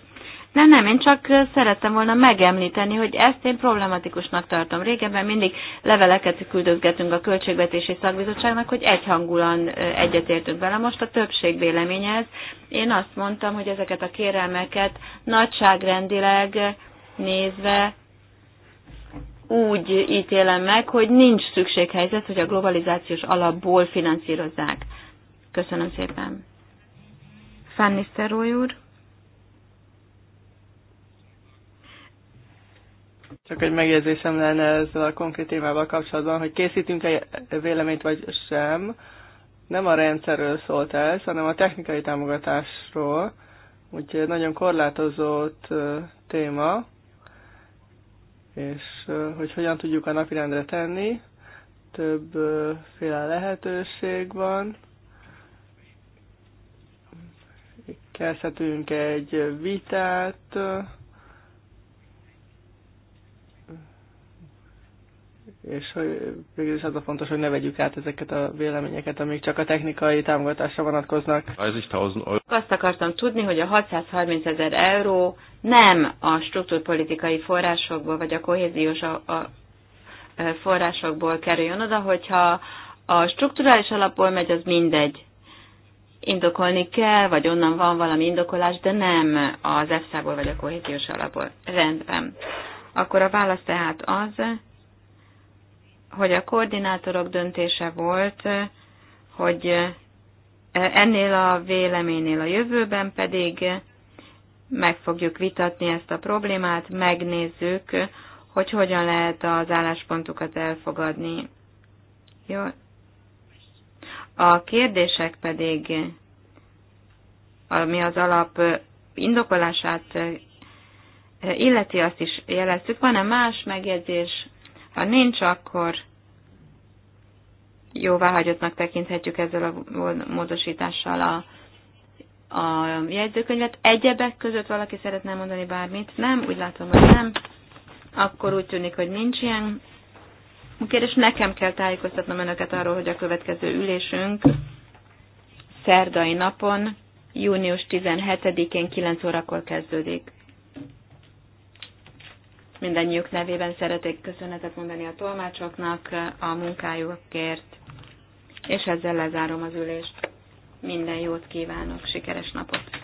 Nem, nem, én csak szerettem volna megemlíteni, hogy ezt én problematikusnak tartom. Régebben mindig leveleket küldözgetünk a Költségvetési Szakbizottságnak, hogy egyhangulan egyetértünk vele. Most a többség véleményez. Én azt mondtam, hogy ezeket a kérelmeket nagyságrendileg nézve úgy ítélem meg, hogy nincs szükséghelyzet, hogy a globalizációs alapból finanszírozzák. Köszönöm szépen. Fannister úr. Csak egy megjegyzésem lenne ezzel a konkrét témával kapcsolatban, hogy készítünk-e véleményt vagy sem. Nem a rendszerről szólt ez, hanem a technikai támogatásról. Úgyhogy nagyon korlátozott téma, és hogy hogyan tudjuk a napirendre tenni. Többféle lehetőség van. Kezdhetünk egy vitát, és hogy végül is az a fontos, hogy ne vegyük át ezeket a véleményeket, amik csak a technikai támogatásra vonatkoznak. Azt akartam tudni, hogy a 630 ezer euró nem a struktúrpolitikai forrásokból, vagy a kohéziós a, a, e, forrásokból kerüljön oda, hogyha a strukturális alapból megy, az mindegy. Indokolni kell, vagy onnan van valami indokolás, de nem az EFSA-ból vagy a kohéziós alapból. Rendben. Akkor a válasz tehát az, hogy a koordinátorok döntése volt, hogy ennél a véleménynél a jövőben pedig meg fogjuk vitatni ezt a problémát, megnézzük, hogy hogyan lehet az álláspontokat elfogadni. Jó. A kérdések pedig, ami az alap indokolását illeti, azt is jeleztük. Van-e más megjegyzés? Ha nincs, akkor jóváhagyottnak tekinthetjük ezzel a módosítással a, a jegyzőkönyvet. Egyebek között valaki szeretne mondani bármit? Nem, úgy látom, hogy nem. Akkor úgy tűnik, hogy nincs ilyen. Kérdés, nekem kell tájékoztatnom önöket arról, hogy a következő ülésünk szerdai napon, június 17-én 9 órakor kezdődik. Mindennyiük nevében szeretnék köszönetet mondani a tolmácsoknak a munkájukért, és ezzel lezárom az ülést. Minden jót kívánok, sikeres napot!